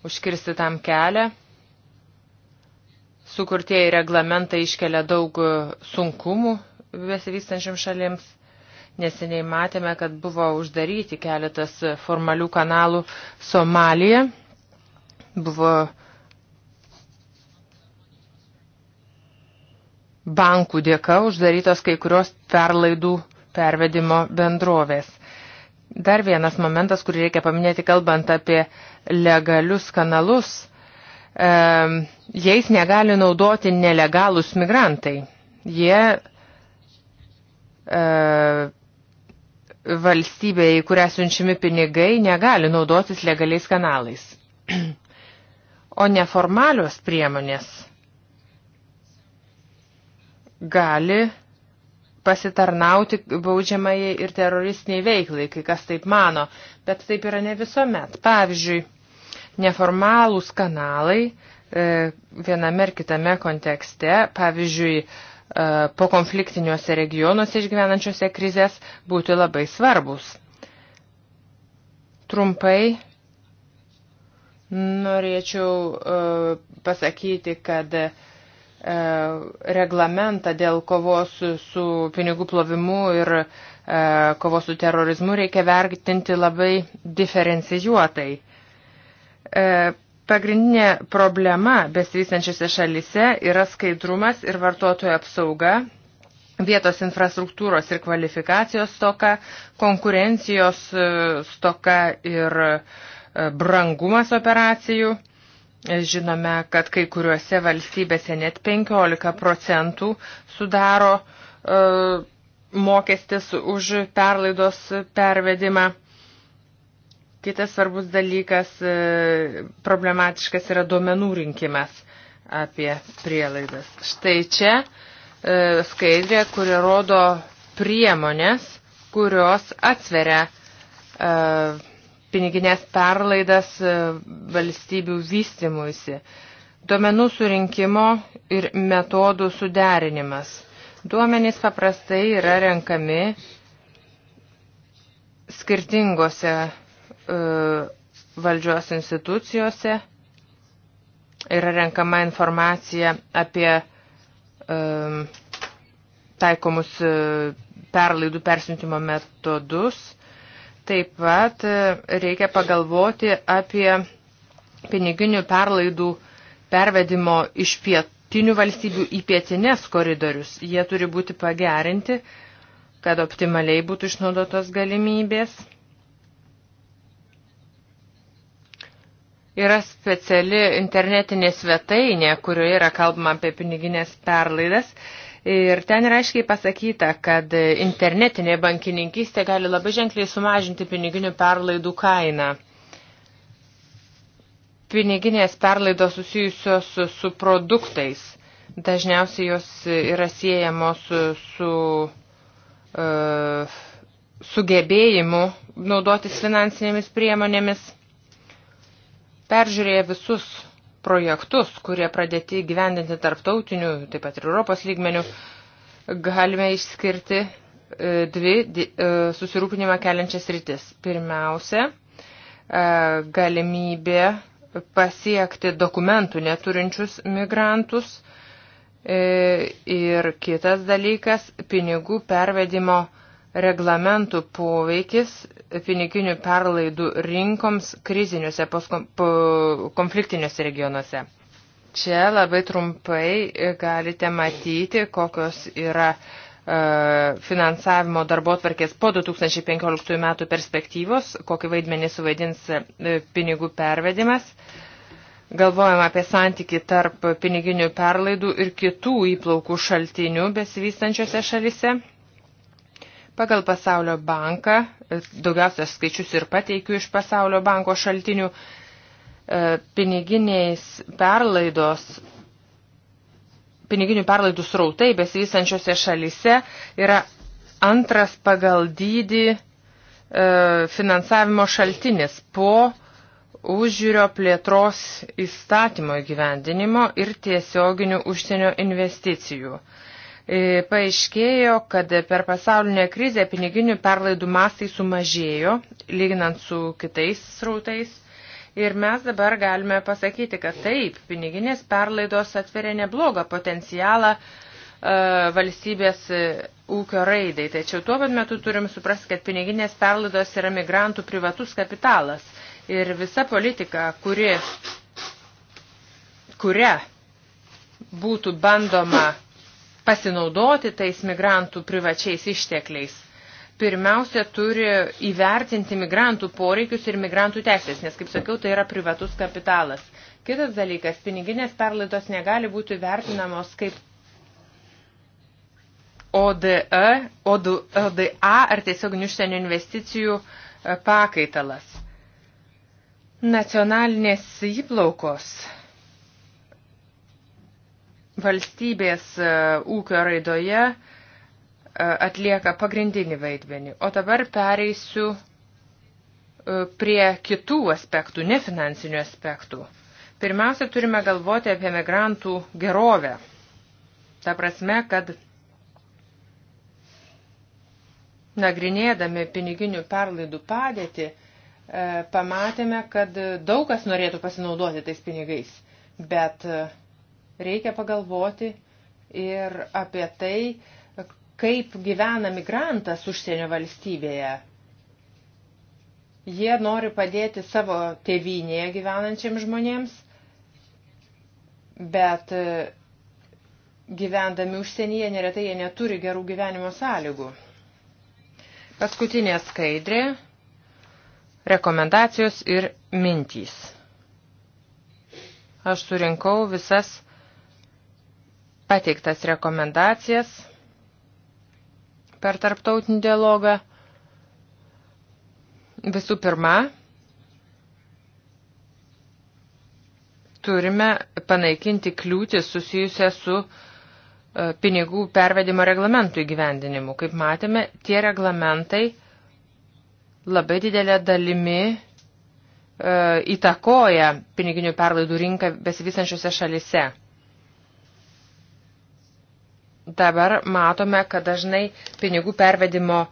užkirsti tam kelią. Sukurtieji reglamentai iškelia daug e, sunkumų besivystančiam šalims. Neseniai matėme, kad buvo uždaryti keletas formalių kanalų Somalija. Buvo bankų dėka uždarytos kai kurios perlaidų pervedimo bendrovės. Dar vienas momentas, kurį reikia paminėti, kalbant apie legalius kanalus, e, jais negali naudoti nelegalus migrantai. Jie e, valstybė, į kurią siunčiami pinigai, negali naudotis legaliais kanalais. O neformalios priemonės gali pasitarnauti baudžiamai ir teroristiniai veiklai, kai kas taip mano, bet taip yra ne visuomet. Pavyzdžiui, neformalūs kanalai e, viename ar kitame kontekste, pavyzdžiui, e, E, po konfliktiniuose regionuose išgyvenančiose krizės būti labai svarbus. Trumpai norėčiau e, pasakyti, kad e, reglamentą dėl kovos su pinigų plovimu ir kovos su terorizmu reikia vertinti labai diferencijuotai Pagrindinė problema besivystančiose šalise yra skaidrumas ir vartotojų apsauga, vietos infrastruktūros ir kvalifikacijos stoka, konkurencijos e, stoka ir e, brangumas operacijų. E, žinome, kad kai kuriuose valstybėse net 15 procentų sudaro mokestis už perlaidos pervedimą. Kitas svarbus dalykas e, problematiškas yra duomenų rinkimas apie prielaidas. Štai čia e, skaidrė, kuri rodo priemonės, kurios atsveria e, piniginės perlaidas valstybių vystimuisi. Duomenų surinkimo ir metodų suderinimas. Duomenys paprastai yra renkami skirtingose E, valdžios institucijose yra renkama informacija apie e, taikomus e, perlaidų persiuntimo metodus. Taip pat reikia pagalvoti apie piniginių perlaidų pervedimo iš pietinių valstybių į pietinės koridorius. Jie turi būti pagerinti, kad optimaliai būtų išnaudotos galimybės. Yra speciali internetinė svetainė, kurioje yra kalbama apie piniginės perlaidas. Ir ten yra aiškiai pasakyta, kad internetinė bankininkystė gali labai ženkliai sumažinti piniginių perlaidų kainą. Piniginės perlaidos susijusios su, su produktais. Dažniausiai jos yra siejamos su, su uh, e, sugebėjimu naudotis finansinėmis priemonėmis peržiūrėję visus projektus, kurie pradėti gyvendinti tarptautinių, taip pat ir Europos lygmenių, galime išskirti e, dvi e, susirūpinimą keliančias rytis. Pirmiausia, e, galimybė pasiekti dokumentų neturinčius migrantus ir kitas dalykas – pinigų pervedimo reglamentų poveikis piniginių perlaidų rinkoms kriziniuose, konfliktiniuose regionuose. Čia labai trumpai galite matyti, kokios yra e, finansavimo darbotvarkės po 2015 metų perspektyvos, kokį vaidmenį suvaidins e, pinigų pervedimas. Galvojam apie santyki tarp piniginių perlaidų ir kitų įplaukų šaltinių besivystančiose šalise. Pagal Pasaulio banką, daugiausias skaičius ir pateikiu iš Pasaulio banko šaltinių, e, piniginiais perlaidos, piniginių perlaidų srautai besivysančiose šalise yra antras pagal dydį e, finansavimo šaltinis po užžiūrio plėtros įstatymo įgyvendinimo ir tiesioginių užsienio investicijų. E, paaiškėjo, kad per pasaulinę krizę piniginių perlaidų mastai sumažėjo, lyginant su kitais srautais. Ir mes dabar galime pasakyti, kad taip, piniginės perlaidos atveria neblogą potencialą e, valstybės e, ūkio raidai. Tačiau tuo pat metu turim suprasti, kad piniginės perlaidos yra migrantų privatus kapitalas. Ir visa politika, kuri, kuria būtų bandoma pasinaudoti tais migrantų privačiais ištekliais, pirmiausia turi įvertinti migrantų poreikius ir migrantų teisės, nes, kaip sakiau, tai yra privatus kapitalas. Kitas dalykas, piniginės perlaidos negali būti vertinamos kaip ODE, ODA e, ar tiesioginių užsienio investicijų e, pakaitalas. Nacionalinės įplaukos valstybės e, ūkio raidoje e, atlieka pagrindinį vaidmenį. O dabar pereisiu e, prie kitų aspektų, nefinansinių aspektų. Pirmiausia, turime galvoti apie migrantų gerovę. Ta prasme, kad nagrinėdami piniginių perlaidų padėtį, pamatėme, kad daug kas norėtų pasinaudoti tais pinigais, bet reikia pagalvoti ir apie tai, kaip gyvena migrantas užsienio valstybėje. Jie nori padėti savo tėvynėje gyvenančiam žmonėms, bet e, gyvendami užsienyje neretai jie neturi gerų gyvenimo sąlygų. Paskutinė skaidrė – rekomendacijos ir mintys. Aš surinkau visas pateiktas rekomendacijas per tarptautinį dialogą. Visų pirma, turime panaikinti kliūtį susijusią su e, pinigų pervedimo reglamentų įgyvendinimu. Kaip matėme, tie reglamentai labai didelė dalimi e, įtakoja piniginių perlaidų rinką besivysančiose šalise dabar matome, kad dažnai pinigų pervedimo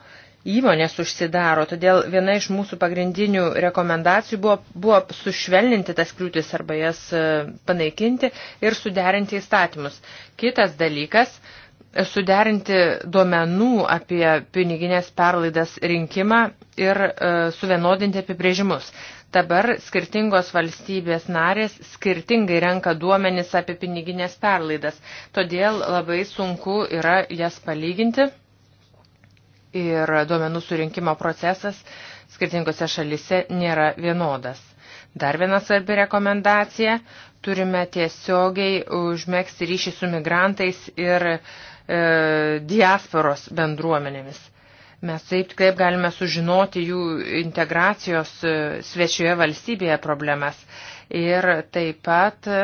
įmonės užsidaro. Todėl viena iš mūsų pagrindinių rekomendacijų buvo, buvo sušvelninti tas kliūtis arba jas e, panaikinti ir suderinti įstatymus. Kitas dalykas e, - suderinti duomenų apie piniginės perlaidas rinkimą ir e, suvienodinti apibrėžimus. Dabar skirtingos valstybės narės skirtingai renka duomenis apie piniginės perlaidas, todėl labai sunku yra jas palyginti ir duomenų surinkimo procesas skirtingose šalise nėra vienodas. Dar viena svarbi rekomendacija - turime tiesiogiai užmėgsti ryšį su migrantais ir e, diasporos bendruomenėmis. Mes taip kaip galime sužinoti jų integracijos e, svečioje valstybėje problemas. Ir taip pat e,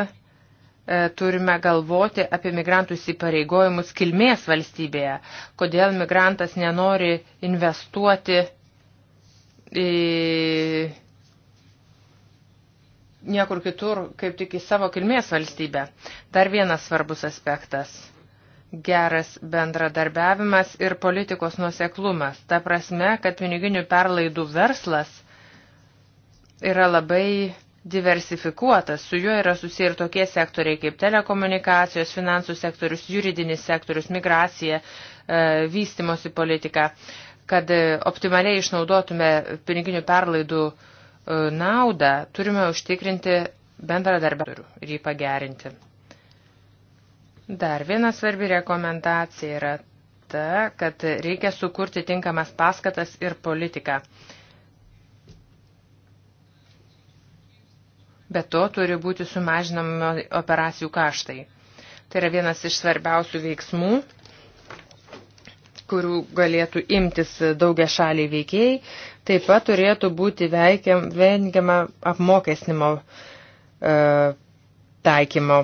turime galvoti apie migrantų įsipareigojimus kilmės valstybėje. Kodėl migrantas nenori investuoti į niekur kitur, kaip tik į savo kilmės valstybę. Dar vienas svarbus aspektas geras bendradarbiavimas ir politikos nuseklumas. Ta prasme, kad piniginių perlaidų verslas yra labai diversifikuotas. Su juo yra susiję ir tokie sektoriai kaip telekomunikacijos, finansų sektorius, juridinis sektorius, migracija, e, vystimosi politika. Kad e, optimaliai išnaudotume piniginių perlaidų e, naudą, turime užtikrinti bendradarbiavimą ir jį pagerinti. Dar viena svarbi rekomendacija yra ta, kad reikia sukurti tinkamas paskatas ir politiką. Be to turi būti sumažinami operacijų kaštai. Tai yra vienas iš svarbiausių veiksmų, kurių galėtų imtis daugia šaliai veikėjai. Taip pat turėtų būti vengiama apmokesnimo e, taikymo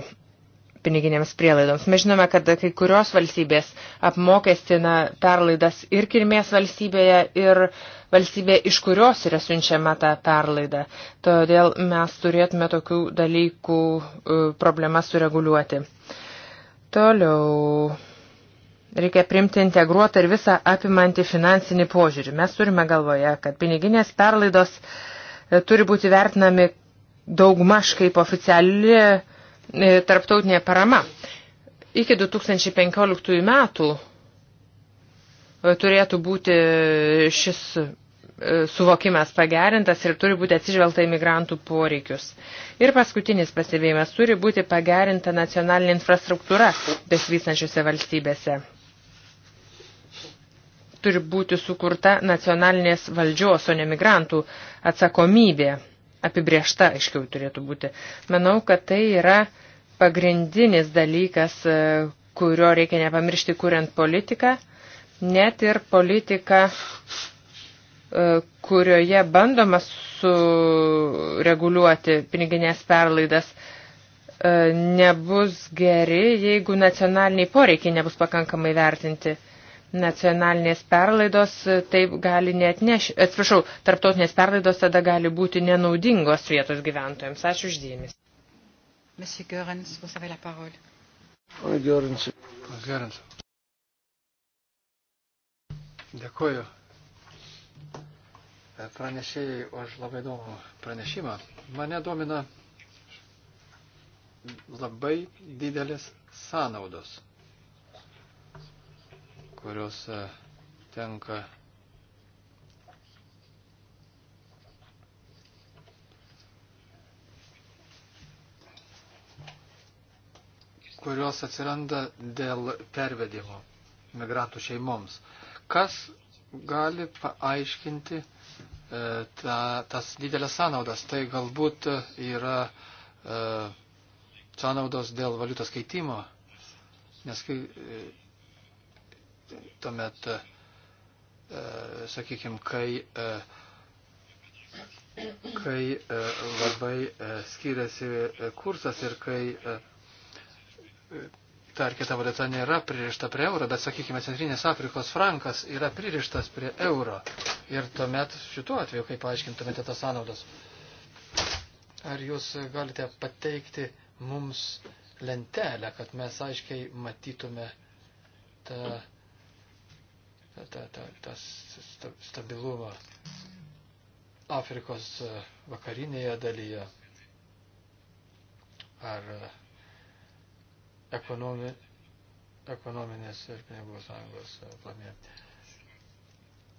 piniginėms prielaidoms. Mes žinome, kad kai kurios valstybės apmokestina perlaidas ir kilmės valstybėje, ir valstybėje, iš kurios yra siunčiama ta perlaida. Todėl mes turėtume tokių dalykų e, problemas sureguliuoti. Toliau. Reikia primti integruotą ir visą apimantį finansinį požiūrį. Mes turime galvoje, kad piniginės perlaidos e, turi būti vertinami daugmaž kaip oficiali uh, E, tarptautinė parama. Iki 2015 metų e, turėtų būti šis e, suvokimas pagerintas ir turi būti atsižvelgta į migrantų poreikius. Ir paskutinis pastebėjimas turi būti pagerinta nacionalinė infrastruktūra besivystančiose valstybėse. Turi būti sukurta nacionalinės valdžios, o ne migrantų atsakomybė apibriešta aiškiau turėtų būti. Manau, kad tai yra pagrindinis dalykas, e, kurio reikia nepamiršti, kuriant politiką, net ir politiką, e, kurioje bandoma sureguliuoti piniginės perlaidas, e, nebus geri, jeigu nacionaliniai poreikiai nebus pakankamai vertinti nacionalinės perlaidos e, taip gali neatneš, atsiprašau, tarptautinės perlaidos tada gali būti nenaudingos vietos gyventojams. Ačiū uždėmės. Monsieur Görens, vous avez la parole. Pone Görens. Pone Görens. Dėkuoju e, pranešėjai už labai įdomų pranešimą. Mane domina labai didelis sąnaudos kurios e, tenka kurios atsiranda dėl pervedimo migrantų šeimoms. Kas gali paaiškinti e, ta, tas didelės sąnaudas? Tai galbūt yra e, sąnaudos dėl valiutos keitimo, nes kai e, tuomet, e, sakykime, kai, e, kai e, labai skiriasi kursas ir kai ta ar kita valiuta nėra pririšta prie euro, bet, sakykime, Centrinės Afrikos frankas yra pririštas prie euro. Ir tuomet šituo atveju, kaip paaiškintumėte tas sąnaudas, ar jūs galite pateikti mums lentelę, kad mes aiškiai matytume tą. Ta ta, ta, tas stabilumą Afrikos e, vakarinėje dalyje ar e, ekonomi, ekonominės ir pinigų sąjungos e, plane.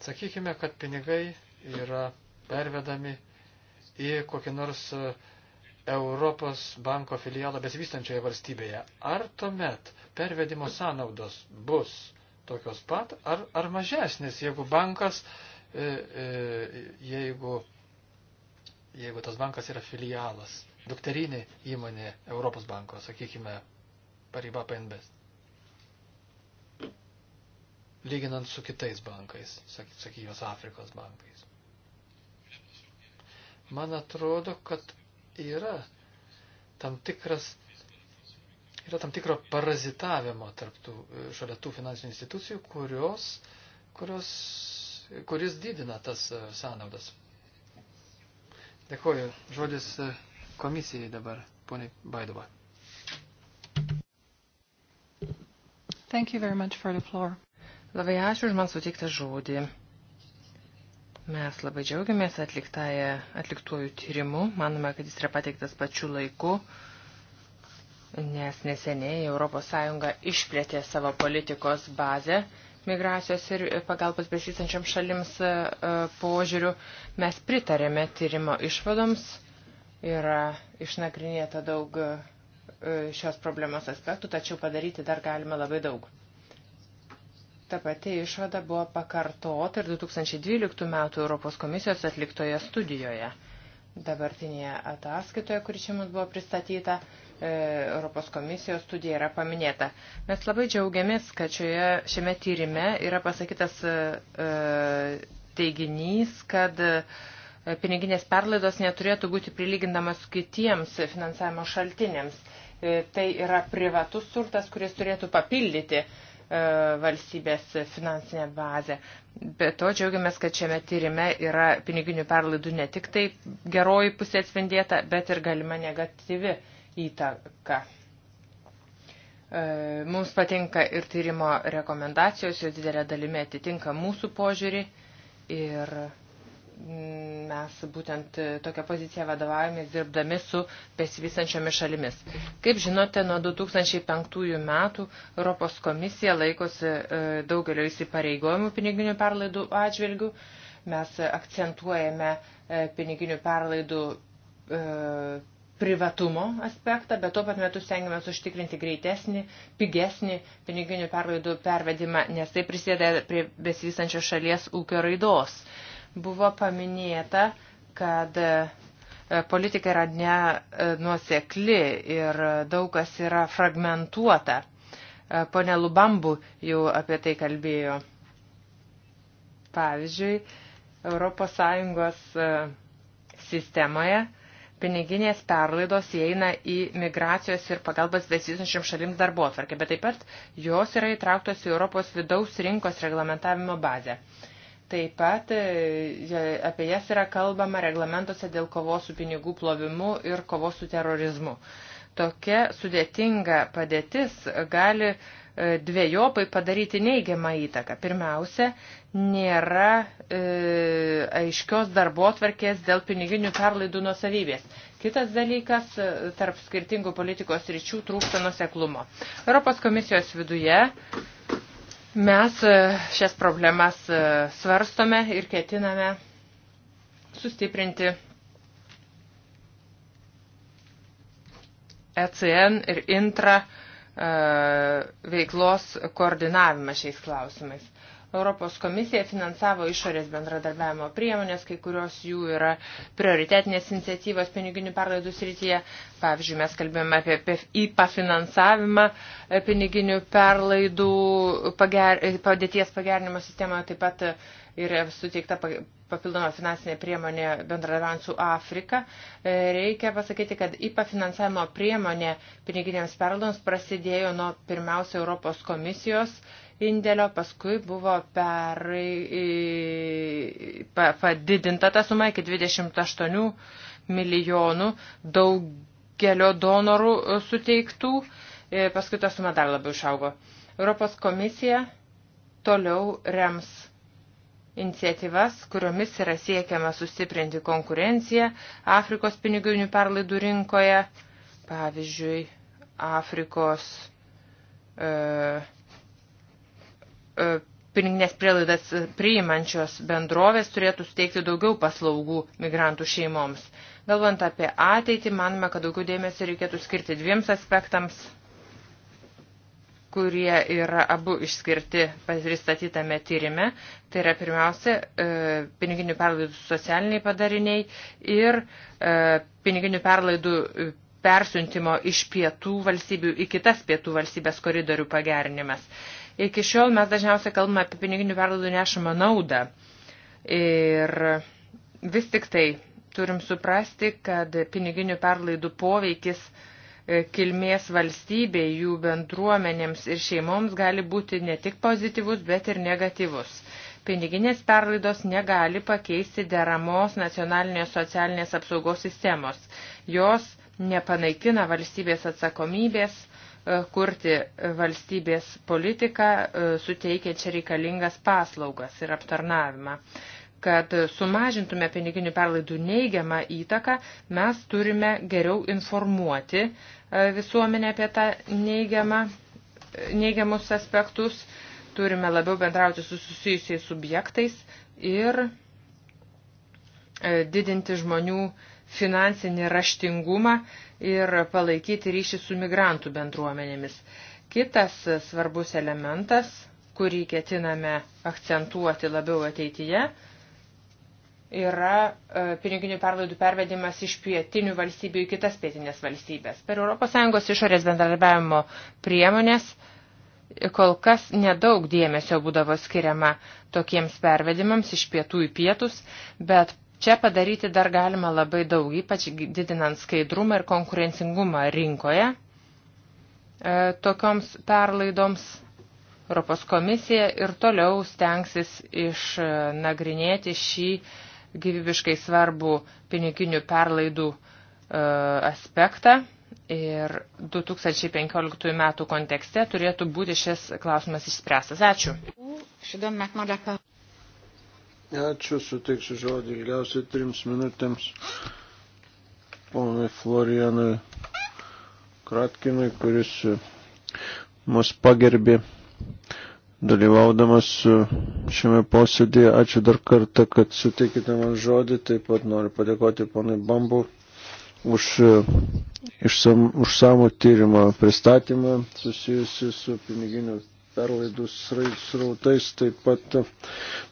Sakykime, kad pinigai yra pervedami į kokį nors Europos banko filialą besivystančioje valstybėje. Ar tuomet pervedimo sąnaudos bus tokios pat ar, ar mažesnės, jeigu bankas, e, e, jeigu, jeigu tas bankas yra filialas, dukterinė įmonė Europos banko, sakykime, paryba PNBest lyginant su kitais bankais, sakykime, Afrikos bankais. Man atrodo, kad yra tam tikras yra tam tikro parazitavimo tarptų e, šalia tų finansinių institucijų, kurios, kurios, kuris didina tas e, sąnaudas. Dėkuoju. Žodis e, komisijai dabar, poniai Baidova. Thank you very much for the floor. Labai ačiū už man suteiktą žodį. Mes labai džiaugiamės atliktuoju tyrimu. Manome, kad jis yra pateiktas pačiu laiku. Uh, nes neseniai ES išplėtė savo politikos bazę migracijos ir pagalbos besistančiam šalims e, e, požiūrių. Mes pritarėme tyrimo išvadoms, yra išnagrinėta daug e, šios problemos aspektų, tačiau padaryti dar galime labai daug. Ta pati išvada buvo pakartota ir 2012 metų Europos komisijos atliktoje studijoje. Dabartinėje ataskaitoje, kuri čia mums buvo pristatyta, E, Europos komisijos studija yra paminėta. Mes labai džiaugiamės, kad šioje, šiame tyrime yra pasakytas e, e, teiginys, kad piniginės perlaidos neturėtų būti prilyginamas kitiems finansavimo šaltiniams. Tai yra privatus turtas, kuris turėtų papildyti valstybės finansinę bazę. Be to džiaugiamės, kad šiame tyrime yra piniginių perlaidų ne tik tai geroji pusė atspindėta, bet ir galima negatyvi įtaką. E, mums patinka ir tyrimo rekomendacijos, jos didelė dalimi atitinka mūsų požiūrį ir mes būtent tokią poziciją vadovavomės dirbdami su besivysančiomis šalimis. Kaip žinote, nuo 2005 metų Europos komisija laikosi e, daugelio įsipareigojimų piniginių perlaidų atžvilgių. Mes akcentuojame e, piniginių perlaidų privatumo aspektą, bet tuo pat metu stengiamės užtikrinti greitesnį, pigesnį piniginių pervaidų pervedimą, nes tai prisėda prie besivysančios šalies ūkio raidos. Buvo paminėta, kad e, politika yra nenuosekli e, ir daug kas yra fragmentuota. E, pone Lubambu jau apie tai kalbėjo. Pavyzdžiui, ES sistemoje piniginės perlaidos įeina į migracijos ir pagalbas besisinčiam šalims darbo atvarkę, bet taip pat jos yra įtrauktos į Europos vidaus rinkos reglamentavimo bazę. Taip pat e, apie jas yra kalbama reglamentuose dėl kovos su pinigų plovimu ir kovos su terorizmu. Tokia sudėtinga padėtis gali uh, E, dviejopai padaryti neigiamą įtaką. Pirmiausia, nėra e, aiškios darbo atverkės dėl piniginių perlaidų nusavybės. Kitas dalykas, e, tarp skirtingų politikos ryčių trūksta nuseklumo. Europos komisijos viduje mes e, šias problemas svarstome ir ketiname sustiprinti ECN ir intra uh, E, veiklos koordinavimą šiais klausimais. Europos komisija finansavo išorės bendradarbiavimo priemonės, kai kurios jų yra prioritetinės iniciatyvos piniginių perlaidų srityje. Pavyzdžiui, mes kalbėjome apie IPA finansavimą e, piniginių perlaidų pager, padėties pagerinimo sistemoje, taip pat yra suteikta papildoma finansinė priemonė bendradarbiaujant su Afrika. E, reikia pasakyti, kad IPA finansavimo priemonė piniginiams perlaidoms prasidėjo nuo pirmiausia Europos komisijos indėlio, paskui buvo per, pa, padidinta ta suma iki 28 milijonų daugelio donorų suteiktų, e, paskui ta suma dar labiau išaugo. Europos komisija toliau rems iniciatyvas, kuriomis yra siekiama sustiprinti konkurenciją Afrikos piniginių perlaidų rinkoje, pavyzdžiui, Afrikos e, e, piniginės prielaidas priimančios bendrovės turėtų suteikti daugiau paslaugų migrantų šeimoms. Galvant apie ateitį, manome, kad daugiau dėmesio reikėtų skirti dviems aspektams kurie yra abu išskirti pristatytame tyrime. Tai yra pirmiausia e, piniginių perlaidų socialiniai padariniai ir e, piniginių perlaidų e, persiuntimo iš pietų valstybių į kitas pietų valstybės koridorių pagerinimas. Iki šiol mes dažniausiai kalbame apie piniginių perlaidų nešamą naudą. Ir vis tik tai turim suprasti, kad piniginių perlaidų poveikis uh, kilmės valstybei, jų bendruomenėms ir šeimoms gali būti ne tik pozityvus, bet ir negatyvus. Piniginės perlaidos negali pakeisti deramos nacionalinės socialinės apsaugos sistemos. Jos nepanaikina valstybės atsakomybės e, kurti valstybės politiką, e, suteikiančią reikalingas paslaugas ir aptarnavimą kad sumažintume piniginių perlaidų neigiamą įtaką, mes turime geriau informuoti visuomenę apie tą neigiamą, neigiamus aspektus, turime labiau bendrauti su susijusiais subjektais ir e, didinti žmonių finansinį raštingumą ir palaikyti ryšį su migrantų bendruomenėmis. Kitas svarbus elementas, kurį ketiname akcentuoti labiau ateityje, yra e, piniginių perlaidų pervedimas iš pietinių valstybių į kitas pietinės valstybės. Per ES išorės bendradarbiavimo priemonės kol kas nedaug dėmesio būdavo skiriama tokiems pervedimams iš pietų į pietus, bet čia padaryti dar galima labai daug, ypač didinant skaidrumą ir konkurencingumą rinkoje e, tokioms perlaidoms. Europos komisija ir toliau stengsis išnagrinėti šį uh, gyvybiškai svarbų piniginių perlaidų e, aspektą. Ir 2015 metų kontekste turėtų būti šis klausimas išspręstas. Ačiū. Ačiū, suteiksiu žodį ilgiausiai trims minutėms ponui Florianui Kratkinui, kuris mus pagerbė dalyvaudamas e, šiame posėdėje. Ačiū dar kartą, kad suteikite man žodį. Taip pat noriu padėkoti ponai Bambu už e, išsam, užsamų tyrimą pristatymą susijusi su piniginiu perlaidų srautais. Taip pat e,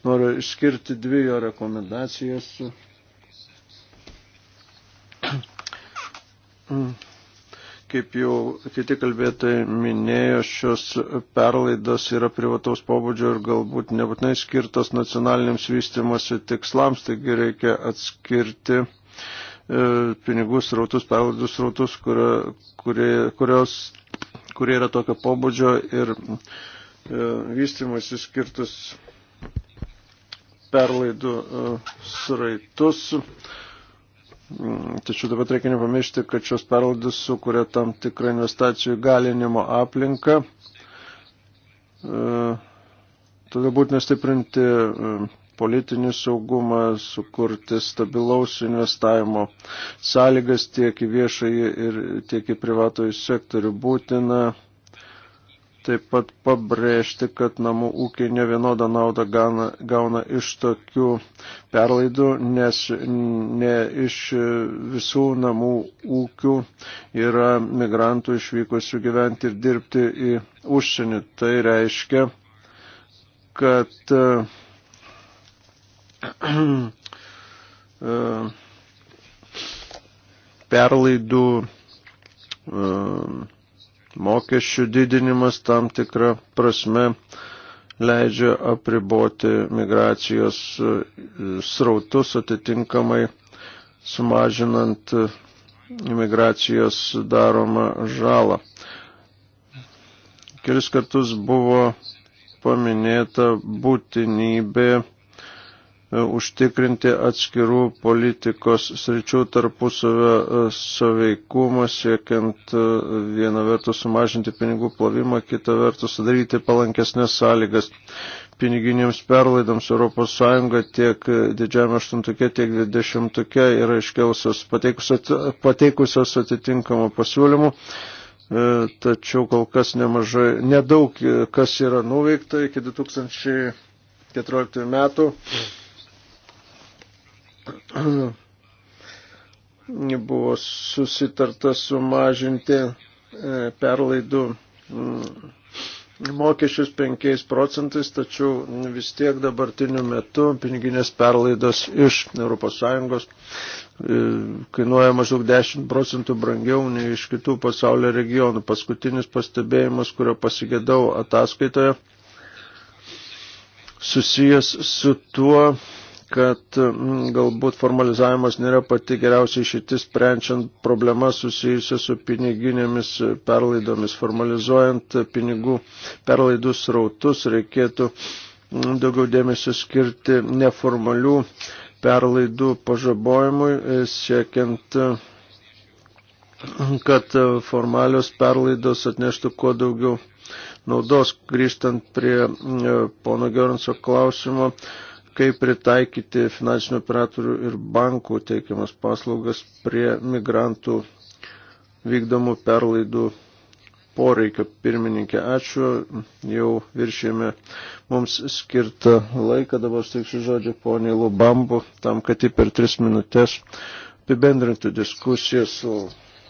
noriu išskirti dvi jo rekomendacijas. *clears throat* Mm. Kaip jau kiti kalbėtojai minėjo, šios perlaidos yra privataus pobūdžio ir galbūt nebūtinai skirtos nacionaliniams vystimosi tikslams, taigi reikia atskirti e, pinigus rautus, perlaidus rautus, kurio, kurie, kurios, kurie yra tokio pobūdžio ir e, vystimasi skirtus perlaidų e, sraitus. E, Mm, tačiau taip pat reikia nepamiršti, kad šios perlaidos sukuria tam tikrą investacijų galinimo aplinką. E, Todėl būtina stiprinti e, politinį saugumą, sukurti stabilaus investavimo sąlygas tiek į viešąjį ir tiek į privatojų sektorių. Būtina taip pat pabrėžti, kad namų ūkiai ne vienodą naudą gauna, gauna iš tokių perlaidų, nes ne iš visų namų ūkių yra migrantų išvykusių gyventi ir dirbti į užsienį. Tai reiškia, kad *clears throat* perlaidų uh, mokesčių didinimas tam tikrą prasme leidžia apriboti migracijos e, srautus atitinkamai sumažinant e, imigracijos daromą žalą. Kelis kartus buvo paminėta būtinybė E, užtikrinti atskirų politikos sričių tarpusavio e, saveikumą, siekiant e, vieną vertus sumažinti pinigų plovimą, kitą vertus sudaryti palankesnės sąlygas piniginėms perlaidams ES tiek didžiame aštuntuke, tiek dvidešimtuke yra iškiausios pateikusios atitinkamų pasiūlymų tačiau kol kas nemažai, nedaug kas yra nuveikta iki 2014 metų. *clears throat* buvo susitarta sumažinti e, perlaidų mm, mokesčius 5 procentais, tačiau vis tiek dabartiniu metu piniginės perlaidos iš ES e, kainuoja maždaug 10 procentų brangiau nei iš kitų pasaulio regionų. Paskutinis pastebėjimas, kurio pasigėdau ataskaitoje, susijęs su tuo, kad mm, galbūt formalizavimas nėra pati geriausia išeitis, sprendžiant problemas susijusią su piniginėmis perlaidomis. Formalizuojant pinigų perlaidų srautus reikėtų mm, daugiau dėmesio skirti neformalių perlaidų pažabojimui, e, siekiant mm, kad formalios perlaidos atneštų kuo daugiau naudos, grįžtant prie pono Geronso klausimo, kaip pritaikyti finansinių operatorių ir bankų teikiamas paslaugas prie migrantų vykdomų perlaidų poreikio. Pirmininkė, ačiū, jau viršėme mums skirtą laiką, dabar steiksiu žodžią poniai Lubambu, tam, kad ji per tris minutės apibendrintų diskusiją su.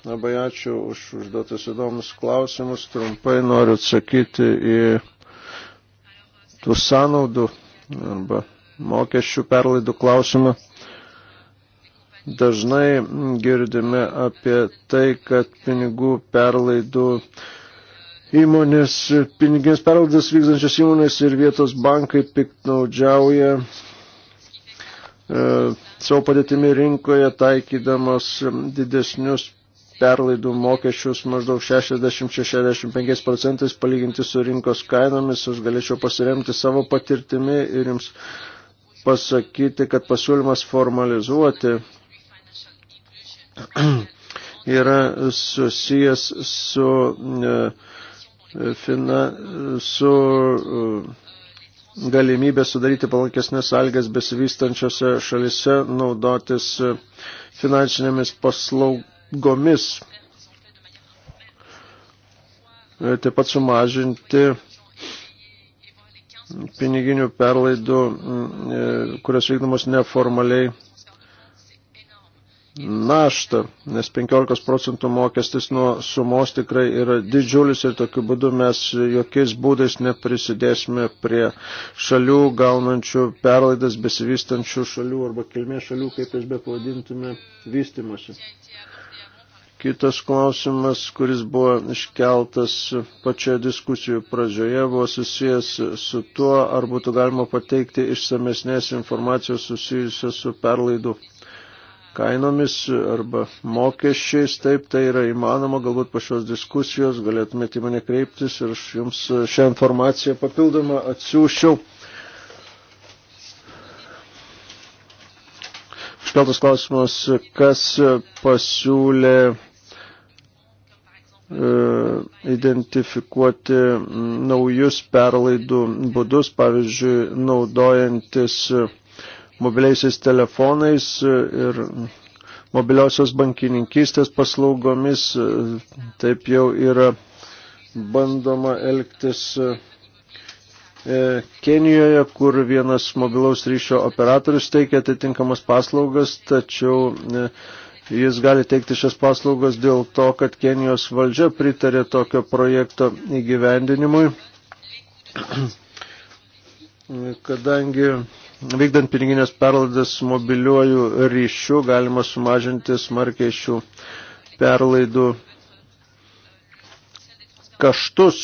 Labai ačiū už užduotus įdomus klausimus. Trumpai noriu atsakyti į tų sąnaudų arba mokesčių perlaidų klausimą. Dažnai girdime apie tai, kad pinigų perlaidų įmonės, piniginės perlaidas vykdančios įmonės ir vietos bankai piktnaudžiauja e, savo padėtimi rinkoje taikydamos didesnius perlaidų mokesčius maždaug 60-65 procentais palyginti su rinkos kainomis. Aš galėčiau pasiremti savo patirtimi ir jums pasakyti, kad pasiūlymas formalizuoti *clears throat* yra susijęs su, e, fina, su e, galimybė sudaryti palankesnės sąlygas besivystančiose šalise naudotis e, finansinėmis paslaugomis. Taip pat sumažinti piniginių perlaidų, mm, e, kurios vykdomos neformaliai naštą, nes 15 procentų mokestis nuo sumos tikrai yra didžiulis ir tokiu būdu mes jokiais būdais neprisidėsime prie šalių gaunančių perlaidas besivystančių šalių arba kilmės šalių, kaip jas bepavadintume, vystimosi. Kitas klausimas, kuris buvo iškeltas pačioje diskusijų pradžioje, buvo susijęs su tuo, ar būtų galima pateikti išsamesnės informacijos susijusios su perlaidų kainomis arba mokesčiais. Taip, tai yra įmanoma, galbūt po šios diskusijos galėtumėte į mane kreiptis ir aš jums šią informaciją papildomą atsiųščiau. Iškeltas klausimas, kas pasiūlė E, identifikuoti naujus perlaidų būdus, pavyzdžiui, naudojantis mobiliaisiais telefonais ir mobiliosios bankininkystės paslaugomis. Taip jau yra bandoma elgtis e, Kenijoje, kur vienas mobilaus ryšio operatorius teikia atitinkamas paslaugas, tačiau e, Jis gali teikti šias paslaugas dėl to, kad Kenijos valdžia pritarė tokio projekto įgyvendinimui, *clears throat* kadangi vykdant piniginės perlaidas mobiliuoju ryšiu galima sumažinti smarkiai šių perlaidų kaštus.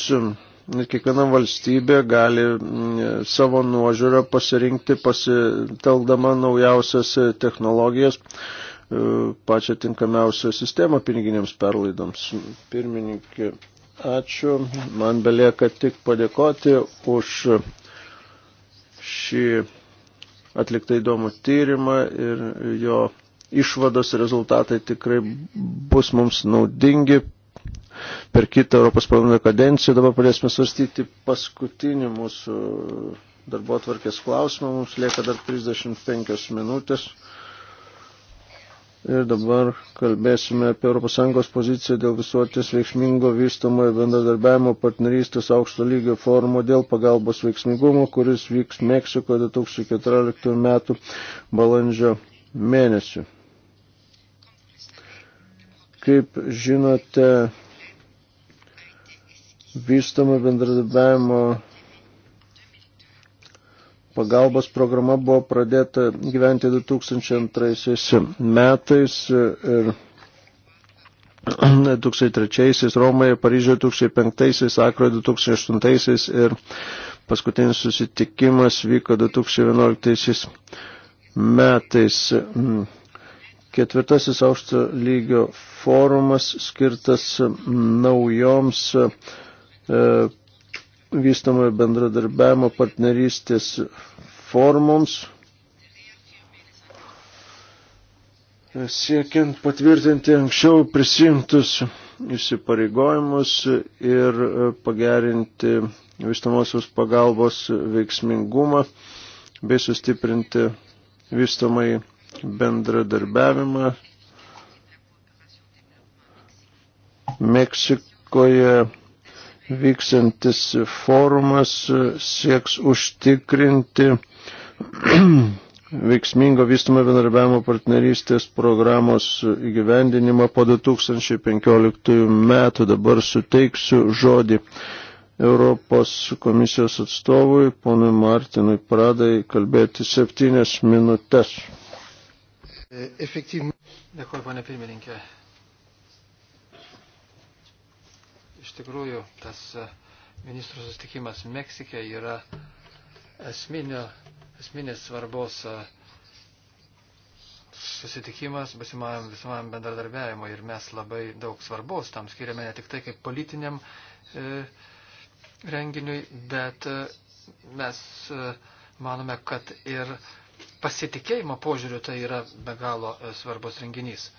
Kiekviena valstybė gali mm, savo nuožiūrą pasirinkti pasitelkdama naujausias technologijas E, pačią tinkamiausią sistemą piniginiams perlaidoms. Pirmininkė, ačiū. Man belieka tik padėkoti už šį atliktą įdomų tyrimą ir jo išvados rezultatai tikrai bus mums naudingi. Per kitą Europos parlamento kadenciją dabar pradėsime svarstyti paskutinį mūsų darbo tvarkės klausimą. Mums lieka dar 35 minutės. Ir dabar kalbėsime apie ES poziciją dėl visuotis veiksmingo vystamojo bendradarbiavimo partnerystės aukšto lygio forumo dėl pagalbos veiksmingumo, kuris vyks Meksiko 2014 m. balandžio mėnesį. Kaip žinote, vystomo bendradarbiavimo pagalbos programa buvo pradėta gyventi 2002 metais ir 2003 Romoje, Paryžioje 2005, Akroje 2008 ir paskutinis susitikimas vyko 2011 metais. Ketvirtasis aukšto lygio forumas skirtas naujoms e, vystamojo bendradarbiavimo partnerystės formoms, siekiant patvirtinti anksčiau prisimtus įsipareigojimus ir pagerinti vystamosios pagalbos veiksmingumą bei sustiprinti vystamai bendradarbiavimą. Meksikoje vyksantis forumas e, sieks užtikrinti *clears throat* veiksmingo vystumo vienarbiavimo partnerystės programos įgyvendinimą po 2015 metų. Dabar suteiksiu žodį Europos komisijos atstovui, ponui Martinui Pradai, kalbėti septynės minutės. E, Efektyvų. Dėkuoju, ponė pirmininkė. iš tikrųjų tas e, ministrų susitikimas Meksikė yra esminio, esminės svarbos e, susitikimas busimam visamam bendradarbiavimui ir mes labai daug svarbos tam skiriame ne tik tai kaip politiniam e, renginiui, bet e, mes e, manome, kad ir pasitikėjimo požiūriu tai yra be galo e, svarbus renginys.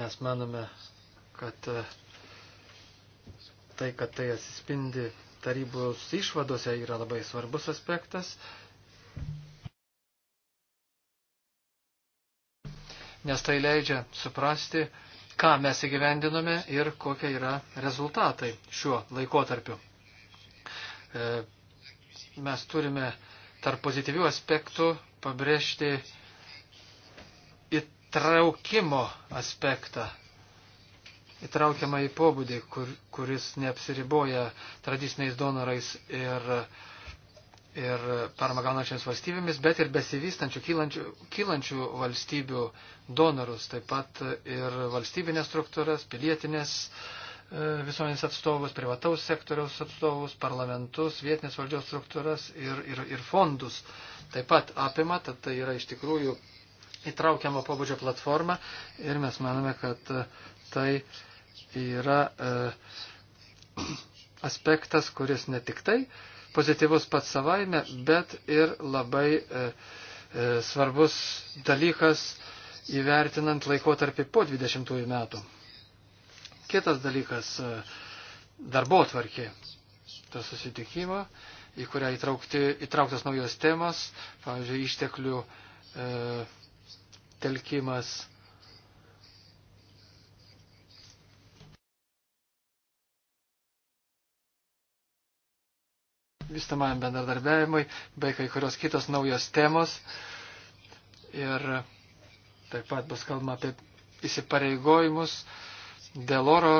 Mes manome, kad e, tai, kad tai atsispindi tarybos išvadose, yra labai svarbus aspektas. Nes tai leidžia suprasti, ką mes įgyvendinome ir kokie yra rezultatai šiuo laikotarpiu. E, mes turime tarp pozityvių aspektų pabrėžti įtraukimo aspektą įtraukiamą į pobūdį, kur, kuris neapsiriboja tradiciniais donorais ir, ir parmagaunačiams valstybėmis, bet ir besivystančių, kylančių, kylančių valstybių donorus, taip pat ir valstybinės struktūras, pilietinės e, visuomenės atstovus, privataus sektoriaus atstovus, parlamentus, vietinės valdžios struktūras ir, ir, ir fondus. Taip pat apima, tad tai yra iš tikrųjų įtraukiamo pabudžio platforma ir mes manome, kad tai yra e, aspektas, kuris ne tik tai pozityvus pats savaime, bet ir labai e, e, svarbus dalykas įvertinant laikotarpį po 20 metų. Kitas dalykas e, - darbo tvarkė to susitikimo, į kurią įtraukti, įtrauktos naujos temos, pavyzdžiui, išteklių e, telkimas vystamajam bendradarbiavimui, bei kai kurios kitos naujos temos. Ir taip pat bus kalbama apie įsipareigojimus dėl oro,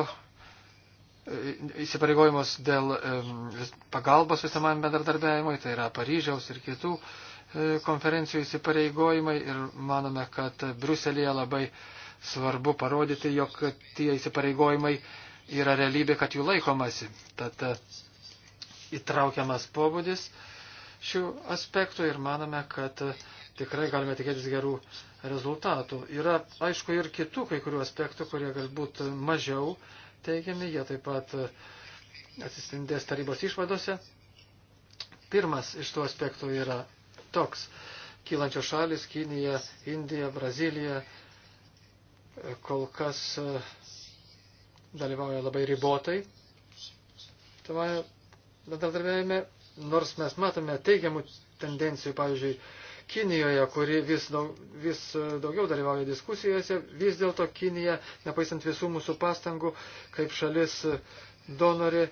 įsipareigojimus dėl pagalbos visamam bendradarbiavimui, tai yra Paryžiaus ir kitų e, konferencijų įsipareigojimai ir manome, kad Bruselėje labai svarbu parodyti, jog tie įsipareigojimai yra realybė, kad jų laikomasi. Tad įtraukiamas pobūdis šių aspektų ir manome, kad tikrai galime tikėtis gerų rezultatų. Yra, aišku, ir kitų kai kurių aspektų, kurie galbūt mažiau teigiami, jie taip pat atsispindės tarybos išvadose. Pirmas iš tų aspektų yra toks. Kylančios šalis - Kinija, Indija, Brazilija kol kas e, dalyvauja labai ribotai tame bendradarbiavime, nors mes matome teigiamų tendencijų, pavyzdžiui, Kinijoje, kuri vis, daug, vis daugiau dalyvauja diskusijose, vis dėlto Kinija, nepaisant visų mūsų pastangų, kaip šalis donori, e,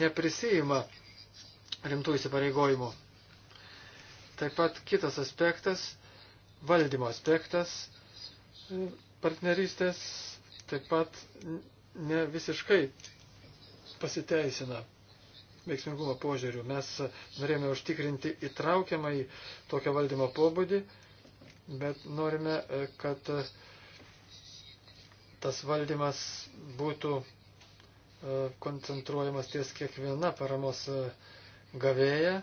neprisijima rimtų įsipareigojimų. Taip pat kitas aspektas, valdymo aspektas e, partnerystės, taip pat ne visiškai pasiteisina veiksmingumo požiūrių. Mes norėjome užtikrinti įtraukiamai tokio valdymo pobūdį, bet norime, e, kad e, tas valdymas būtų e, koncentruojamas ties kiekviena paramos gavėja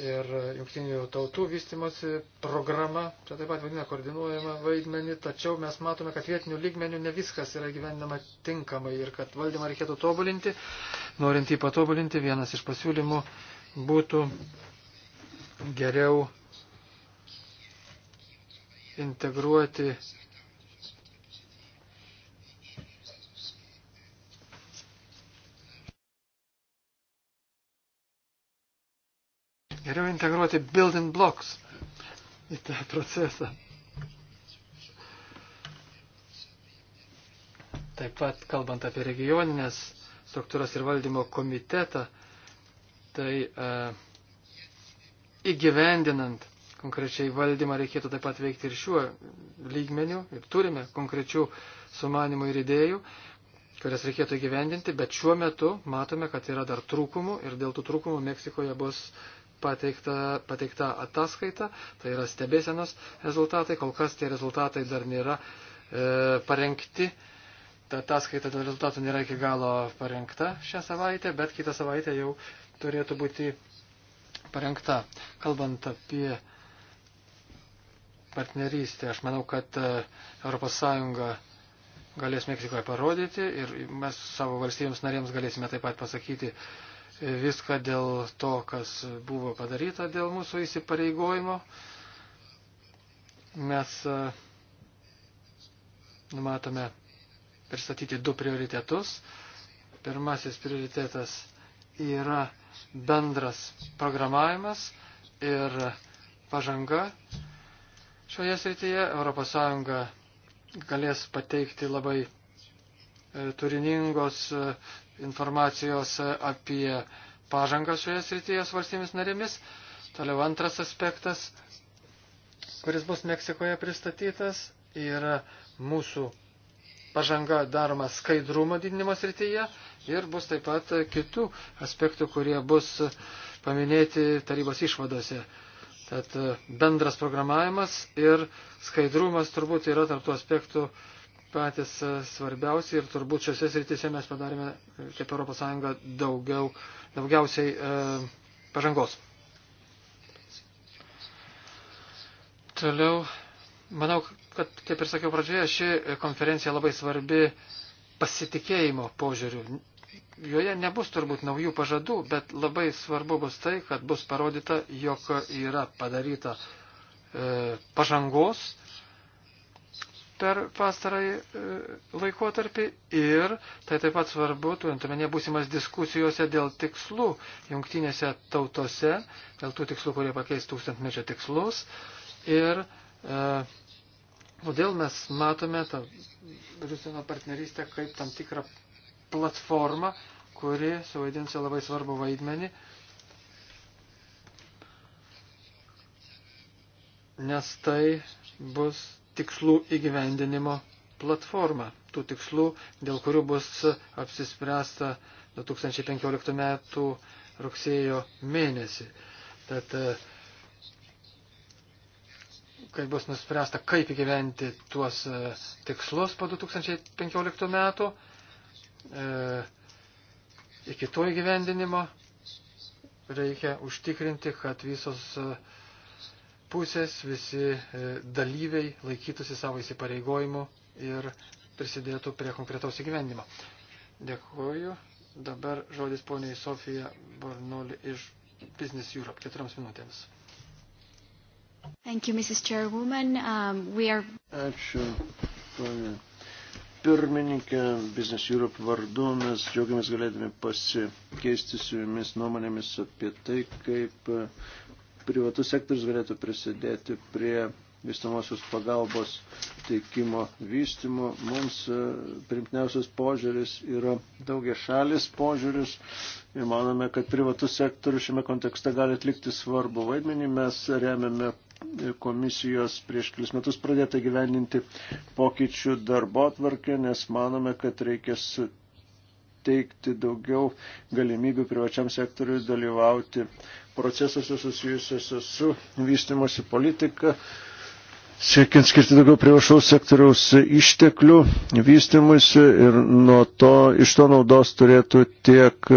ir e, jungtinių tautų vystimosi programa, čia taip pat vadina koordinuojama vaidmenį, tačiau mes matome, kad vietinių lygmenių ne viskas yra gyvenama tinkamai ir kad valdymą reikėtų tobulinti. Norint jį patobulinti, vienas iš pasiūlymų būtų geriau integruoti geriau integruoti building blocks į tą procesą. Taip pat, kalbant apie regioninės struktūras ir valdymo komitetą, tai e, įgyvendinant konkrečiai valdymą reikėtų taip pat veikti ir šiuo lygmeniu. Ir turime konkrečių sumanimų ir idėjų, kurias reikėtų įgyvendinti, bet šiuo metu matome, kad yra dar trūkumų ir dėl tų trūkumų Meksikoje bus pateikta, pateikta ataskaita, tai yra stebėsenos rezultatai, kol kas tie rezultatai dar nėra e, parengti. Ta ataskaita dėl rezultatų nėra iki galo parengta šią savaitę, bet kitą savaitę jau turėtų būti parengta. Kalbant apie partnerystę, aš manau, kad ES galės Meksikoje parodyti ir mes savo valstybėms narėms galėsime taip pat pasakyti, e, viską dėl to, kas buvo padaryta dėl mūsų įsipareigojimo. Mes e, numatome pristatyti du prioritetus. Pirmasis prioritetas yra bendras programavimas ir pažanga. Šioje srityje ES galės pateikti labai e, turiningos e, informacijos apie pažangą šioje srityje su valstybėmis narėmis. Toliau antras aspektas, kuris bus Meksikoje pristatytas, yra mūsų pažanga daroma skaidrumo didinimo srityje ir bus taip pat kitų aspektų, kurie bus paminėti tarybos išvadose. Tad bendras programavimas ir skaidrumas turbūt yra tarp tų aspektų, uh, patys e, svarbiausi ir turbūt šiose srityse mes padarėme e, kaip ES daugiau, daugiausiai e, pažangos. Toliau, manau, kad kaip ir sakiau pradžioje, ši konferencija labai svarbi pasitikėjimo požiūrių. Joje nebus turbūt naujų pažadų, bet labai svarbu bus tai, kad bus parodyta, jog yra padaryta e, pažangos per pastarąjį e, laikotarpį ir tai taip pat svarbu, turint omenyje būsimas diskusijose dėl tikslų jungtinėse tautose, dėl tų tikslų, kurie pakeis tūkstantmečio tikslus. Ir e, todėl mes matome tą Rusijos partnerystę kaip tam tikrą platformą, kuri suvaidins labai svarbu vaidmenį. Nes tai bus tikslų įgyvendinimo platformą. Tų tikslų, dėl kurių bus apsispręsta 2015 metų rugsėjo mėnesį. Tad, e, kai bus nuspręsta, kaip įgyventi tuos e, tikslus po 2015 metų, e, iki to įgyvendinimo reikia užtikrinti, kad visos pusės visi e, dalyviai laikytųsi savo įsipareigojimų ir prisidėtų prie konkretaus įgyvendimo. Dėkuoju. Dabar žodis poniai Sofija Bornoli iš Business Europe keturioms minutėms. Thank you, Mrs. Chairwoman. Um, we are... Ačiū, ponė pirmininkė, Business Europe vardu mes džiaugiamės galėdami pasikeisti su jumis nuomonėmis apie tai, kaip privatus sektorius galėtų prisidėti prie vystamosios pagalbos teikimo vystymo. Mums e, primtiniausias požiūris yra daugia šalis požiūris ir manome, kad privatus sektorius šiame kontekste gali atlikti svarbu vaidmenį. Mes remiame komisijos prieš kelis metus pradėta gyveninti pokyčių darbo atvarkę, nes manome, kad reikia sutikti suteikti daugiau galimybių privačiam sektoriui dalyvauti procesuose susijusiuose su vystimosi politika, siekiant skirti daugiau privašaus sektoriaus išteklių vystimuisi ir nuo to iš to naudos turėtų tiek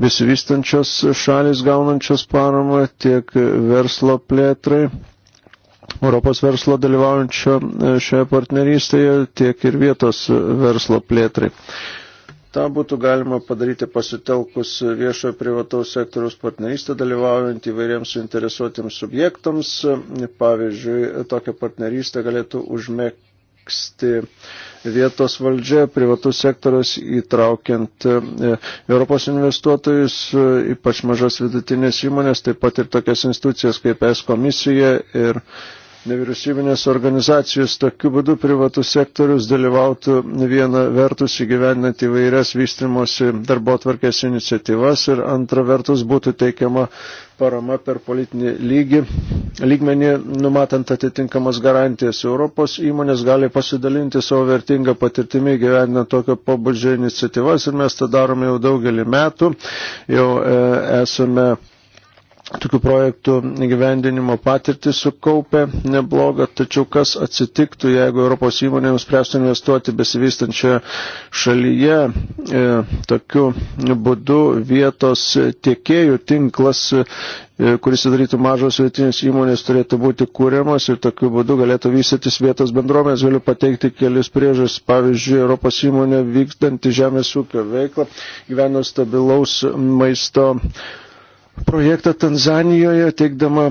besivystančios šalis gaunančios paramą, tiek verslo plėtrai. Europos verslo dalyvaujančio šioje partnerystėje, tiek ir vietos verslo plėtrai. Ta būtų galima padaryti pasitelkus viešojo privataus sektoriaus partnerystę, dalyvaujant įvairiems suinteresuotiems subjektams. Pavyzdžiui, tokią partnerystę galėtų užmėgsti vietos valdžia, privatus sektoras įtraukiant e, Europos investuotojus, e, ypač mažas vidutinės įmonės, taip pat ir tokias institucijas kaip S komisija ir nevyriausybinės organizacijos. Tokiu būdu privatus sektorius dalyvautų viena vertus įgyvendinant įvairias vystimosi darbo tvarkės iniciatyvas ir antra vertus būtų teikiama parama per politinį lygį, lygmenį, numatant atitinkamas garantijas. Europos įmonės gali pasidalinti savo vertingą patirtimį gyvenant tokio pobūdžio iniciatyvas ir mes tą darome jau daugelį metų. Jau e, esame tokių projektų gyvendinimo patirtį sukaupę neblogą, tačiau kas atsitiktų, jeigu Europos įmonė nuspręstų investuoti besivystančioje šalyje, e, tokiu būdu vietos tiekėjų tinklas, e, kuris sudarytų mažos vietinės įmonės, turėtų būti kūriamas ir tokiu būdu galėtų vystytis vietos bendruomenės. Galiu pateikti kelius priežas, pavyzdžiui, Europos įmonė vykdanti žemės ūkio veiklą, gyveno stabilaus maisto projektą Tanzanijoje, teikdama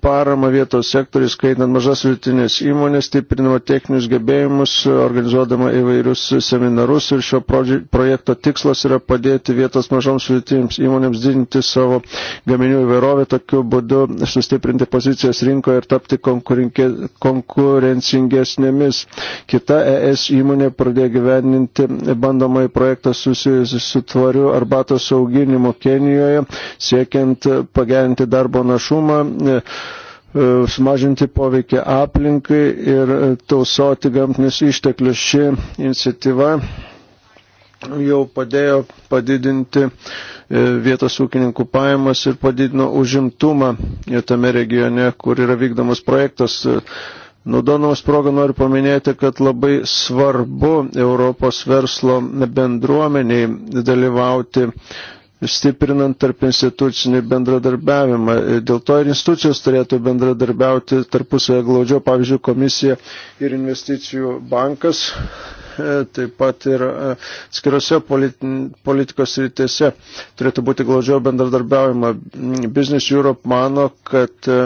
paramą vietos sektoriui, skaitant mažas vidutinės įmonės, stiprinama techninius gebėjimus, organizuodama įvairius seminarus ir šio projekto tikslas yra padėti vietos mažoms vidutinėms įmonėms didinti savo gaminių įvairovę, tokiu būdu sustiprinti pozicijas rinkoje ir tapti konkurencingesnėmis. Kita ES įmonė pradėjo gyveninti bandomai projektą susijusi su tvariu arbatos auginimu Kenijoje, siekiant pagerinti, pagerinti darbo našumą, e, e, sumažinti poveikį aplinkai ir e, tausoti gamtinius išteklius. Ši iniciatyva jau padėjo padidinti vietos ūkininkų pajamas ir padidino užimtumą tame regione, kur yra vykdomas projektas. Naudodamas progą noriu paminėti, kad labai svarbu Europos verslo bendruomeniai dalyvauti stiprinant tarp institucinį bendradarbiavimą. E, dėl to ir institucijos turėtų bendradarbiauti tarpusavę glaudžiau, pavyzdžiui, komisija ir investicijų bankas E, taip pat ir e, skiriose politikos rytise turėtų būti glaudžiau bendradarbiaujama. Business Europe mano, kad e,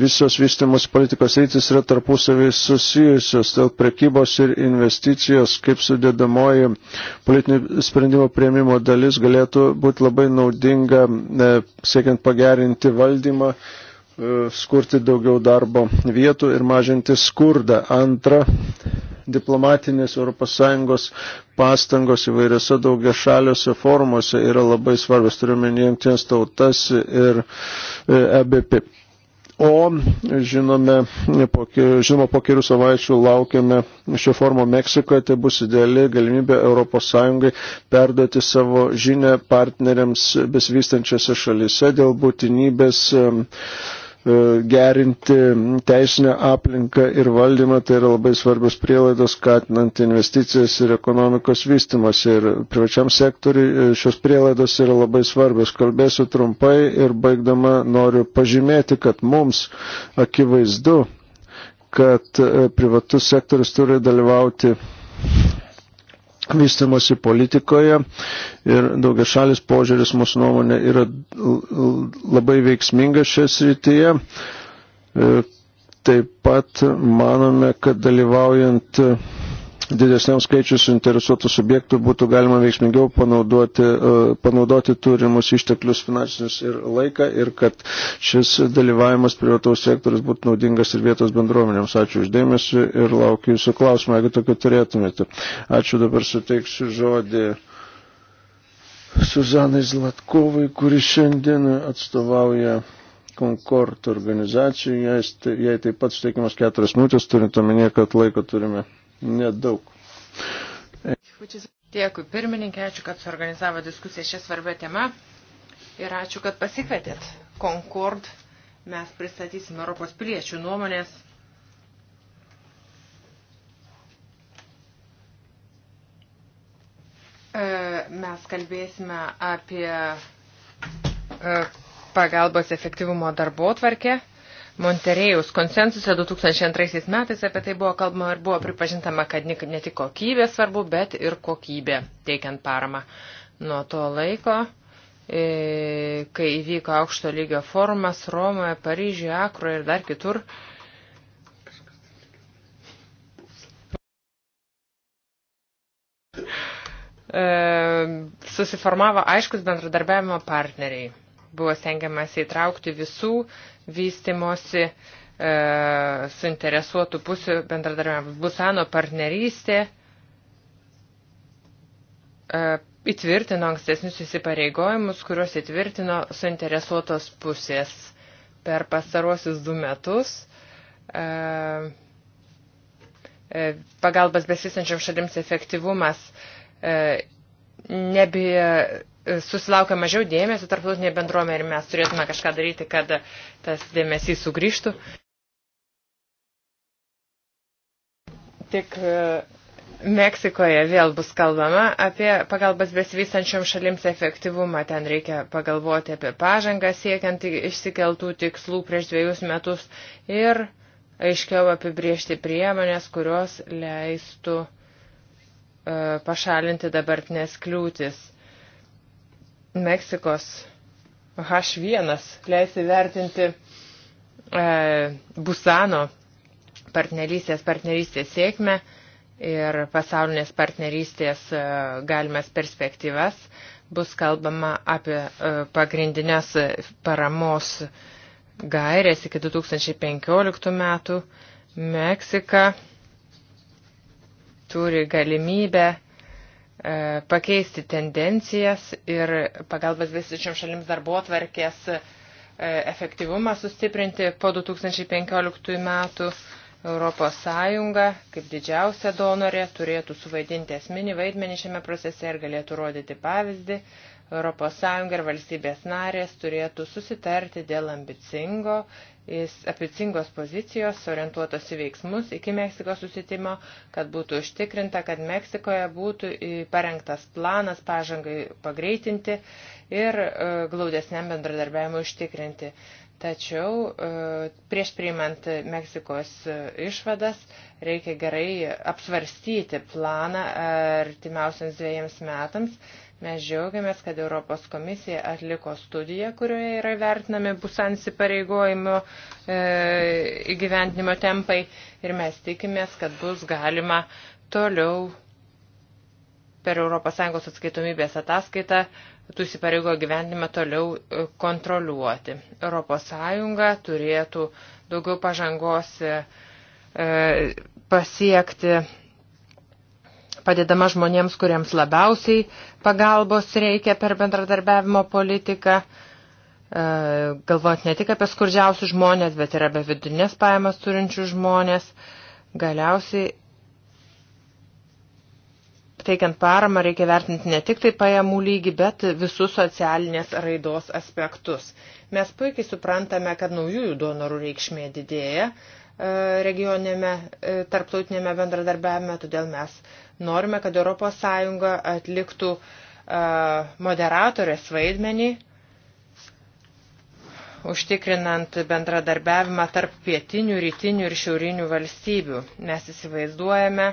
visos vystimos politikos rytis yra tarpusavį susijusios dėl prekybos ir investicijos, kaip sudėdamoji politinių sprendimo prieimimo dalis galėtų būti labai naudinga siekiant pagerinti valdymą skurti daugiau darbo vietų ir mažinti skurdą. Antra, diplomatinės ES pastangos įvairiose daugia šaliuose formuose yra labai svarbios, turiuomenį jungtinės tautas ir EBP. E o žinome, po, žinoma, po kelių savaičių laukiame šio formo Meksikoje, tai bus ideali galimybė ES perduoti savo žinę partneriams besivystančiose šalise dėl būtinybės e, E, gerinti teisinę aplinką ir valdymą, tai yra labai svarbios prielaidos, skatinant investicijas ir ekonomikos vystimas. Ir privačiam sektoriui e, šios prielaidos yra labai svarbios. Kalbėsiu trumpai ir baigdama noriu pažymėti, kad mums akivaizdu, kad e, privatus sektorius turi dalyvauti vystimosi politikoje ir daugia šalis požiūris mūsų nuomonė yra labai veiksminga šioje srityje. E, taip pat manome, kad dalyvaujant didesniam skaičiu suinteresuotų subjektų būtų galima veiksmingiau panaudoti, e, panaudoti turimus išteklius finansinius ir laiką ir kad šis dalyvavimas privataus sektorius būtų naudingas ir vietos bendruomenėms. Ačiū uždėmesi ir laukiu jūsų klausimą, jeigu tokio turėtumėte. Ačiū dabar suteiksiu žodį. Suzanai Zlatkovai, kuri šiandien atstovauja Concord organizacijai, jai taip pat suteikimas keturias minutės, turint omenyje, kad laiko turime nedaug. Dėkui pirmininkė, ačiū, kad suorganizavo diskusiją šią svarbę temą ir ačiū, kad pasikvietėt. Concord mes pristatysim Europos piliečių nuomonės. E, mes kalbėsime apie e, pagalbos efektyvumo darbo tvarkę. Monterėjus konsensuse 2002 metais apie tai buvo kalbama ir buvo pripažintama, kad ne tik kokybė svarbu, bet ir kokybė teikiant paramą. Nuo to laiko, e, kai įvyko aukšto lygio forumas Romoje, Paryžiuje, Akroje ir dar kitur, e, susiformavo aiškus bendradarbiavimo partneriai buvo stengiamas įtraukti visų vystimosi e, suinteresuotų pusių bendradarbiavimas. Busano partnerystė e, įtvirtino ankstesnius įsipareigojimus, kuriuos įtvirtino suinteresuotos pusės per pastaruosius du metus. E, e, pagalbas besisančiam šalims efektyvumas e, nebėra E, susilaukia mažiau dėmesio tarptautinė bendruomenė ir mes turėtume kažką daryti, kad tas dėmesys sugrįžtų. Tik e, Meksikoje vėl bus kalbama apie pagalbas besivystančiom šalims efektyvumą. Ten reikia pagalvoti apie pažangą siekiant išsikeltų tikslų prieš dviejus metus ir aiškiau apibriežti priemonės, kurios leistų e, pašalinti dabartinės kliūtis Meksikos H1 leis įvertinti e, Busano partnerystės partnerystės sėkmę ir pasaulinės partnerystės e, galimas perspektyvas. Bus kalbama apie e, pagrindinės paramos gairės iki 2015 metų. Meksika turi galimybę E, pakeisti tendencijas ir pagalbas visičiam šalims darbo tvarkės e, efektyvumą sustiprinti po 2015 metų. Europos Sąjunga, kaip didžiausia donorė, turėtų suvaidinti esminį vaidmenį šiame procese ir galėtų rodyti pavyzdį. Europos Sąjunga ir valstybės narės turėtų susitarti dėl ambicingo apicingos pozicijos, orientuotos į veiksmus iki Meksikos susitimo, kad būtų užtikrinta, kad Meksikoje būtų parengtas planas pažangai pagreitinti ir e, glaudesniam bendradarbiavimui užtikrinti. Tačiau e, prieš priimant Meksikos e, išvadas reikia gerai apsvarstyti planą artimiausiams dviejams metams, Mes džiaugiamės, kad Europos komisija atliko studiją, kurioje yra vertinami busans įpareigojimo e, įgyventinimo tempai ir mes tikimės, kad bus galima toliau per ES atskaitomybės ataskaitą tų įsipareigo gyvenimą toliau e, kontroliuoti. ES turėtų daugiau pažangos e, e, pasiekti padedama žmonėms, kuriems labiausiai pagalbos reikia per bendradarbiavimo politiką, e, galvojant ne tik apie skurdžiausius žmonės, bet ir apie vidinės pajamas turinčių žmonės. Galiausiai, teikiant paramą, reikia vertinti ne tik tai pajamų lygį, bet visus socialinės raidos aspektus. Mes puikiai suprantame, kad naujųjų donorų reikšmė didėja E, regioninėme e, tarptautinėme bendradarbiavime, todėl mes norime, kad ES atliktų e, moderatorės vaidmenį, užtikrinant bendradarbiavimą tarp pietinių, rytinių ir šiaurinių valstybių. Mes įsivaizduojame,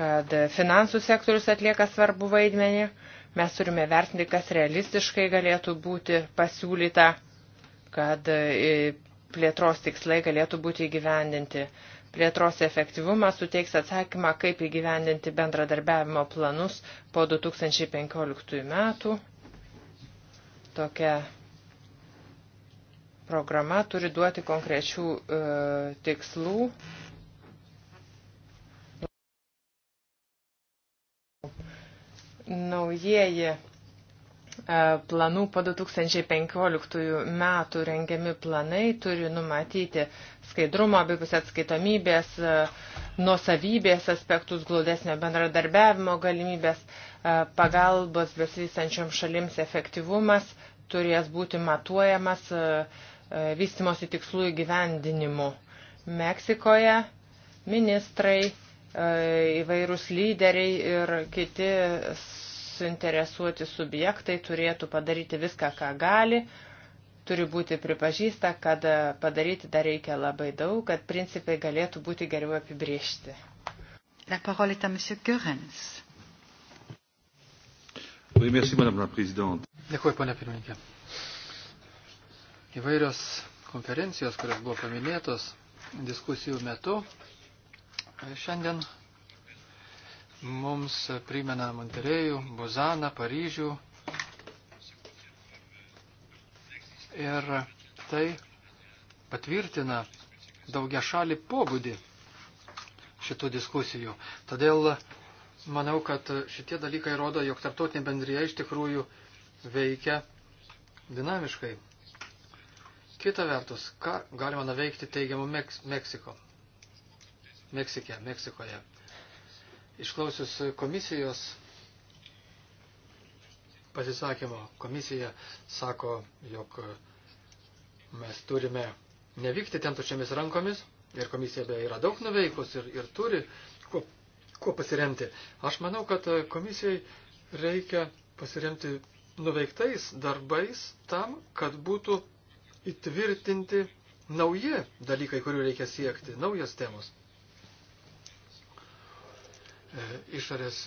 kad finansų sektorius atlieka svarbu vaidmenį. Mes turime vertinti, kas realistiškai galėtų būti pasiūlyta, kad plėtros tikslai galėtų būti įgyvendinti. Plėtros efektyvumas suteiks atsakymą, kaip įgyvendinti bendradarbiavimo planus po 2015 metų. Tokia programa turi duoti konkrečių e, tikslų. Naujieji E, planų po 2015 metų rengiami planai turi numatyti skaidrumo, abipus atskaitomybės, e, nuosavybės aspektus, glaudesnio bendradarbiavimo galimybės, e, pagalbos besivystančiom šalims efektyvumas turės būti matuojamas vystimosi tikslų įgyvendinimu. Meksikoje ministrai, įvairūs lyderiai ir kiti suinteresuoti subjektai turėtų padaryti viską, ką gali, turi būti pripažįsta, kad padaryti dar reikia labai daug, kad principai galėtų būti geriau apibriežti. La parole est à monsieur Görens. Oui, merci, madame la présidente. Dėkuoju, ponia pirmininkė. Įvairios konferencijos, kurios buvo paminėtos diskusijų metu, šiandien mums primena Monterėjų, Buzaną, Paryžių. Ir tai patvirtina daugia šalį pobūdį šitų diskusijų. Todėl manau, kad šitie dalykai rodo, jog tarptautinė bendryje iš tikrųjų veikia dinamiškai. Kita vertus, ką galima nuveikti teigiamu Meksiko. Meksike, Meksikoje. Išklausius komisijos pasisakymo, komisija sako, jog mes turime nevykti ten tučiamis rankomis ir komisija beje yra daug nuveikus ir, ir turi kuo, kuo pasiremti. Aš manau, kad komisijai reikia pasiremti nuveiktais darbais tam, kad būtų įtvirtinti nauji dalykai, kurių reikia siekti, naujos temos. E, išorės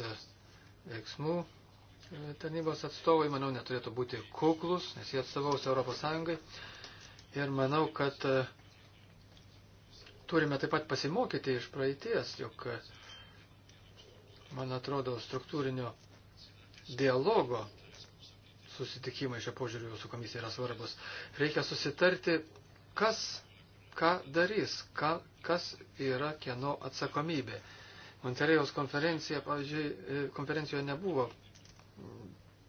veiksmų e, tarnybos atstovai, manau, neturėtų būti kuklus, nes jie atstovaus Europos Sąjungai. Ir manau, kad e, turime taip pat pasimokyti iš praeities, jog, man atrodo, struktūrinio dialogo susitikimai šio požiūriu su komisija yra svarbus. Reikia susitarti, kas ką darys, ką, kas yra kieno atsakomybė. Monterėjos konferencija, pavyzdžiui, e, konferencijoje nebuvo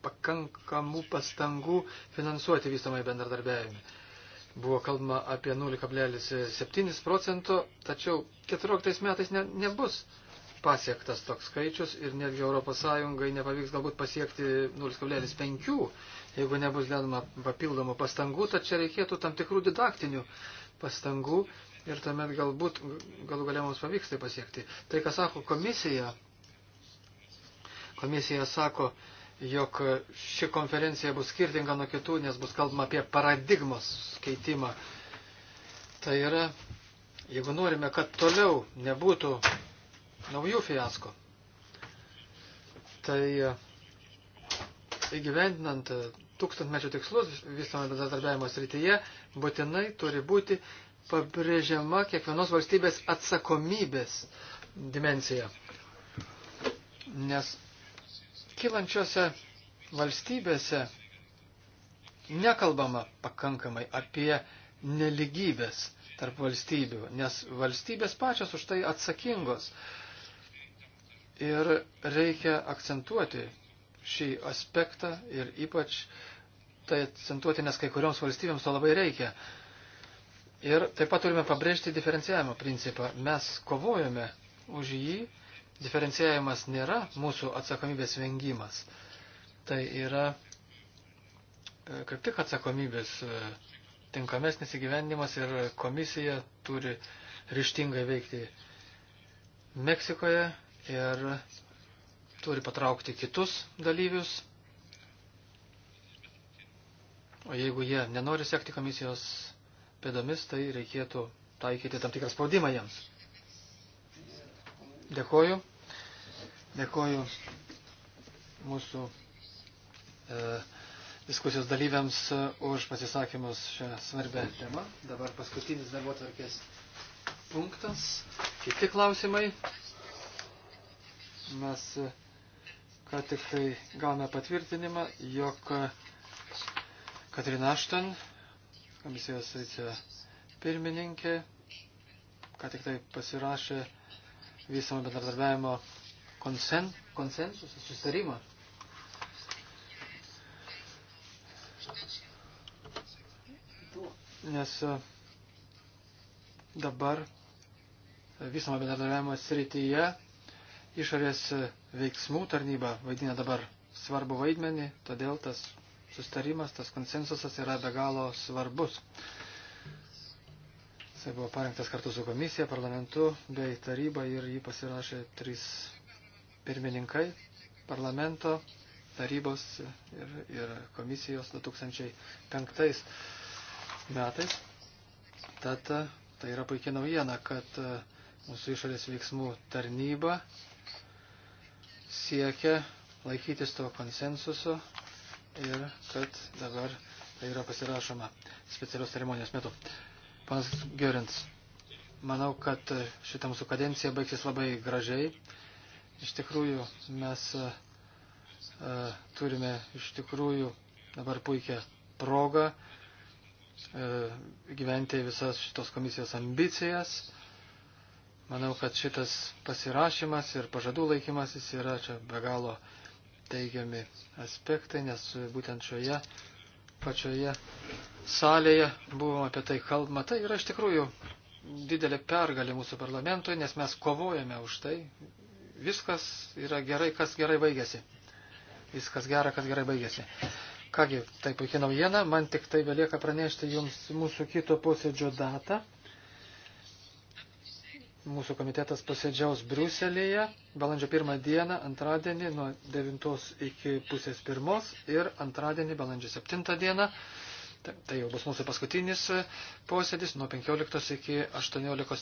pakankamų pastangų finansuoti vystamai bendradarbiavimą. Buvo kalbama apie 0,7 procento, tačiau 14 metais ne, nebus pasiektas toks skaičius ir netgi ES nepavyks galbūt pasiekti 0,5, jeigu nebus dedama papildomų pastangų, tačiau reikėtų tam tikrų didaktinių pastangų ir tuomet galbūt galų galia mums pavyks tai pasiekti. Tai, ką sako komisija, komisija sako, jog ši konferencija bus skirtinga nuo kitų, nes bus kalbama apie paradigmos keitimą. Tai yra, jeigu norime, kad toliau nebūtų naujų fiasko, tai e, įgyvendinant e, tūkstantmečio tikslus visame bendradarbiavimo srityje, būtinai turi būti pabrėžiama kiekvienos valstybės atsakomybės dimencija. Nes kylančiose valstybėse nekalbama pakankamai apie neligybės tarp valstybių, nes valstybės pačios už tai atsakingos. Ir reikia akcentuoti šį aspektą ir ypač tai akcentuoti, nes kai kurioms valstybėms to labai reikia. Uh, Ir taip pat turime pabrėžti diferencijavimo principą. Mes kovojame už jį, diferencijavimas nėra mūsų atsakomybės vengimas. Tai yra e, kaip tik atsakomybės e, tinkamesnis įgyvendimas ir komisija turi ryštingai veikti Meksikoje ir turi patraukti kitus dalyvius. O jeigu jie nenori sekti komisijos pėdomis, tai reikėtų taikyti tam tikrą spaudimą jiems. Dėkoju. Dėkoju mūsų e, diskusijos dalyviams e, už pasisakymus šią svarbę temą. Dabar paskutinis darbo tvarkės punktas. Kiti klausimai. Mes e, ką tik tai gavome patvirtinimą, jog Katrina Ašten komisijos vice pirmininkė, ką tik tai pasirašė visamo bendradarbiavimo konsen, konsensusą, susitarimą. Nes e, dabar visamo bendradarbiavimo srityje išorės veiksmų tarnyba vaidina dabar svarbu vaidmenį, todėl tas sustarimas, tas konsensusas yra be galo svarbus. Jisai buvo parengtas kartu su komisija, parlamentu bei taryba ir jį pasirašė trys pirmininkai parlamento, tarybos ir, ir komisijos 2005 metais. Tad e, tai yra puikia naujiena, kad e, mūsų išorės veiksmų tarnyba siekia laikytis to konsensuso ir kad dabar tai yra pasirašoma specialios ceremonijos metu. Panas Gerins, manau, kad šitą mūsų kadenciją baigsis labai gražiai. Iš tikrųjų, mes uh, turime iš tikrųjų dabar puikią progą uh, gyventi visas šitos komisijos ambicijas. Manau, kad šitas pasirašymas ir pažadų laikymasis yra čia be galo uh, teigiami aspektai, nes būtent šioje pačioje salėje buvo apie tai kalbama. Tai yra iš tikrųjų didelė pergalė mūsų parlamentui, nes mes kovojame už tai. Viskas yra gerai, kas gerai baigėsi. Viskas gera, kas gerai baigėsi. Kągi, tai puikia naujiena, man tik tai belieka pranešti jums mūsų kito posėdžio datą. Mūsų komitetas posėdžiaus Briuselėje balandžio pirmą dieną, antradienį nuo 9 iki pusės pirmos ir antradienį balandžio 7 dieną. Tai jau bus mūsų paskutinis posėdis nuo 15 iki 18.